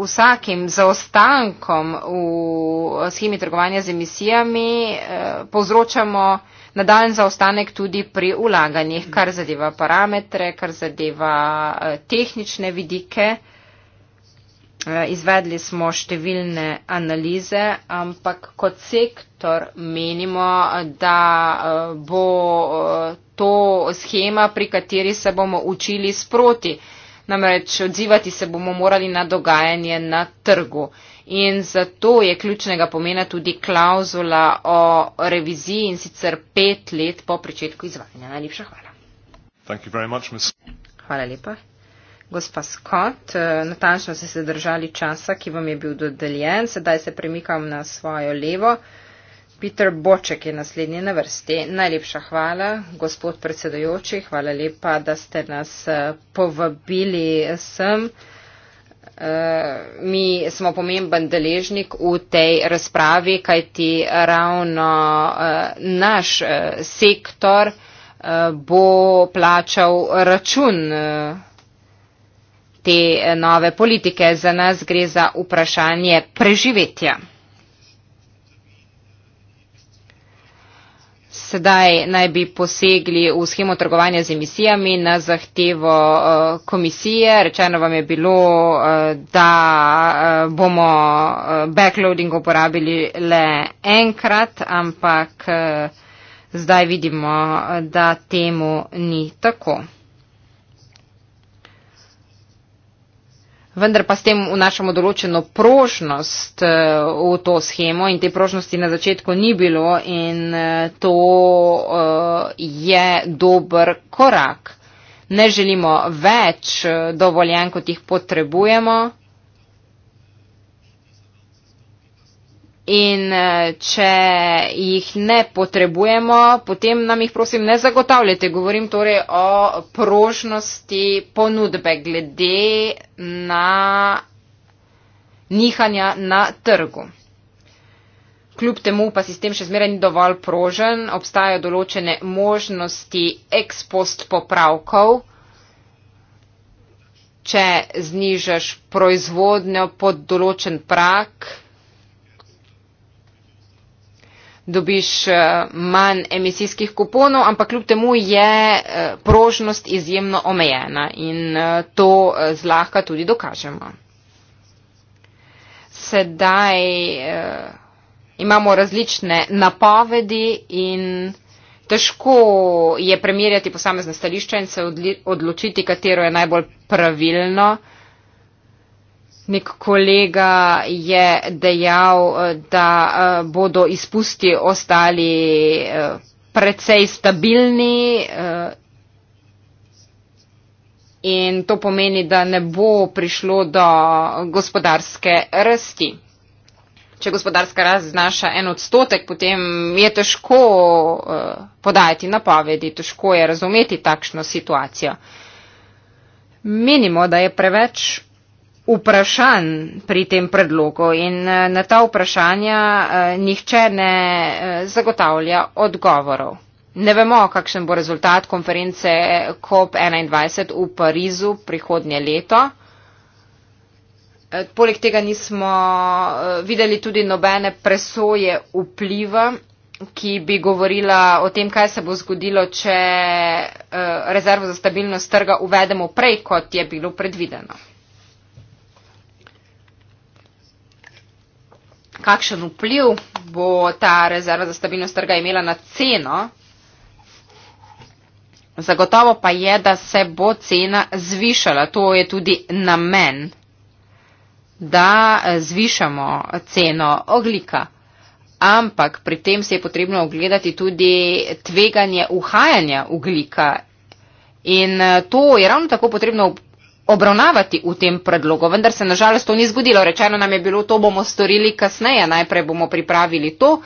vsakim zaostankom v schemi trgovanja z emisijami eh, povzročamo nadaljen zaostanek tudi pri ulaganjih, kar zadeva parametre, kar zadeva eh, tehnične vidike. Eh, izvedli smo številne analize, ampak kot sektor menimo, da bo to schema, pri kateri se bomo učili sproti namreč odzivati se bomo morali na dogajanje na trgu. In zato je ključnega pomena tudi klauzula o reviziji in sicer pet let po pričetku izvajanja. Najlepša hvala. Much, hvala lepa. Gospa Scott, eh, natančno ste se držali časa, ki vam je bil dodeljen. Sedaj se premikam na svojo levo. Peter Boček je naslednji na vrsti. Najlepša hvala, gospod predsedojoči, hvala lepa, da ste nas eh, povabili sem. Eh, mi smo pomemben deležnik v tej razpravi, kajti ravno eh, naš sektor bo plačal račun te nove politike. Za nas gre za vprašanje preživetja. sedaj naj bi posegli v schemo trgovanja z emisijami na zahtevo eh, komisije. Rečeno vam je bilo, eh, da eh, bomo backloading uporabili le enkrat, ampak zdaj vidimo, da temu ni tako. vendar pa s tem vnašamo določeno prožnost eh, v to schemo in te prožnosti na začetku ni bilo in eh, to eh, je dober korak. Ne želimo več dovoljen, kot jih potrebujemo. In eh, če jih ne potrebujemo, potem nam jih prosim ne zagotavljate. Govorim torej o prožnosti ponudbe glede na nihanja na trgu. Kljub temu pa sistem še zmeraj ni dovolj prožen, obstajajo določene možnosti ex post popravkov. Če znižaš proizvodnjo pod določen prak, dobiš eh, manj emisijskih kuponov, ampak kljub temu je eh, prožnost izjemno omejena in eh, to zlahka tudi dokažemo. Sedaj imamo različne napovedi in težko je premirjati posamezne stališče in se odločiti, katero je najbolj pravilno. Nek kolega je dejal, eh, da eh, bodo izpusti ostali eh, precej stabilni in to pomeni, da ne bo prišlo do gospodarske rasti. Če gospodarska rast znaša en odstotek, potem je težko podajati napovedi, težko je razumeti takšno situacijo. Menimo, da je preveč vprašanj pri tem predlogu in eh, na ta vprašanja eh, nihče ne eh, zagotavlja odgovorov. Ne vemo, kakšen bo rezultat konference COP21 v Parizu prihodnje leto. Poleg tega nismo videli tudi nobene presoje vpliva, ki bi govorila o tem, kaj se bo zgodilo, če rezervo za stabilnost trga uvedemo prej, kot je bilo predvideno. kakšen vpliv bo ta rezerva za stabilnost trga imela na ceno. Zagotovo pa je, da se bo cena zvišala. To je tudi namen, da eh, zvišamo ceno oglika. Ampak pri tem se je potrebno ogledati tudi tveganje uhajanja oglika. In eh, to je ravno tako potrebno obravnavati v tem predlogu, vendar se nažalost to ni zgodilo. Rečeno nam je bilo, to bomo storili kasneje, najprej bomo pripravili to,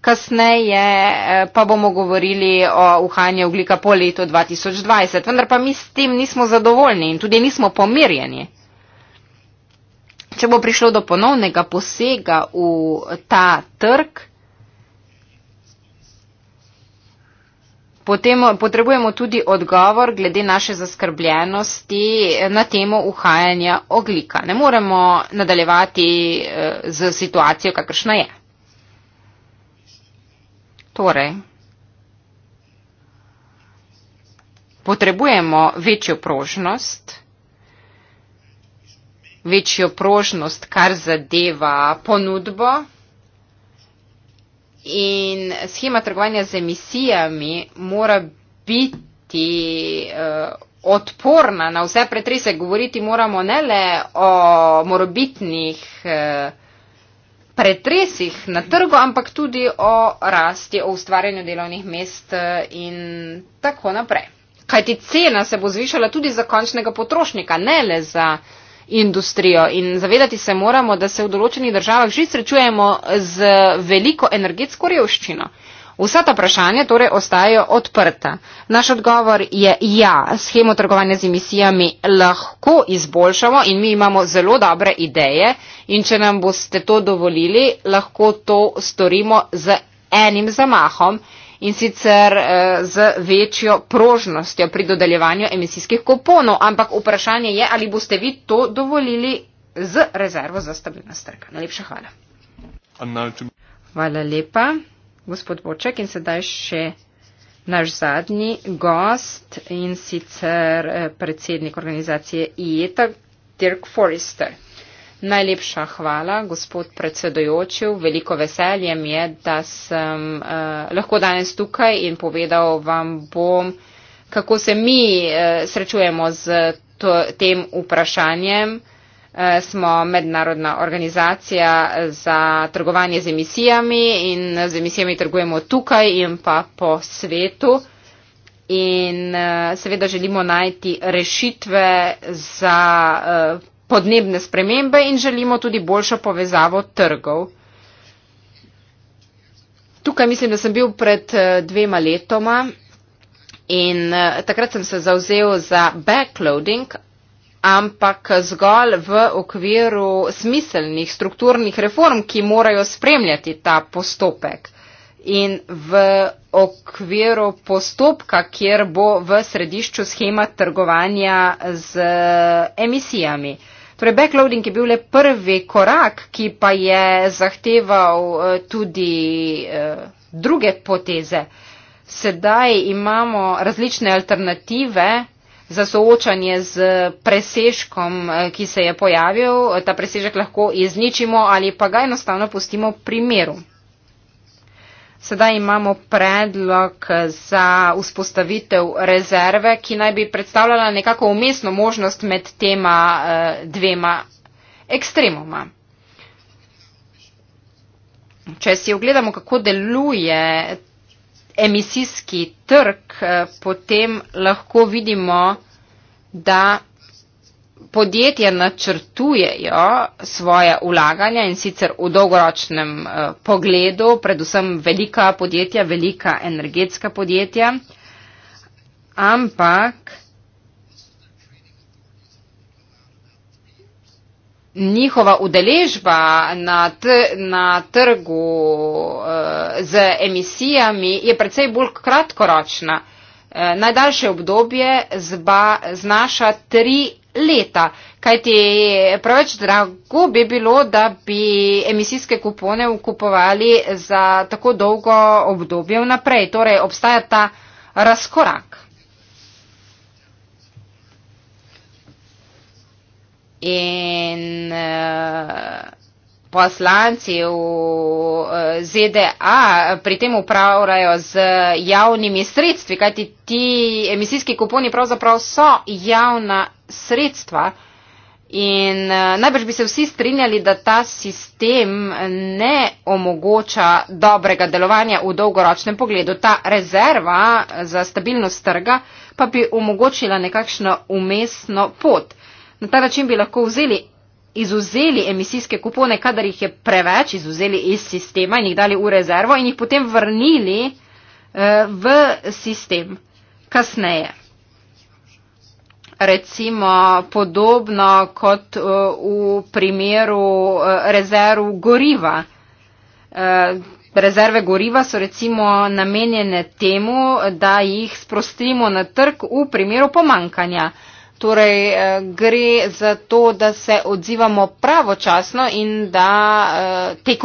kasneje eh, pa bomo govorili o uhanju oglika po letu 2020. Vendar pa mi s tem nismo zadovoljni in tudi nismo pomirjeni. Če bo prišlo do ponovnega posega v ta trg, Potem potrebujemo tudi odgovor glede naše zaskrbljenosti na temo uhajanja oglika. Ne moremo nadaljevati eh, z situacijo, kakršna je. Torej, potrebujemo večjo prožnost, večjo prožnost, kar zadeva ponudbo. In schema trgovanja z emisijami mora biti uh, odporna na vse pretrese. Govoriti moramo ne le o morbitnih uh, eh, pretresih na trgu, ampak tudi o rasti, o ustvarjanju delovnih mest eh, in tako naprej. Kajti cena se bo zvišala tudi za končnega potrošnika, ne le za industrijo. In zavedati se moramo, da se v določenih državah že srečujemo z veliko energetsko revščino. Vsa ta vprašanja torej ostajajo odprta. Naš odgovor je ja, schemo trgovanja z emisijami lahko izboljšamo in mi imamo zelo dobre ideje in če nam boste to dovolili, lahko to storimo z enim zamahom in sicer eh, z večjo prožnostjo pri dodeljevanju emisijskih kuponov. Ampak vprašanje je, ali boste vi to dovolili z rezervo za stabilnost trga. Najlepša hvala. Hvala lepa, gospod Boček. In sedaj še naš zadnji gost in sicer eh, predsednik organizacije IETA, Dirk Forrester. Najlepša hvala, gospod predsedojoči. Veliko veselje mi je, da sem uh, lahko danes tukaj in povedal vam bom, kako se mi uh, srečujemo z to, tem vprašanjem. Uh, smo mednarodna organizacija za trgovanje z emisijami in z emisijami trgujemo tukaj in pa po svetu. In uh, seveda želimo najti rešitve za. Uh, podnebne spremembe in želimo tudi boljšo povezavo trgov. Tukaj mislim, da sem bil pred eh, dvema letoma in eh, takrat sem se zauzel za backloading, ampak zgolj v okviru smiselnih strukturnih reform, ki morajo spremljati ta postopek. In v okviru postopka, kjer bo v središču schema trgovanja z emisijami. Uh, Torej, backloading je bil le prvi korak, ki pa je zahteval eh, tudi eh, druge poteze. Sedaj imamo različne alternative za soočanje z presežkom, eh, ki se je pojavil. Ta presežek lahko izničimo ali pa ga enostavno pustimo pri miru. Sedaj imamo predlog za vzpostavitev rezerve, ki naj bi predstavljala nekako umestno možnost med tema eh, dvema ekstremoma. Če si ogledamo, kako deluje emisijski trg, eh, potem lahko vidimo, da podjetja načrtujejo svoje ulaganja in sicer v dolgoročnem eh, pogledu, predvsem velika podjetja, velika energetska podjetja, ampak njihova udeležba na, na trgu eh, z emisijami je predvsej bolj kratkoročna. Eh, najdaljše obdobje zba, znaša tri leta. Kajti preveč drago bi bilo, da bi emisijske kupone ukupovali za tako dolgo obdobje vnaprej. Torej obstaja ta razkorak. In uh, poslanci v eh, ZDA pri tem upravljajo z javnimi sredstvi, kajti ti emisijski kuponi pravzaprav so javna sredstva. In eh, najbrž bi se vsi strinjali, da ta sistem ne omogoča dobrega delovanja v dolgoročnem pogledu. Ta rezerva eh, za stabilnost trga pa bi omogočila nekakšno umestno pot. Na ta način bi lahko vzeli izuzeli emisijske kupone, kadar jih je preveč izuzeli iz sistema in jih dali v rezervo in jih potem vrnili eh, v sistem kasneje. Recimo podobno kot eh, v primeru eh, rezerv goriva. Rezerve goriva so recimo namenjene temu, da jih sprostimo na trg v primeru pomankanja. Torej, eh, gre za to, da se odzivamo pravočasno in da eh, te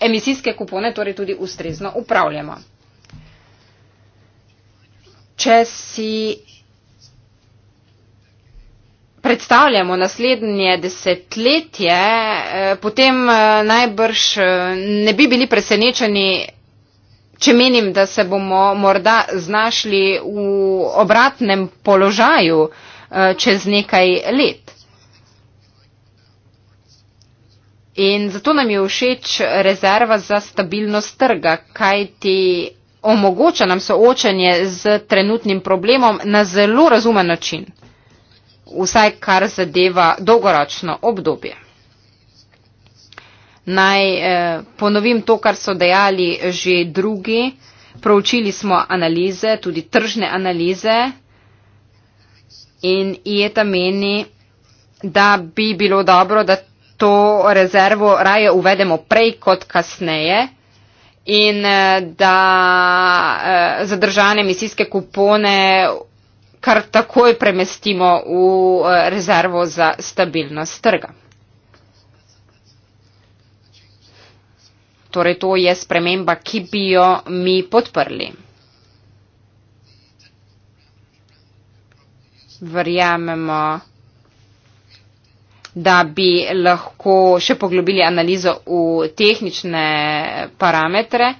emisijske kupone torej tudi ustrezno upravljamo. Če si predstavljamo naslednje desetletje, eh, potem najbrž ne bi bili presenečeni, če menim, da se bomo morda znašli v obratnem položaju. Eh, čez nekaj let. In zato nam je všeč rezerva za stabilnost trga, kaj ti omogoča nam soočanje z trenutnim problemom na zelo razumen način, vsaj kar zadeva dolgoročno obdobje. Naj eh, ponovim to, kar so dejali že drugi. Proučili smo analize, tudi tržne analize in IETA meni, da bi bilo dobro, da to rezervo raje uvedemo prej kot kasneje in eh, da eh, zadržane emisijske kupone kar takoj premestimo v eh, rezervo za stabilnost trga. Torej, to je sprememba, ki bi jo mi podprli. verjamemo, da bi lahko še poglobili analizo v tehnične parametre.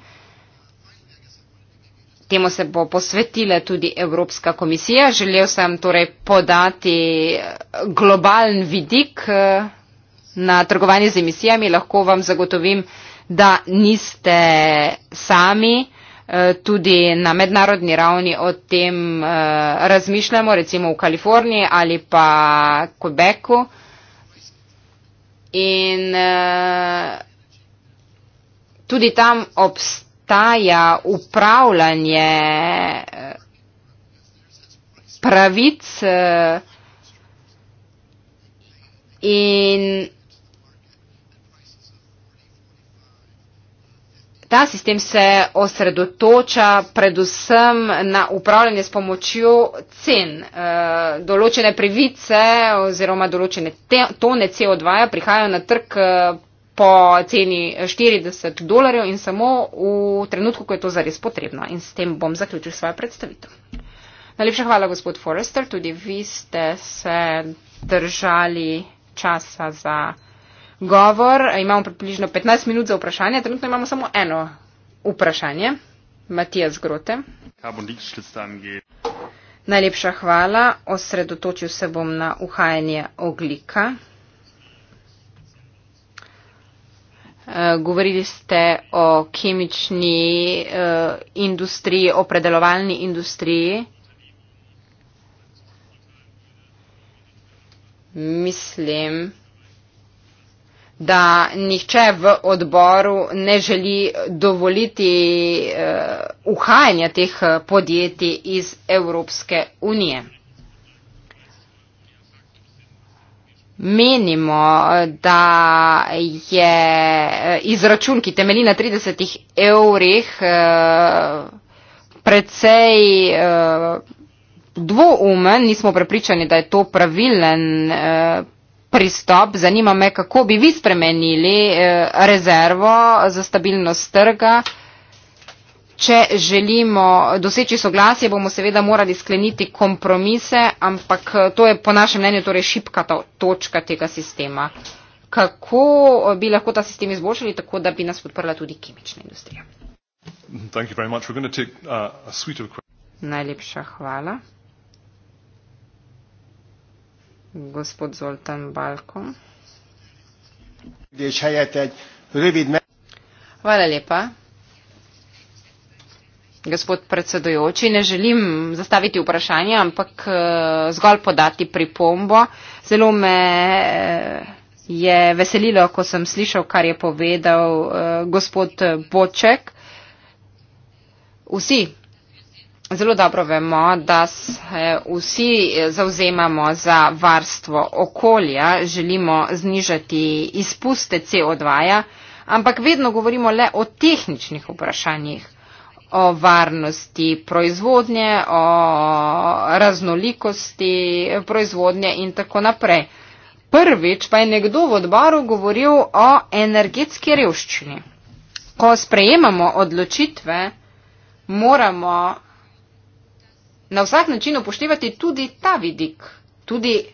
Temu se bo posvetila tudi Evropska komisija. Želel sem torej podati globalen vidik eh, na trgovanje z emisijami. Lahko vam zagotovim, da niste sami. Eh, tudi na mednarodni ravni o tem eh, razmišljamo, recimo v Kaliforniji ali pa Quebecu. In eh, tudi tam obstaja upravljanje pravic in Ta sistem se osredotoča predvsem na upravljanje s pomočjo cen. E, določene privice oziroma določene tone CO2 ja prihajajo na trg e, po ceni 40 dolarjev in samo v trenutku, ko je to zares potrebno. In s tem bom zaključil svojo predstavitev. Najlepša hvala, gospod Forrester. Tudi vi ste se držali časa za govor. Imamo približno 15 minut za vprašanje. Trenutno imamo samo eno vprašanje. Matijas Grote. Najlepša hvala. Osredotočil se bom na uhajanje oglika. E, govorili ste o kemični e, industriji, o predelovalni industriji. Mislim, da nihče v odboru ne želi dovoliti eh, uhajanja teh eh, podjetij iz Evropske unije. Menimo, eh, da je izračun, ki temeli na 30 evrih, precej dvoumen, nismo prepričani, da je to pravilen pristop. Zanima me, kako bi vi spremenili eh, rezervo za stabilnost trga. Če želimo doseči soglasje, bomo seveda morali skleniti kompromise, ampak eh, to je po našem mnenju torej šipka ta točka tega sistema. Kako eh, bi lahko ta sistem izboljšali tako, da bi nas podprla tudi kemična industrija? Take, uh, Najlepša hvala gospod Zoltan Balko. Hvala lepa. Gospod predsedojoči, ne želim zastaviti vprašanja, ampak eh, zgolj podati pripombo. Zelo me eh, je veselilo, ko sem slišal, kar je povedal eh, gospod Boček. Vsi Zelo dobro vemo, da se vsi zauzemamo za varstvo okolja, želimo znižati izpuste CO2, ampak vedno govorimo le o tehničnih vprašanjih, o varnosti proizvodnje, o raznolikosti proizvodnje in tako naprej. Prvič pa je nekdo v odboru govoril o energetski revščini. Ko sprejemamo odločitve, moramo na vsak način upoštevati tudi ta vidik. Tudi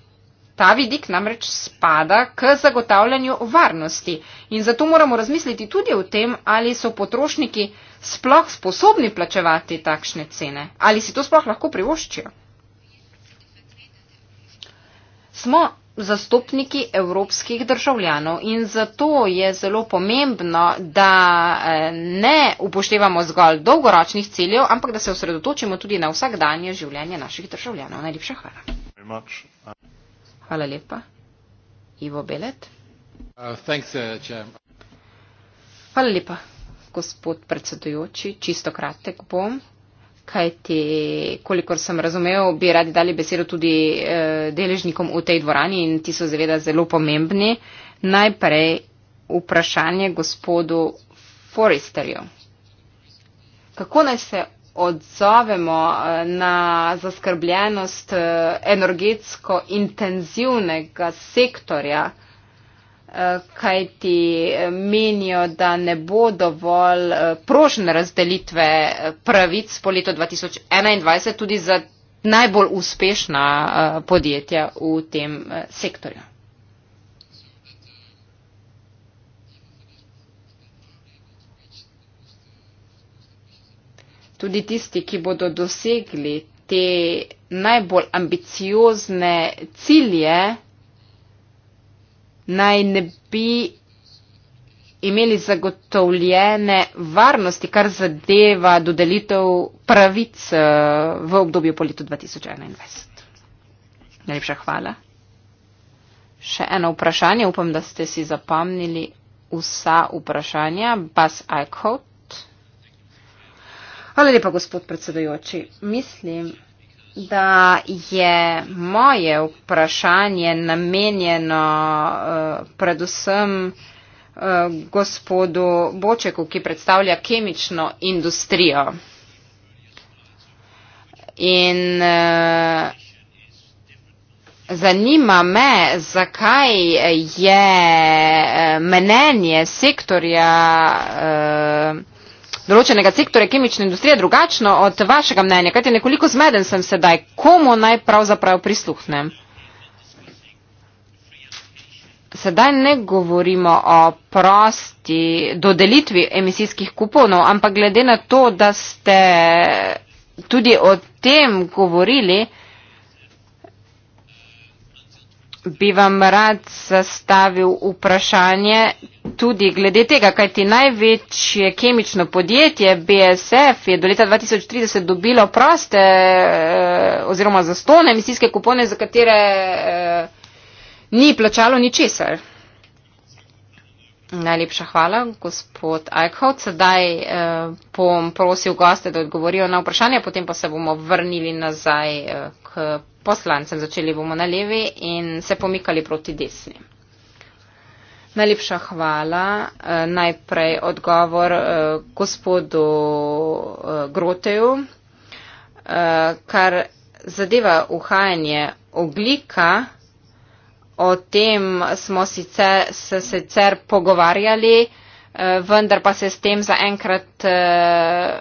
ta vidik namreč spada k zagotavljanju varnosti in zato moramo razmisliti tudi o tem, ali so potrošniki sploh sposobni plačevati takšne cene, ali si to sploh lahko privoščijo. Smo zastopniki evropskih državljanov. In zato je zelo pomembno, da eh, ne upoštevamo zgolj dolgoročnih ciljev, ampak da se osredotočimo tudi na vsakdanje življenje naših državljanov. Najlepša hvala. Hvala lepa. Ivo Belet. Uh, uh, hvala lepa, gospod predsedujoči. Čisto kratek bom kajti, kolikor sem razumev, bi radi dali besedo tudi eh, deležnikom v tej dvorani in ti so zaveda zelo pomembni. Najprej vprašanje gospodu Foresterju. Kako naj se odzovemo eh, na zaskrbljenost eh, energetsko intenzivnega sektorja? kajti eh, menijo, da ne bo dovolj eh, prožne razdelitve eh, pravic po letu 2021 tudi za najbolj uspešna podjetja v tem sektorju. Tudi tisti, ki bodo dosegli te najbolj ambiciozne cilje, naj ne bi imeli zagotovljene varnosti, kar zadeva dodelitev pravic eh, v obdobju po letu 2021. Najlepša hvala. Še eno vprašanje, upam, da ste si zapomnili vsa vprašanja. Bas Eichhout. Hvala lepa, gospod predsedujoči. Mislim, da je moje vprašanje namenjeno eh, predvsem eh, gospodu Bočeku, ki predstavlja kemično industrijo. In eh, zanima me, zakaj je menenje sektorja določenega sektorja kemične industrije drugačno od vašega mnenja, kajti nekoliko zmeden sem sedaj, komu naj pravzaprav prisluhnem. Sedaj ne govorimo o prosti dodelitvi emisijskih kuponov, ampak glede na to, da ste tudi o tem govorili, bi vam rad zastavil vprašanje tudi glede tega, kaj ti največje kemično podjetje BSF je do leta 2030 dobilo proste eh, oziroma zastone emisijske kupone, za katere eh, ni plačalo ničesar. Najlepša hvala, gospod Eichhout. Sedaj eh, bom prosil goste, da odgovorijo na vprašanje, potem pa se bomo vrnili nazaj eh, k poslancem. Začeli bomo na levi in se pomikali proti desni. Najlepša hvala. Eh, najprej odgovor eh, gospodu eh, Groteju. Eh, kar zadeva uhajanje oglika, eh, O tem smo sicer, se sicer pogovarjali, eh, vendar pa se s tem zaenkrat. Eh,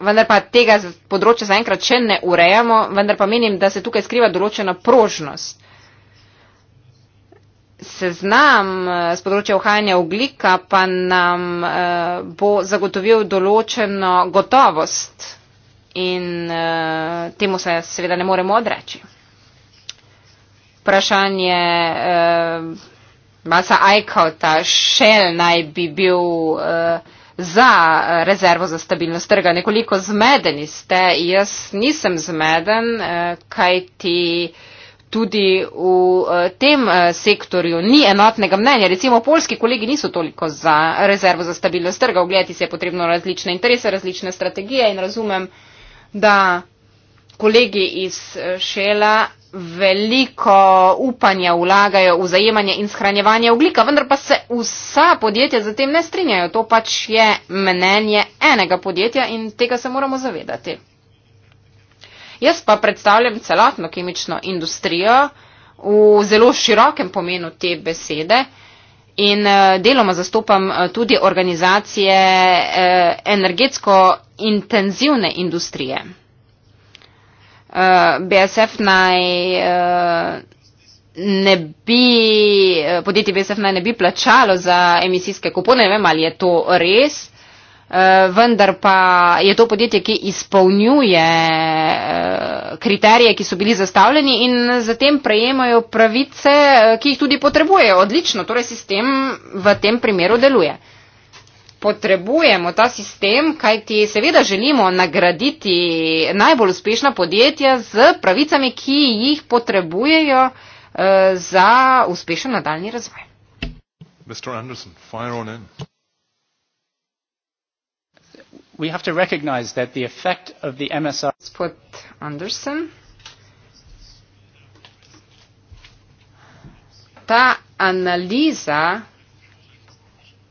vendar pa tega področja zaenkrat še ne urejamo, vendar pa menim, da se tukaj skriva določena prožnost. Seznam z eh, področja ohajanja oglika pa nam eh, bo zagotovil določeno gotovost in eh, temu se seveda ne moremo odreči vprašanje eh, Masa Ajkota, šel naj bi bil eh, za rezervo za stabilnost trga. Nekoliko zmedeni ste, jaz nisem zmeden, eh, kaj ti tudi v eh, tem eh, sektorju ni enotnega mnenja. Recimo polski kolegi niso toliko za rezervo za stabilnost trga, ogledati se je potrebno različne interese, različne strategije in razumem, da kolegi iz eh, šela veliko upanja vlagajo v zajemanje in shranjevanje oglika, vendar pa se vsa podjetja z tem ne strinjajo. To pač je mnenje enega podjetja in tega se moramo zavedati. Jaz pa predstavljam celotno kemično industrijo v zelo širokem pomenu te besede in eh, deloma zastopam eh, tudi organizacije eh, energetsko intenzivne industrije. Eh, BSF naj eh, ne bi, eh, podjetje BSF naj ne bi plačalo za emisijske kupone, ne vem ali je to res, vendar pa je to podjetje, ki izpolnjuje kriterije, ki so bili zastavljeni in zatem prejemajo pravice, ki jih tudi potrebuje. Odlično, torej sistem v tem primeru deluje potrebujemo ta sistem, kajti seveda želimo nagraditi najbolj uspešna podjetja z pravicami, ki jih potrebujejo eh, za uspešen nadaljni razvoj. Mr. Anderson, fire on in. We have to recognize that the effect of the MSR. Gospod Anderson. Ta analiza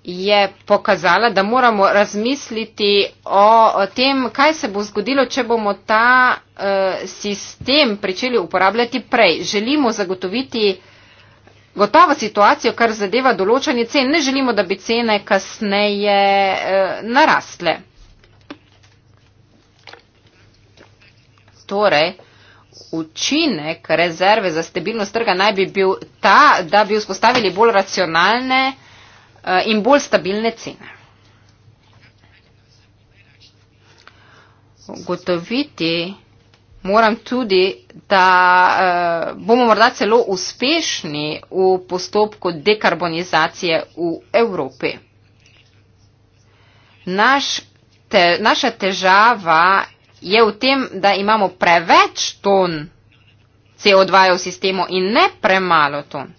je pokazala, da moramo razmisliti o tem, kaj se bo zgodilo, če bomo ta eh, sistem pričeli uporabljati prej. Želimo zagotoviti gotovo situacijo, kar zadeva določanje cen. Ne želimo, da bi cene kasneje eh, narastle. Torej, učinek rezerve za stabilnost trga naj bi bil ta, da bi vzpostavili bolj racionalne Eh, in bolj stabilne cene. Ugotoviti moram tudi, da eh, bomo morda celo uspešni v postopku dekarbonizacije v Evropi. Naš te, naša težava je v tem, da imamo preveč ton CO2 v sistemu in ne premalo ton.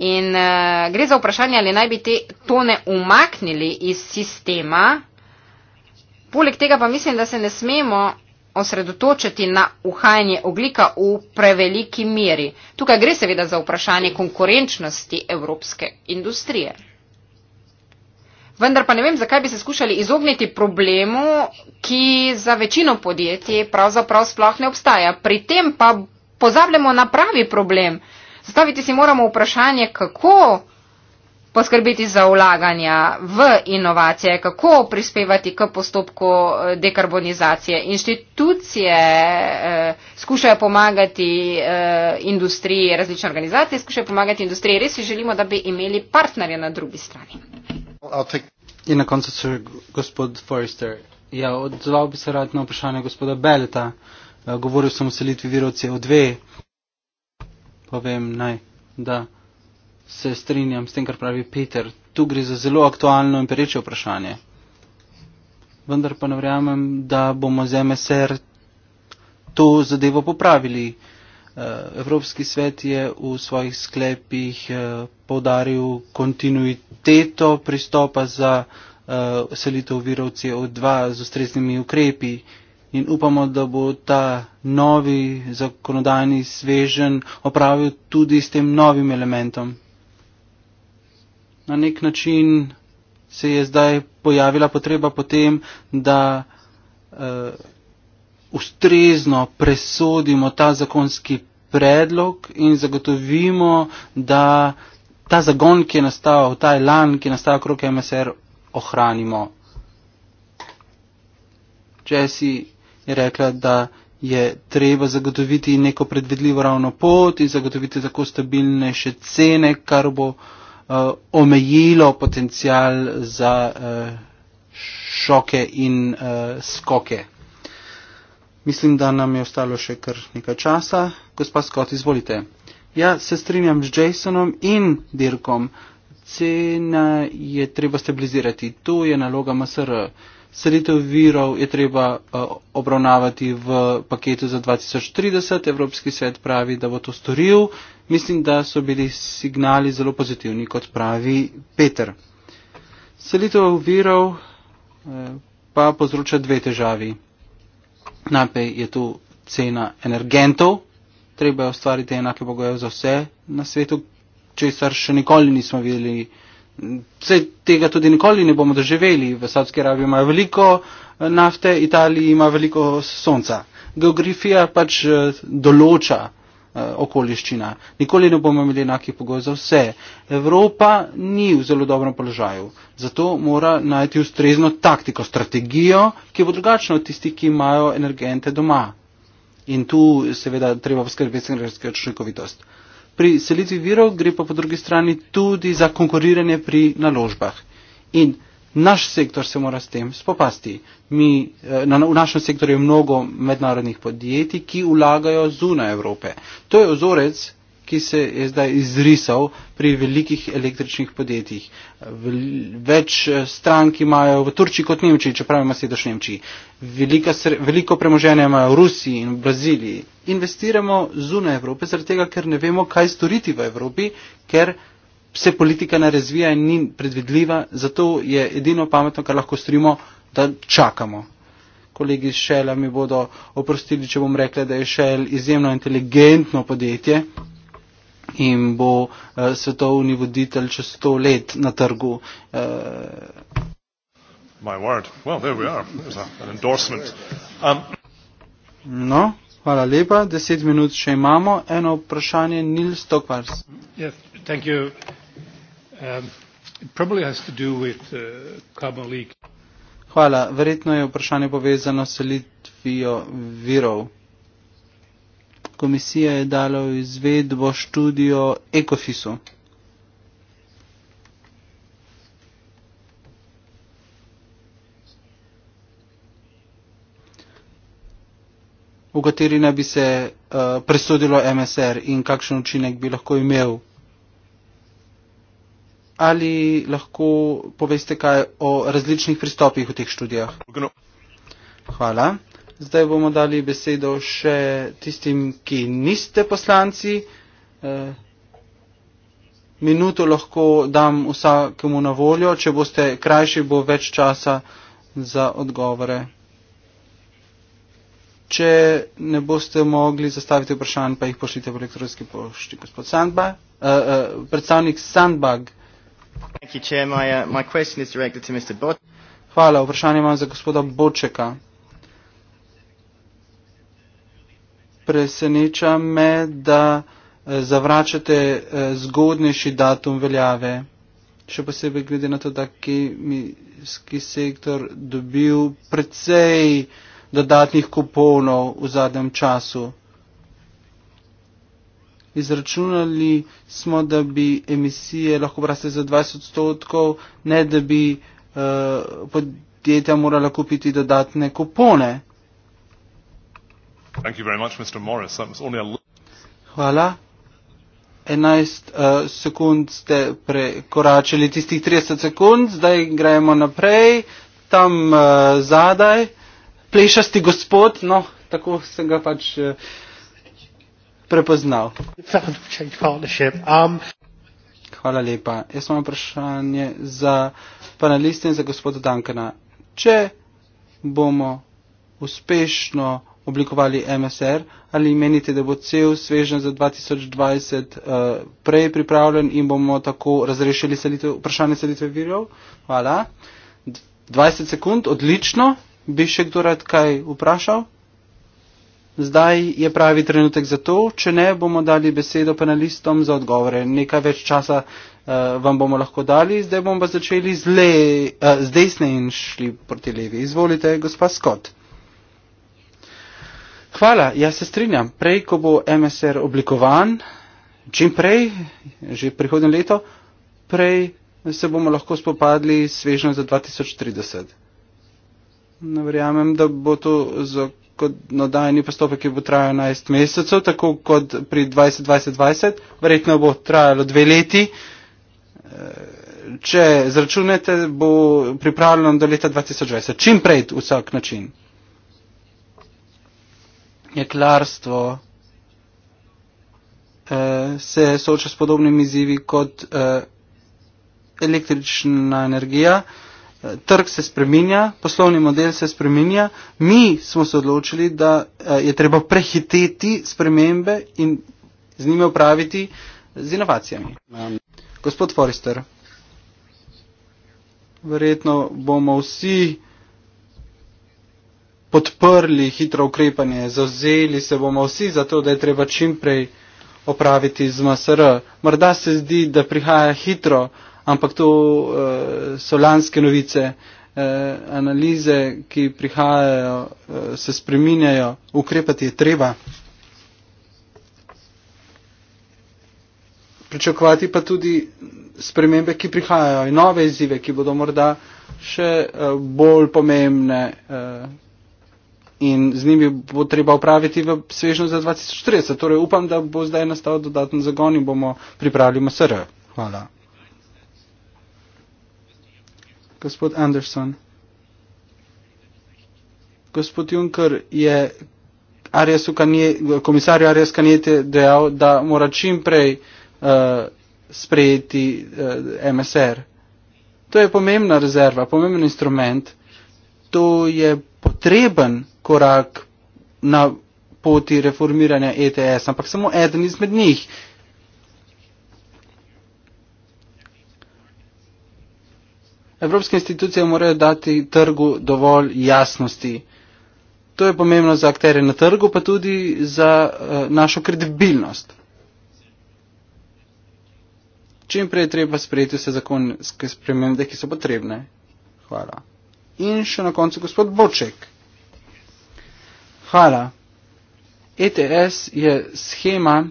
In uh, gre za vprašanje, ali naj bi te tone umaknili iz sistema. Poleg tega pa mislim, da se ne smemo osredotočiti na uhajanje oglika v preveliki meri. Tukaj gre seveda za vprašanje konkurenčnosti evropske industrije. Vendar pa ne vem, zakaj bi se skušali izogniti problemu, ki za večino podjetij pravzaprav sploh ne obstaja. Pri tem pa pozabljamo na pravi problem. Zastaviti si moramo vprašanje, kako poskrbeti za vlaganja v inovacije, kako prispevati k postopku eh, dekarbonizacije. Inštitucije eh, skušajo pomagati eh, industriji, različne organizacije skušajo pomagati industriji. Res si želimo, da bi imeli partnerja na drugi strani. In na koncu še gospod Forrester. Ja, odzval bi se rad na vprašanje gospoda Beleta. Eh, govoril sem o selitvi virov CO2 povem naj, da se strinjam s tem, kar pravi Peter. Tu gre za zelo aktualno in pereče vprašanje. Vendar pa ne verjamem, da bomo z MSR to zadevo popravili. Eh, Evropski svet je v svojih sklepih eh, povdaril kontinuiteto pristopa za eh, selitev virov CO2 z ustreznimi ukrepi in upamo, da bo ta novi zakonodajni svežen opravil tudi s tem novim elementom. Na nek način se je zdaj pojavila potreba potem, da uh, ustrezno presodimo ta zakonski predlog in zagotovimo, da ta zagon, ki je nastal, ta elan, ki je nastal okrog MSR, ohranimo. Če si je rekla, da je treba zagotoviti neko predvidljivo ravno pot in zagotoviti tako stabilne še cene, kar bo uh, omejilo potencial za uh, šoke in uh, skoke. Mislim, da nam je ostalo še kar nekaj časa. Gospod Scott, izvolite. Ja, se strinjam z Jasonom in Dirkom. Cena je treba stabilizirati. To je naloga MSR. Uh, Sredstev virov je treba eh, obravnavati v paketu za 2030. Evropski svet pravi, da bo to storil. Mislim, da so bili signali zelo pozitivni, kot pravi Peter. Selitev virov eh, pa povzroča dve težavi. Najprej je tu cena energentov, treba je ustvariti enake pogoje za vse na svetu, česar še nikoli nismo videli. Vse tega tudi nikoli ne bomo doživeli. V Saudski Arabiji imajo veliko eh, nafte, Italiji ima veliko sonca. Geografija pač eh, določa eh, okoliščina. Nikoli ne bomo imeli enaki pogoj za vse. Evropa ni v zelo dobrem položaju. Zato mora najti ustrezno taktiko, strategijo, ki bo drugačna od tistih, ki imajo energente doma. In tu seveda treba poskrbeti za energetsko učinkovitost pri selitvi virov, gre pa po drugi strani tudi za konkuriranje pri naložbah. In naš sektor se mora s tem spopasti. Mi, eh, na, v našem sektorju je mnogo mednarodnih podjetij, ki ulagajo zunaj Evrope. To je ozorec, ki se je zdaj izrisal pri velikih električnih podjetjih. Več eh, strank imajo v Turčiji kot Nemčiji, čeprav ima sedež v Nemčiji. Velika, veliko premoženja imajo v Rusiji in v Braziliji. Investiramo zunaj Evrope, zaradi tega, ker ne vemo, kaj storiti v Evropi, ker se politika ne razvija in ni predvidljiva. Zato je edino pametno, kar lahko storimo, da čakamo. Kolegi iz Šela mi bodo oprostili, če bom rekla, da je Šel izjemno inteligentno podjetje in bo uh, svetovni voditelj čez sto let na trgu. Uh, No, hvala lepa. Deset minut še imamo. Eno vprašanje, Nils Stokvars. Yeah, um, uh, hvala. Verjetno je vprašanje povezano s selitvijo virov komisija je dala v izvedbo študijo Ecofisu. v kateri naj bi se uh, presodilo MSR in kakšen učinek bi lahko imel. Ali lahko poveste kaj o različnih pristopih v teh študijah? Hvala. Zdaj bomo dali besedo še tistim, ki niste poslanci. Eh, minuto lahko dam vsakemu na voljo, če boste krajši, bo več časa za odgovore. Če ne boste mogli zastaviti vprašanj, pa jih pošljite v elektronski pošti. Gospod Sandbag, uh, uh, predstavnik Sandbag. Uh, Hvala, vprašanje imam za gospoda Bočeka. preseneča me, da eh, zavračate eh, zgodnejši datum veljave. Še posebej glede na to, da kemijski sektor dobil precej dodatnih kuponov v zadnjem času. Izračunali smo, da bi emisije lahko raste za 20 odstotkov, ne da bi uh, podjetja morala kupiti dodatne kupone. Hvala. 11 uh, eh, sekund ste prekoračili tistih 30 sekund, zdaj gremo naprej. Tam uh, zadaj, plešasti gospod, no, tako sem ga pač uh, prepoznal. Um, Hvala lepa. Jaz imam vprašanje za panelist in za gospoda Dankana. Če bomo uspešno oblikovali MSR ali menite, da bo cel svežen za 2020 uh, eh, prej pripravljen in bomo tako razrešili selitve, vprašanje selitve virov? Hvala. 20 sekund, odlično. Bi še kdo rad kaj vprašal? Zdaj je pravi trenutek za to, če ne, bomo dali besedo panelistom za odgovore. Nekaj več časa uh, vam bomo lahko dali, zdaj bomo pa začeli z, le, uh, z desne in šli proti levi. Izvolite, gospa Scott. Hvala, jaz se strinjam. Prej, ko bo MSR oblikovan, čim prej, že prihodne leto, prej se bomo lahko spopadli s svežnjo za 2030. Ne verjamem, da bo to zakonodajni postopek, ki bo trajal 11 mesecev, tako kot pri 2020. Verjetno bo trajalo dve leti. Če zračunete, bo pripravljeno do leta 2020. Čim prej, vsak način jeklarstvo eh, se sooča s podobnimi izzivi kot eh, električna energija. Eh, trg se spreminja, poslovni model se spreminja. Mi smo se odločili, da eh, je treba prehiteti spremembe in z njimi upraviti eh, z inovacijami. Gospod Forrester, verjetno bomo vsi podprli hitro ukrepanje, zauzeli se bomo vsi za to, da je treba čimprej opraviti z MSR. Morda se zdi, da prihaja hitro, ampak to uh, so lanske novice. Uh, analize, ki prihajajo, uh, se spreminjajo, ukrepati je treba. Pričakovati pa tudi spremembe, ki prihajajo in nove izzive, ki bodo morda še uh, bolj pomembne. Uh, in z njimi bo treba upraviti v svežnju za 2030. Torej upam, da bo zdaj nastal dodaten zagon in bomo pripravili MSR. Hvala. Gospod Anderson. Gospod Juncker je komisarju Arias Kanjete dejal, da mora čim prej uh, sprejeti uh, eh, MSR. To je pomembna rezerva, pomemben instrument. To je potreben korak na poti reformiranja ETS, ampak samo eden izmed njih. Evropske institucije morajo dati trgu dovolj jasnosti. To je pomembno za akterje na trgu, pa tudi za uh, našo kredibilnost. Čim prej treba sprejeti vse zakonske spremembe, ki so potrebne. Hvala. In še na koncu gospod Boček. Hvala. ETS je schema,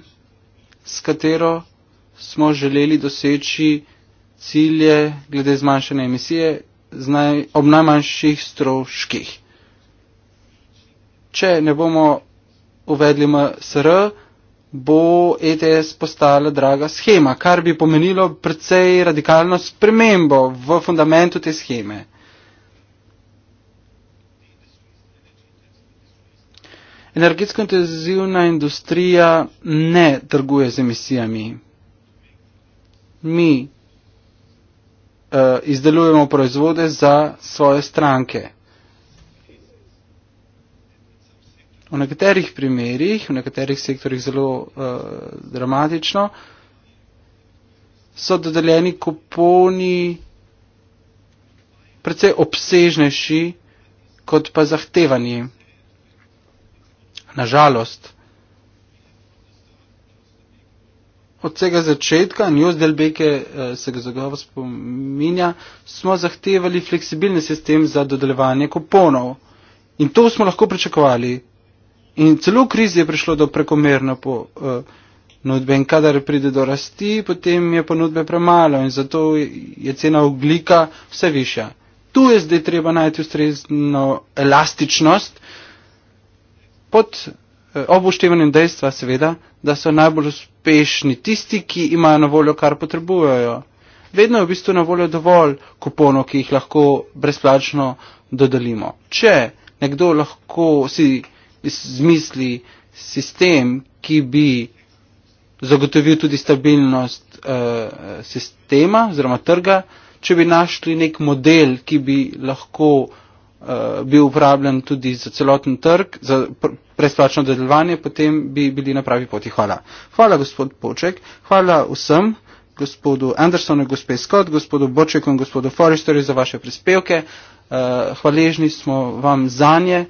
s katero smo želeli doseči cilje glede zmanjšanja emisije naj, ob najmanjših stroških. Če ne bomo uvedli MSR, bo ETS postala draga schema, kar bi pomenilo precej radikalno spremembo v fundamentu te scheme. Energetsko intenzivna industrija ne trguje z emisijami. Mi uh, izdelujemo proizvode za svoje stranke. V nekaterih primerjih, v nekaterih sektorjih zelo uh, dramatično, so dodeljeni kuponi precej obsežnejši kot pa zahtevanji na žalost. Od vsega začetka, News Delbeke eh, se ga zagotovo spominja, smo zahtevali fleksibilni sistem za dodeljevanje kuponov. In to smo lahko pričakovali. In celo v krizi je prišlo do prekomerno ponudbe. Eh, in kadar pride do rasti, potem je ponudbe premalo in zato je cena oglika vse višja. Tu je zdaj treba najti ustrezno elastičnost pod eh, ob uštevanjem dejstva seveda, da so najbolj uspešni tisti, ki imajo na voljo, kar potrebujejo. Vedno je v bistvu na voljo dovolj kuponov, ki jih lahko brezplačno dodelimo. Če nekdo lahko si zmisli sistem, ki bi zagotovil tudi stabilnost eh, sistema oziroma trga, če bi našli nek model, ki bi lahko Eh, bil uporabljen tudi za celoten trg, za predplačno delovanje, potem bi bili na pravi poti. Hvala. Hvala, gospod Poček. Hvala vsem, gospodu Andersonu, gospe Scott, gospodu Bočeku in gospodu Forresteru za vaše prispevke. Eh, hvaležni smo vam za njih.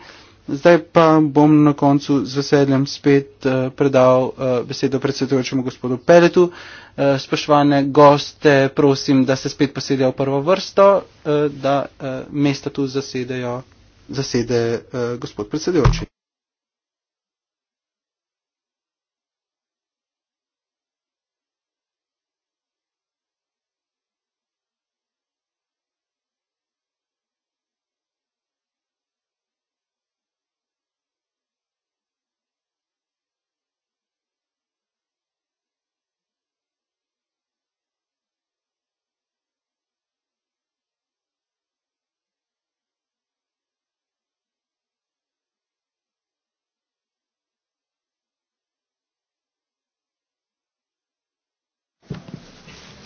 Zdaj pa bom na koncu z veseljem spet uh, predal uh, besedo predsedujočemu gospodu Peletu. Uh, spoštovane goste, prosim, da se spet posedejo v prvo vrsto, uh, da uh, mesta tu zasede uh, gospod predsedujoči.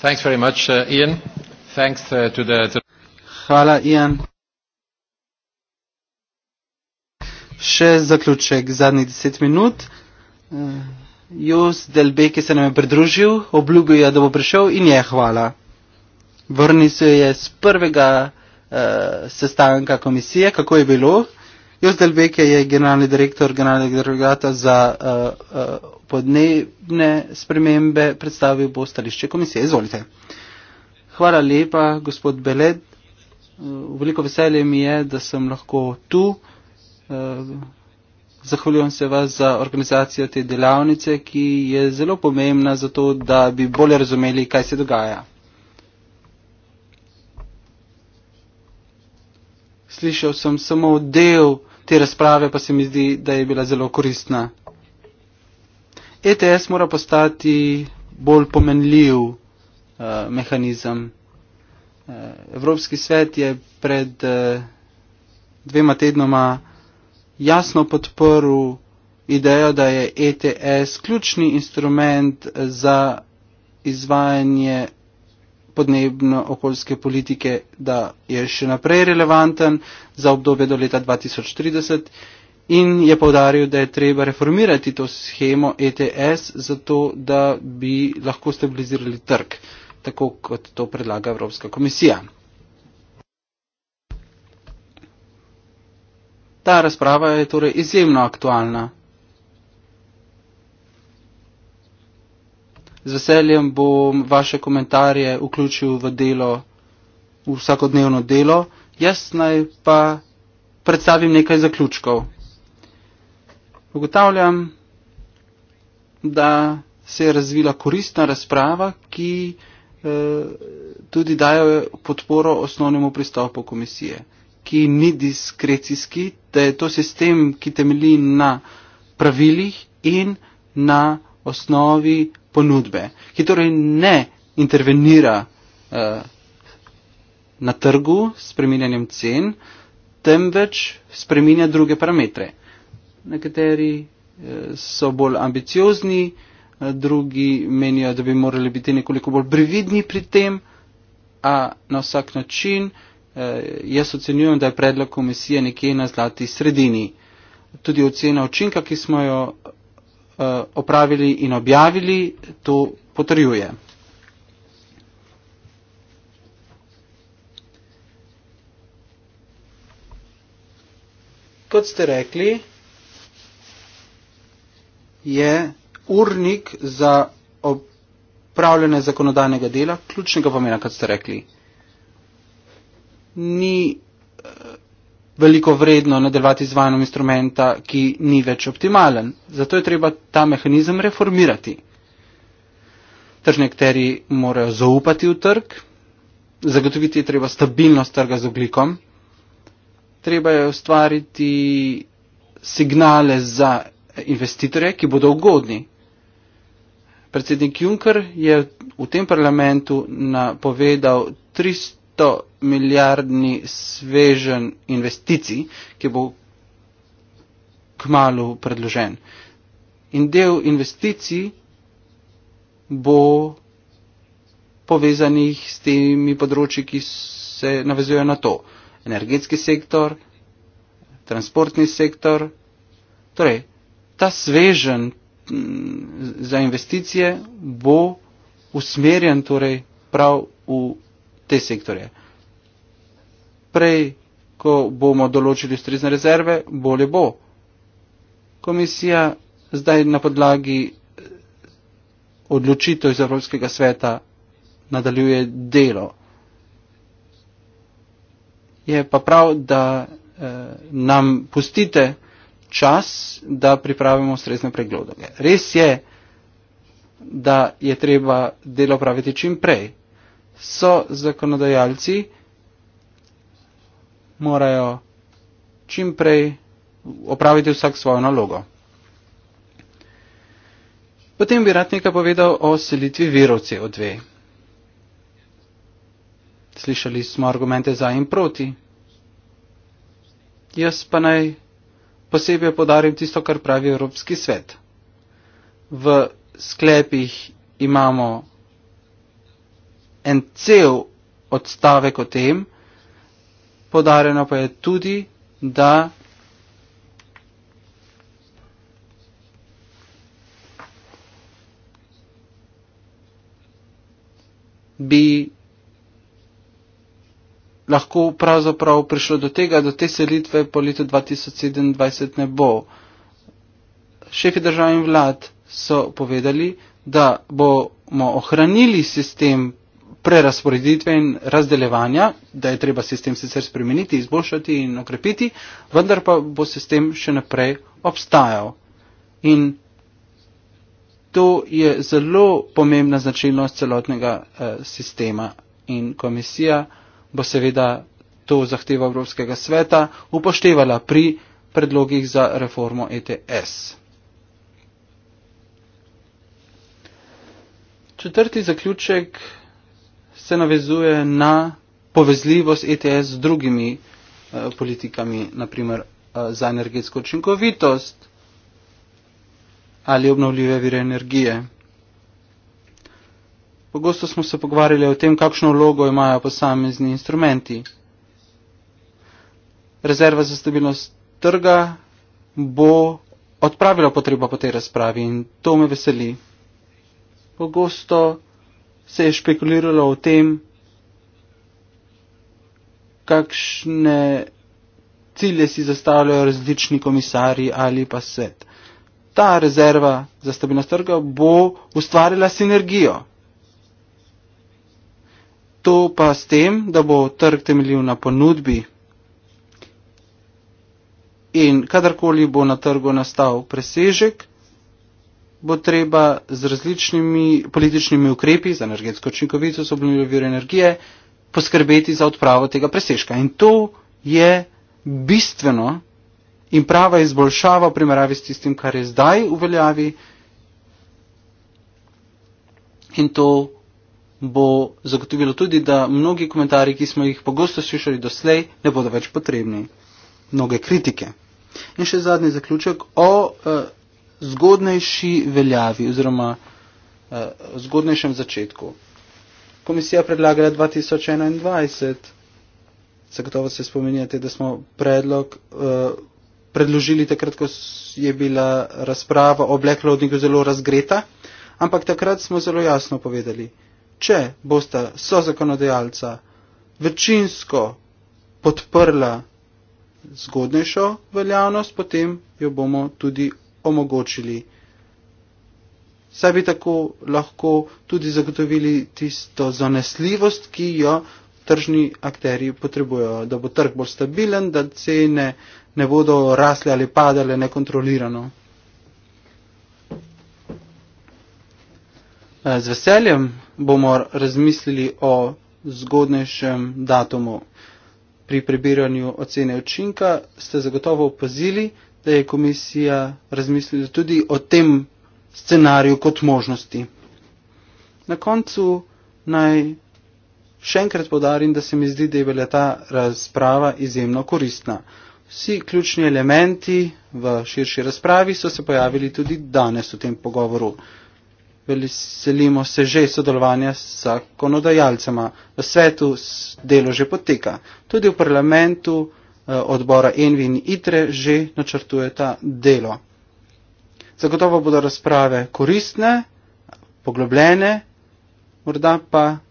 Thanks very much, uh, Ian. Thanks uh, to the. To Hvala, Ian. Še zaključek zadnjih deset minut. Uh, Jos Delbeke se nam je pridružil, obljubil je, da bo prišel in je hvala. Vrnil se je z prvega uh, sestanka komisije, kako je bilo. Jozdel Beke je generalni direktor generalnega delegata za uh, uh, podnebne spremembe, predstavil bo stališče komisije. Izvolite. Hvala lepa, gospod Beled. Uh, veliko veselje mi je, da sem lahko tu. Uh, zahvaljujem se vas za organizacijo te delavnice, ki je zelo pomembna za to, da bi bolje razumeli, kaj se dogaja. Slišal sem samo del, te razprave pa se mi zdi, da je bila zelo koristna. ETS mora postati bolj pomenljiv uh, mehanizem. Uh, Evropski svet je pred uh, dvema tednoma jasno podprl idejo, da je ETS ključni instrument za izvajanje podnebno-okoljske politike, da je še naprej relevanten za obdobje do leta 2030 in je povdaril, da je treba reformirati to schemo ETS zato, da bi lahko stabilizirali trg, tako kot to predlaga Evropska komisija. Ta razprava je torej izjemno aktualna. z veseljem bom vaše komentarje vključil v delo, v vsakodnevno delo. Jaz naj pa predstavim nekaj zaključkov. Ugotavljam, da se je razvila koristna razprava, ki eh, tudi dajo podporo osnovnemu pristopu komisije, ki ni diskrecijski, da je to sistem, ki temeli na pravilih in na osnovi ponudbe, ki torej ne intervenira eh, na trgu s preminjanjem cen, temveč spreminja druge parametre. Nekateri eh, so bolj ambiciozni, eh, drugi menijo, da bi morali biti nekoliko bolj brividni pri tem, a na vsak način jaz ocenjujem, da je predlog komisije nekje na zlati sredini. Tudi ocena učinka, ki smo jo Eh, opravili in objavili, to potrjuje. Kot ste rekli, je urnik za opravljanje zakonodajnega dela ključnega pomena, kot ste rekli. Ni eh, veliko vredno nadaljevati z vanjem instrumenta, ki ni več optimalen. Zato je treba ta mehanizem reformirati. Tržni akteri morajo zaupati v trg, zagotoviti je treba stabilnost trga z oglikom, treba je ustvariti signale za investitorje, ki bodo ugodni. Predsednik Juncker je v tem parlamentu napovedal 300 200 milijardni svežen investicij, ki bo kmalo predložen. In del investicij bo povezanih s temi področji, ki se navezujejo na to. Energetski sektor, transportni sektor. Torej, ta svežen mm, za investicije bo usmerjen torej, prav v te sektorje. Prej, ko bomo določili strezne rezerve, bolje bo. Komisija zdaj na podlagi eh, odločitev iz Evropskega sveta nadaljuje delo. Je pa prav, da eh, nam pustite čas, da pripravimo strezne pregledove. Res je, da je treba delo praviti čim prej so zakonodajalci, morajo čim prej opraviti vsak svojo nalogo. Potem bi rad nekaj povedal o selitvi virov CO2. Slišali smo argumente za in proti. Jaz pa naj posebej podarim tisto, kar pravi Evropski svet. V sklepih imamo en cel odstavek o tem, podarjeno pa je tudi, da bi lahko pravzaprav prišlo do tega, da te selitve po letu 2027 ne bo. Šefi držav in vlad so povedali, da bomo ohranili sistem prerasporeditve in razdelevanja, da je treba sistem sicer spremeniti, izboljšati in okrepiti, vendar pa bo sistem še naprej obstajal. In to je zelo pomembna značilnost celotnega eh, sistema in komisija bo seveda to zahtevo Evropskega sveta upoštevala pri predlogih za reformo ETS. Četrti zaključek se navezuje na povezljivost ETS z drugimi eh, politikami, naprimer eh, za energetsko učinkovitost ali obnovljive vire energije. Pogosto smo se pogovarjali o tem, kakšno vlogo imajo posamezni instrumenti. Rezerva za stabilnost trga bo odpravila potrebo po tej razpravi in to me veseli. Pogosto se je špekuliralo o tem, kakšne cilje si zastavljajo različni komisarji ali pa svet. Ta rezerva za stabilnost trga bo ustvarila sinergijo. To pa s tem, da bo trg temeljil na ponudbi in kadarkoli bo na trgu nastal presežek, bo treba z različnimi političnimi ukrepi za energetsko učinkovito sobljenje vir energije poskrbeti za odpravo tega presežka. In to je bistveno in prava izboljšava v primeravi s tistim, kar je zdaj uveljavi. In to bo zagotovilo tudi, da mnogi komentarji, ki smo jih pogosto slišali doslej, ne bodo več potrebni. Mnoge kritike. In še zadnji zaključek o uh, zgodnejši veljavi oziroma uh, zgodnejšem začetku. Komisija predlagala 2021, zagotovo se spominjate, da smo predlog uh, predložili takrat, ko je bila razprava o Black Loadingu zelo razgreta, ampak takrat smo zelo jasno povedali, če boste so zakonodajalca večinsko podprla zgodnejšo veljavnost, potem jo bomo tudi omogočili. Saj bi tako lahko tudi zagotovili tisto zanesljivost, ki jo tržni akteri potrebujejo, da bo trg bolj stabilen, da cene ne bodo rasle ali padale nekontrolirano. Eh, z veseljem bomo razmislili o zgodnejšem datumu. Pri prebiranju ocene učinka ste zagotovo opazili, da je komisija razmislila tudi o tem scenariju kot možnosti. Na koncu naj še enkrat podarim, da se mi zdi, da je bila ta razprava izjemno koristna. Vsi ključni elementi v širši razpravi so se pojavili tudi danes v tem pogovoru. Veselimo se že sodelovanja z zakonodajalcema. V svetu delo že poteka. Tudi v parlamentu. Eh, odbora Envi in ITRE že načrtujeta delo. Zagotovo bodo razprave koristne, poglobljene, morda pa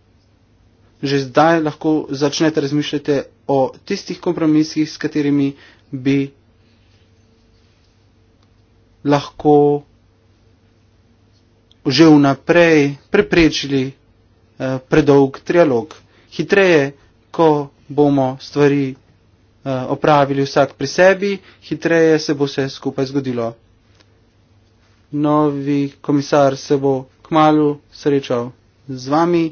že zdaj lahko začnete razmišljati o tistih kompromisih, s katerimi bi lahko že vnaprej preprečili eh, predolg trialog. Hitreje, ko bomo stvari Eh, opravili vsak pri sebi, hitreje se bo vse skupaj zgodilo. Novi komisar se bo kmalo srečal z vami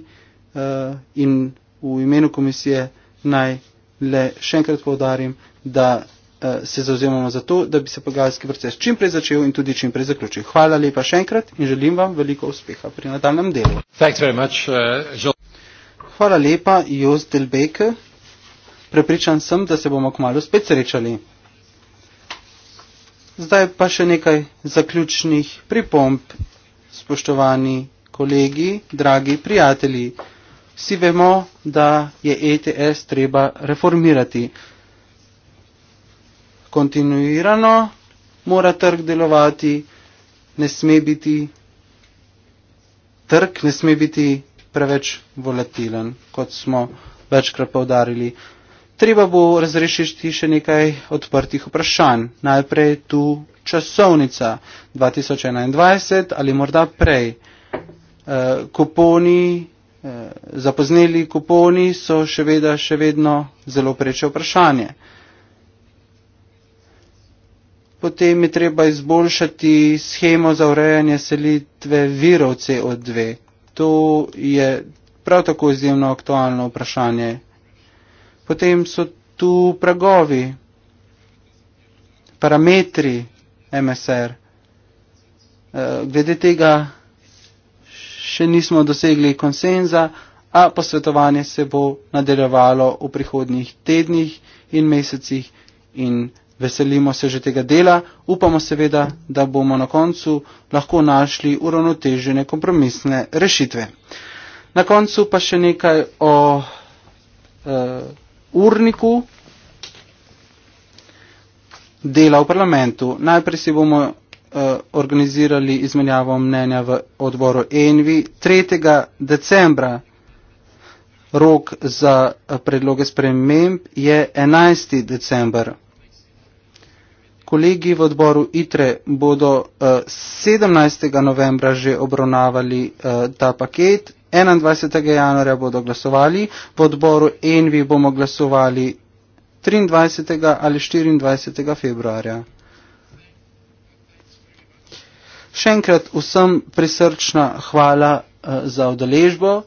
eh, in v imenu komisije naj le še enkrat povdarim, da eh, se zauzemamo za to, da bi se pogajalski proces čim prej začel in tudi čim prej zaključil. Hvala lepa še enkrat in želim vam veliko uspeha pri nadaljem delu. Hvala lepa, Jos Delbeke. Prepričan sem, da se bomo kmalo spet srečali. Zdaj pa še nekaj zaključnih pripomb, spoštovani kolegi, dragi prijatelji. Vsi vemo, da je ETS treba reformirati. Kontinuirano mora trg delovati, ne sme biti trg, ne sme biti preveč volatilen, kot smo večkrat povdarili. Treba bo razrešiti še nekaj odprtih vprašanj. Najprej tu časovnica 2021 ali morda prej. E, kuponi, e, zapozneli kuponi so še, veda, še vedno zelo preče vprašanje. Potem je treba izboljšati schemo za urejanje selitve virov CO2. To je prav tako izjemno aktualno vprašanje Potem so tu pragovi, parametri MSR. Eh, glede tega še nismo dosegli konsenza, a posvetovanje se bo nadaljevalo v prihodnjih tednih in mesecih in veselimo se že tega dela. Upamo seveda, da bomo na koncu lahko našli uravnotežene kompromisne rešitve. Na koncu pa še nekaj o. Uh, urniku dela v parlamentu. Najprej si bomo uh, organizirali izmenjavo mnenja v odboru ENVI. 3. decembra rok za eh, predloge sprememb je 11. december. Kolegi v odboru ITRE bodo uh, eh, 17. novembra že obravnavali uh, ta paket, 21. januarja bodo glasovali, v odboru Envi bomo glasovali 23. ali 24. februarja. Še enkrat vsem prisrčna hvala uh, za odeležbo.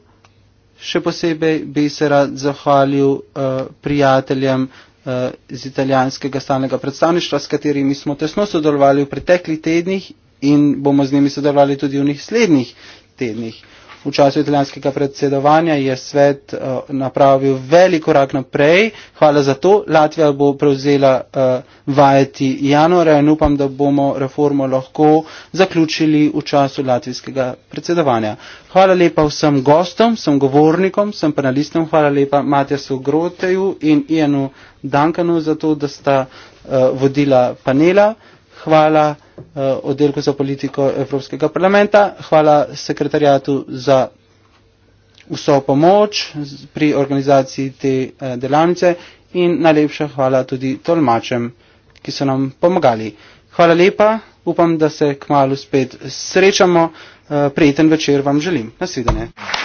Še posebej bi se rad zahvalil uh, prijateljem uh, eh, z italijanskega stalnega predstavništva, s katerimi smo tesno sodelovali v preteklih tednih in bomo z njimi sodelovali tudi v njih slednjih tednih. V času italijanskega predsedovanja je svet uh, napravil velik korak naprej. Hvala za to. Latvija bo prevzela uh, vajeti januarja in upam, da bomo reformo lahko zaključili v času latvijskega predsedovanja. Hvala lepa vsem gostom, vsem govornikom, vsem panelistom. Hvala lepa Matjasu Groteju in Ianu Dankanu za to, da sta uh, vodila panela hvala uh, oddelku za politiko Evropskega parlamenta, hvala sekretarjatu za vso pomoč pri organizaciji te uh, delavnice in najlepša hvala tudi tolmačem, ki so nam pomagali. Hvala lepa, upam, da se kmalo spet srečamo. Uh, prijeten večer vam želim. Nasvidenje.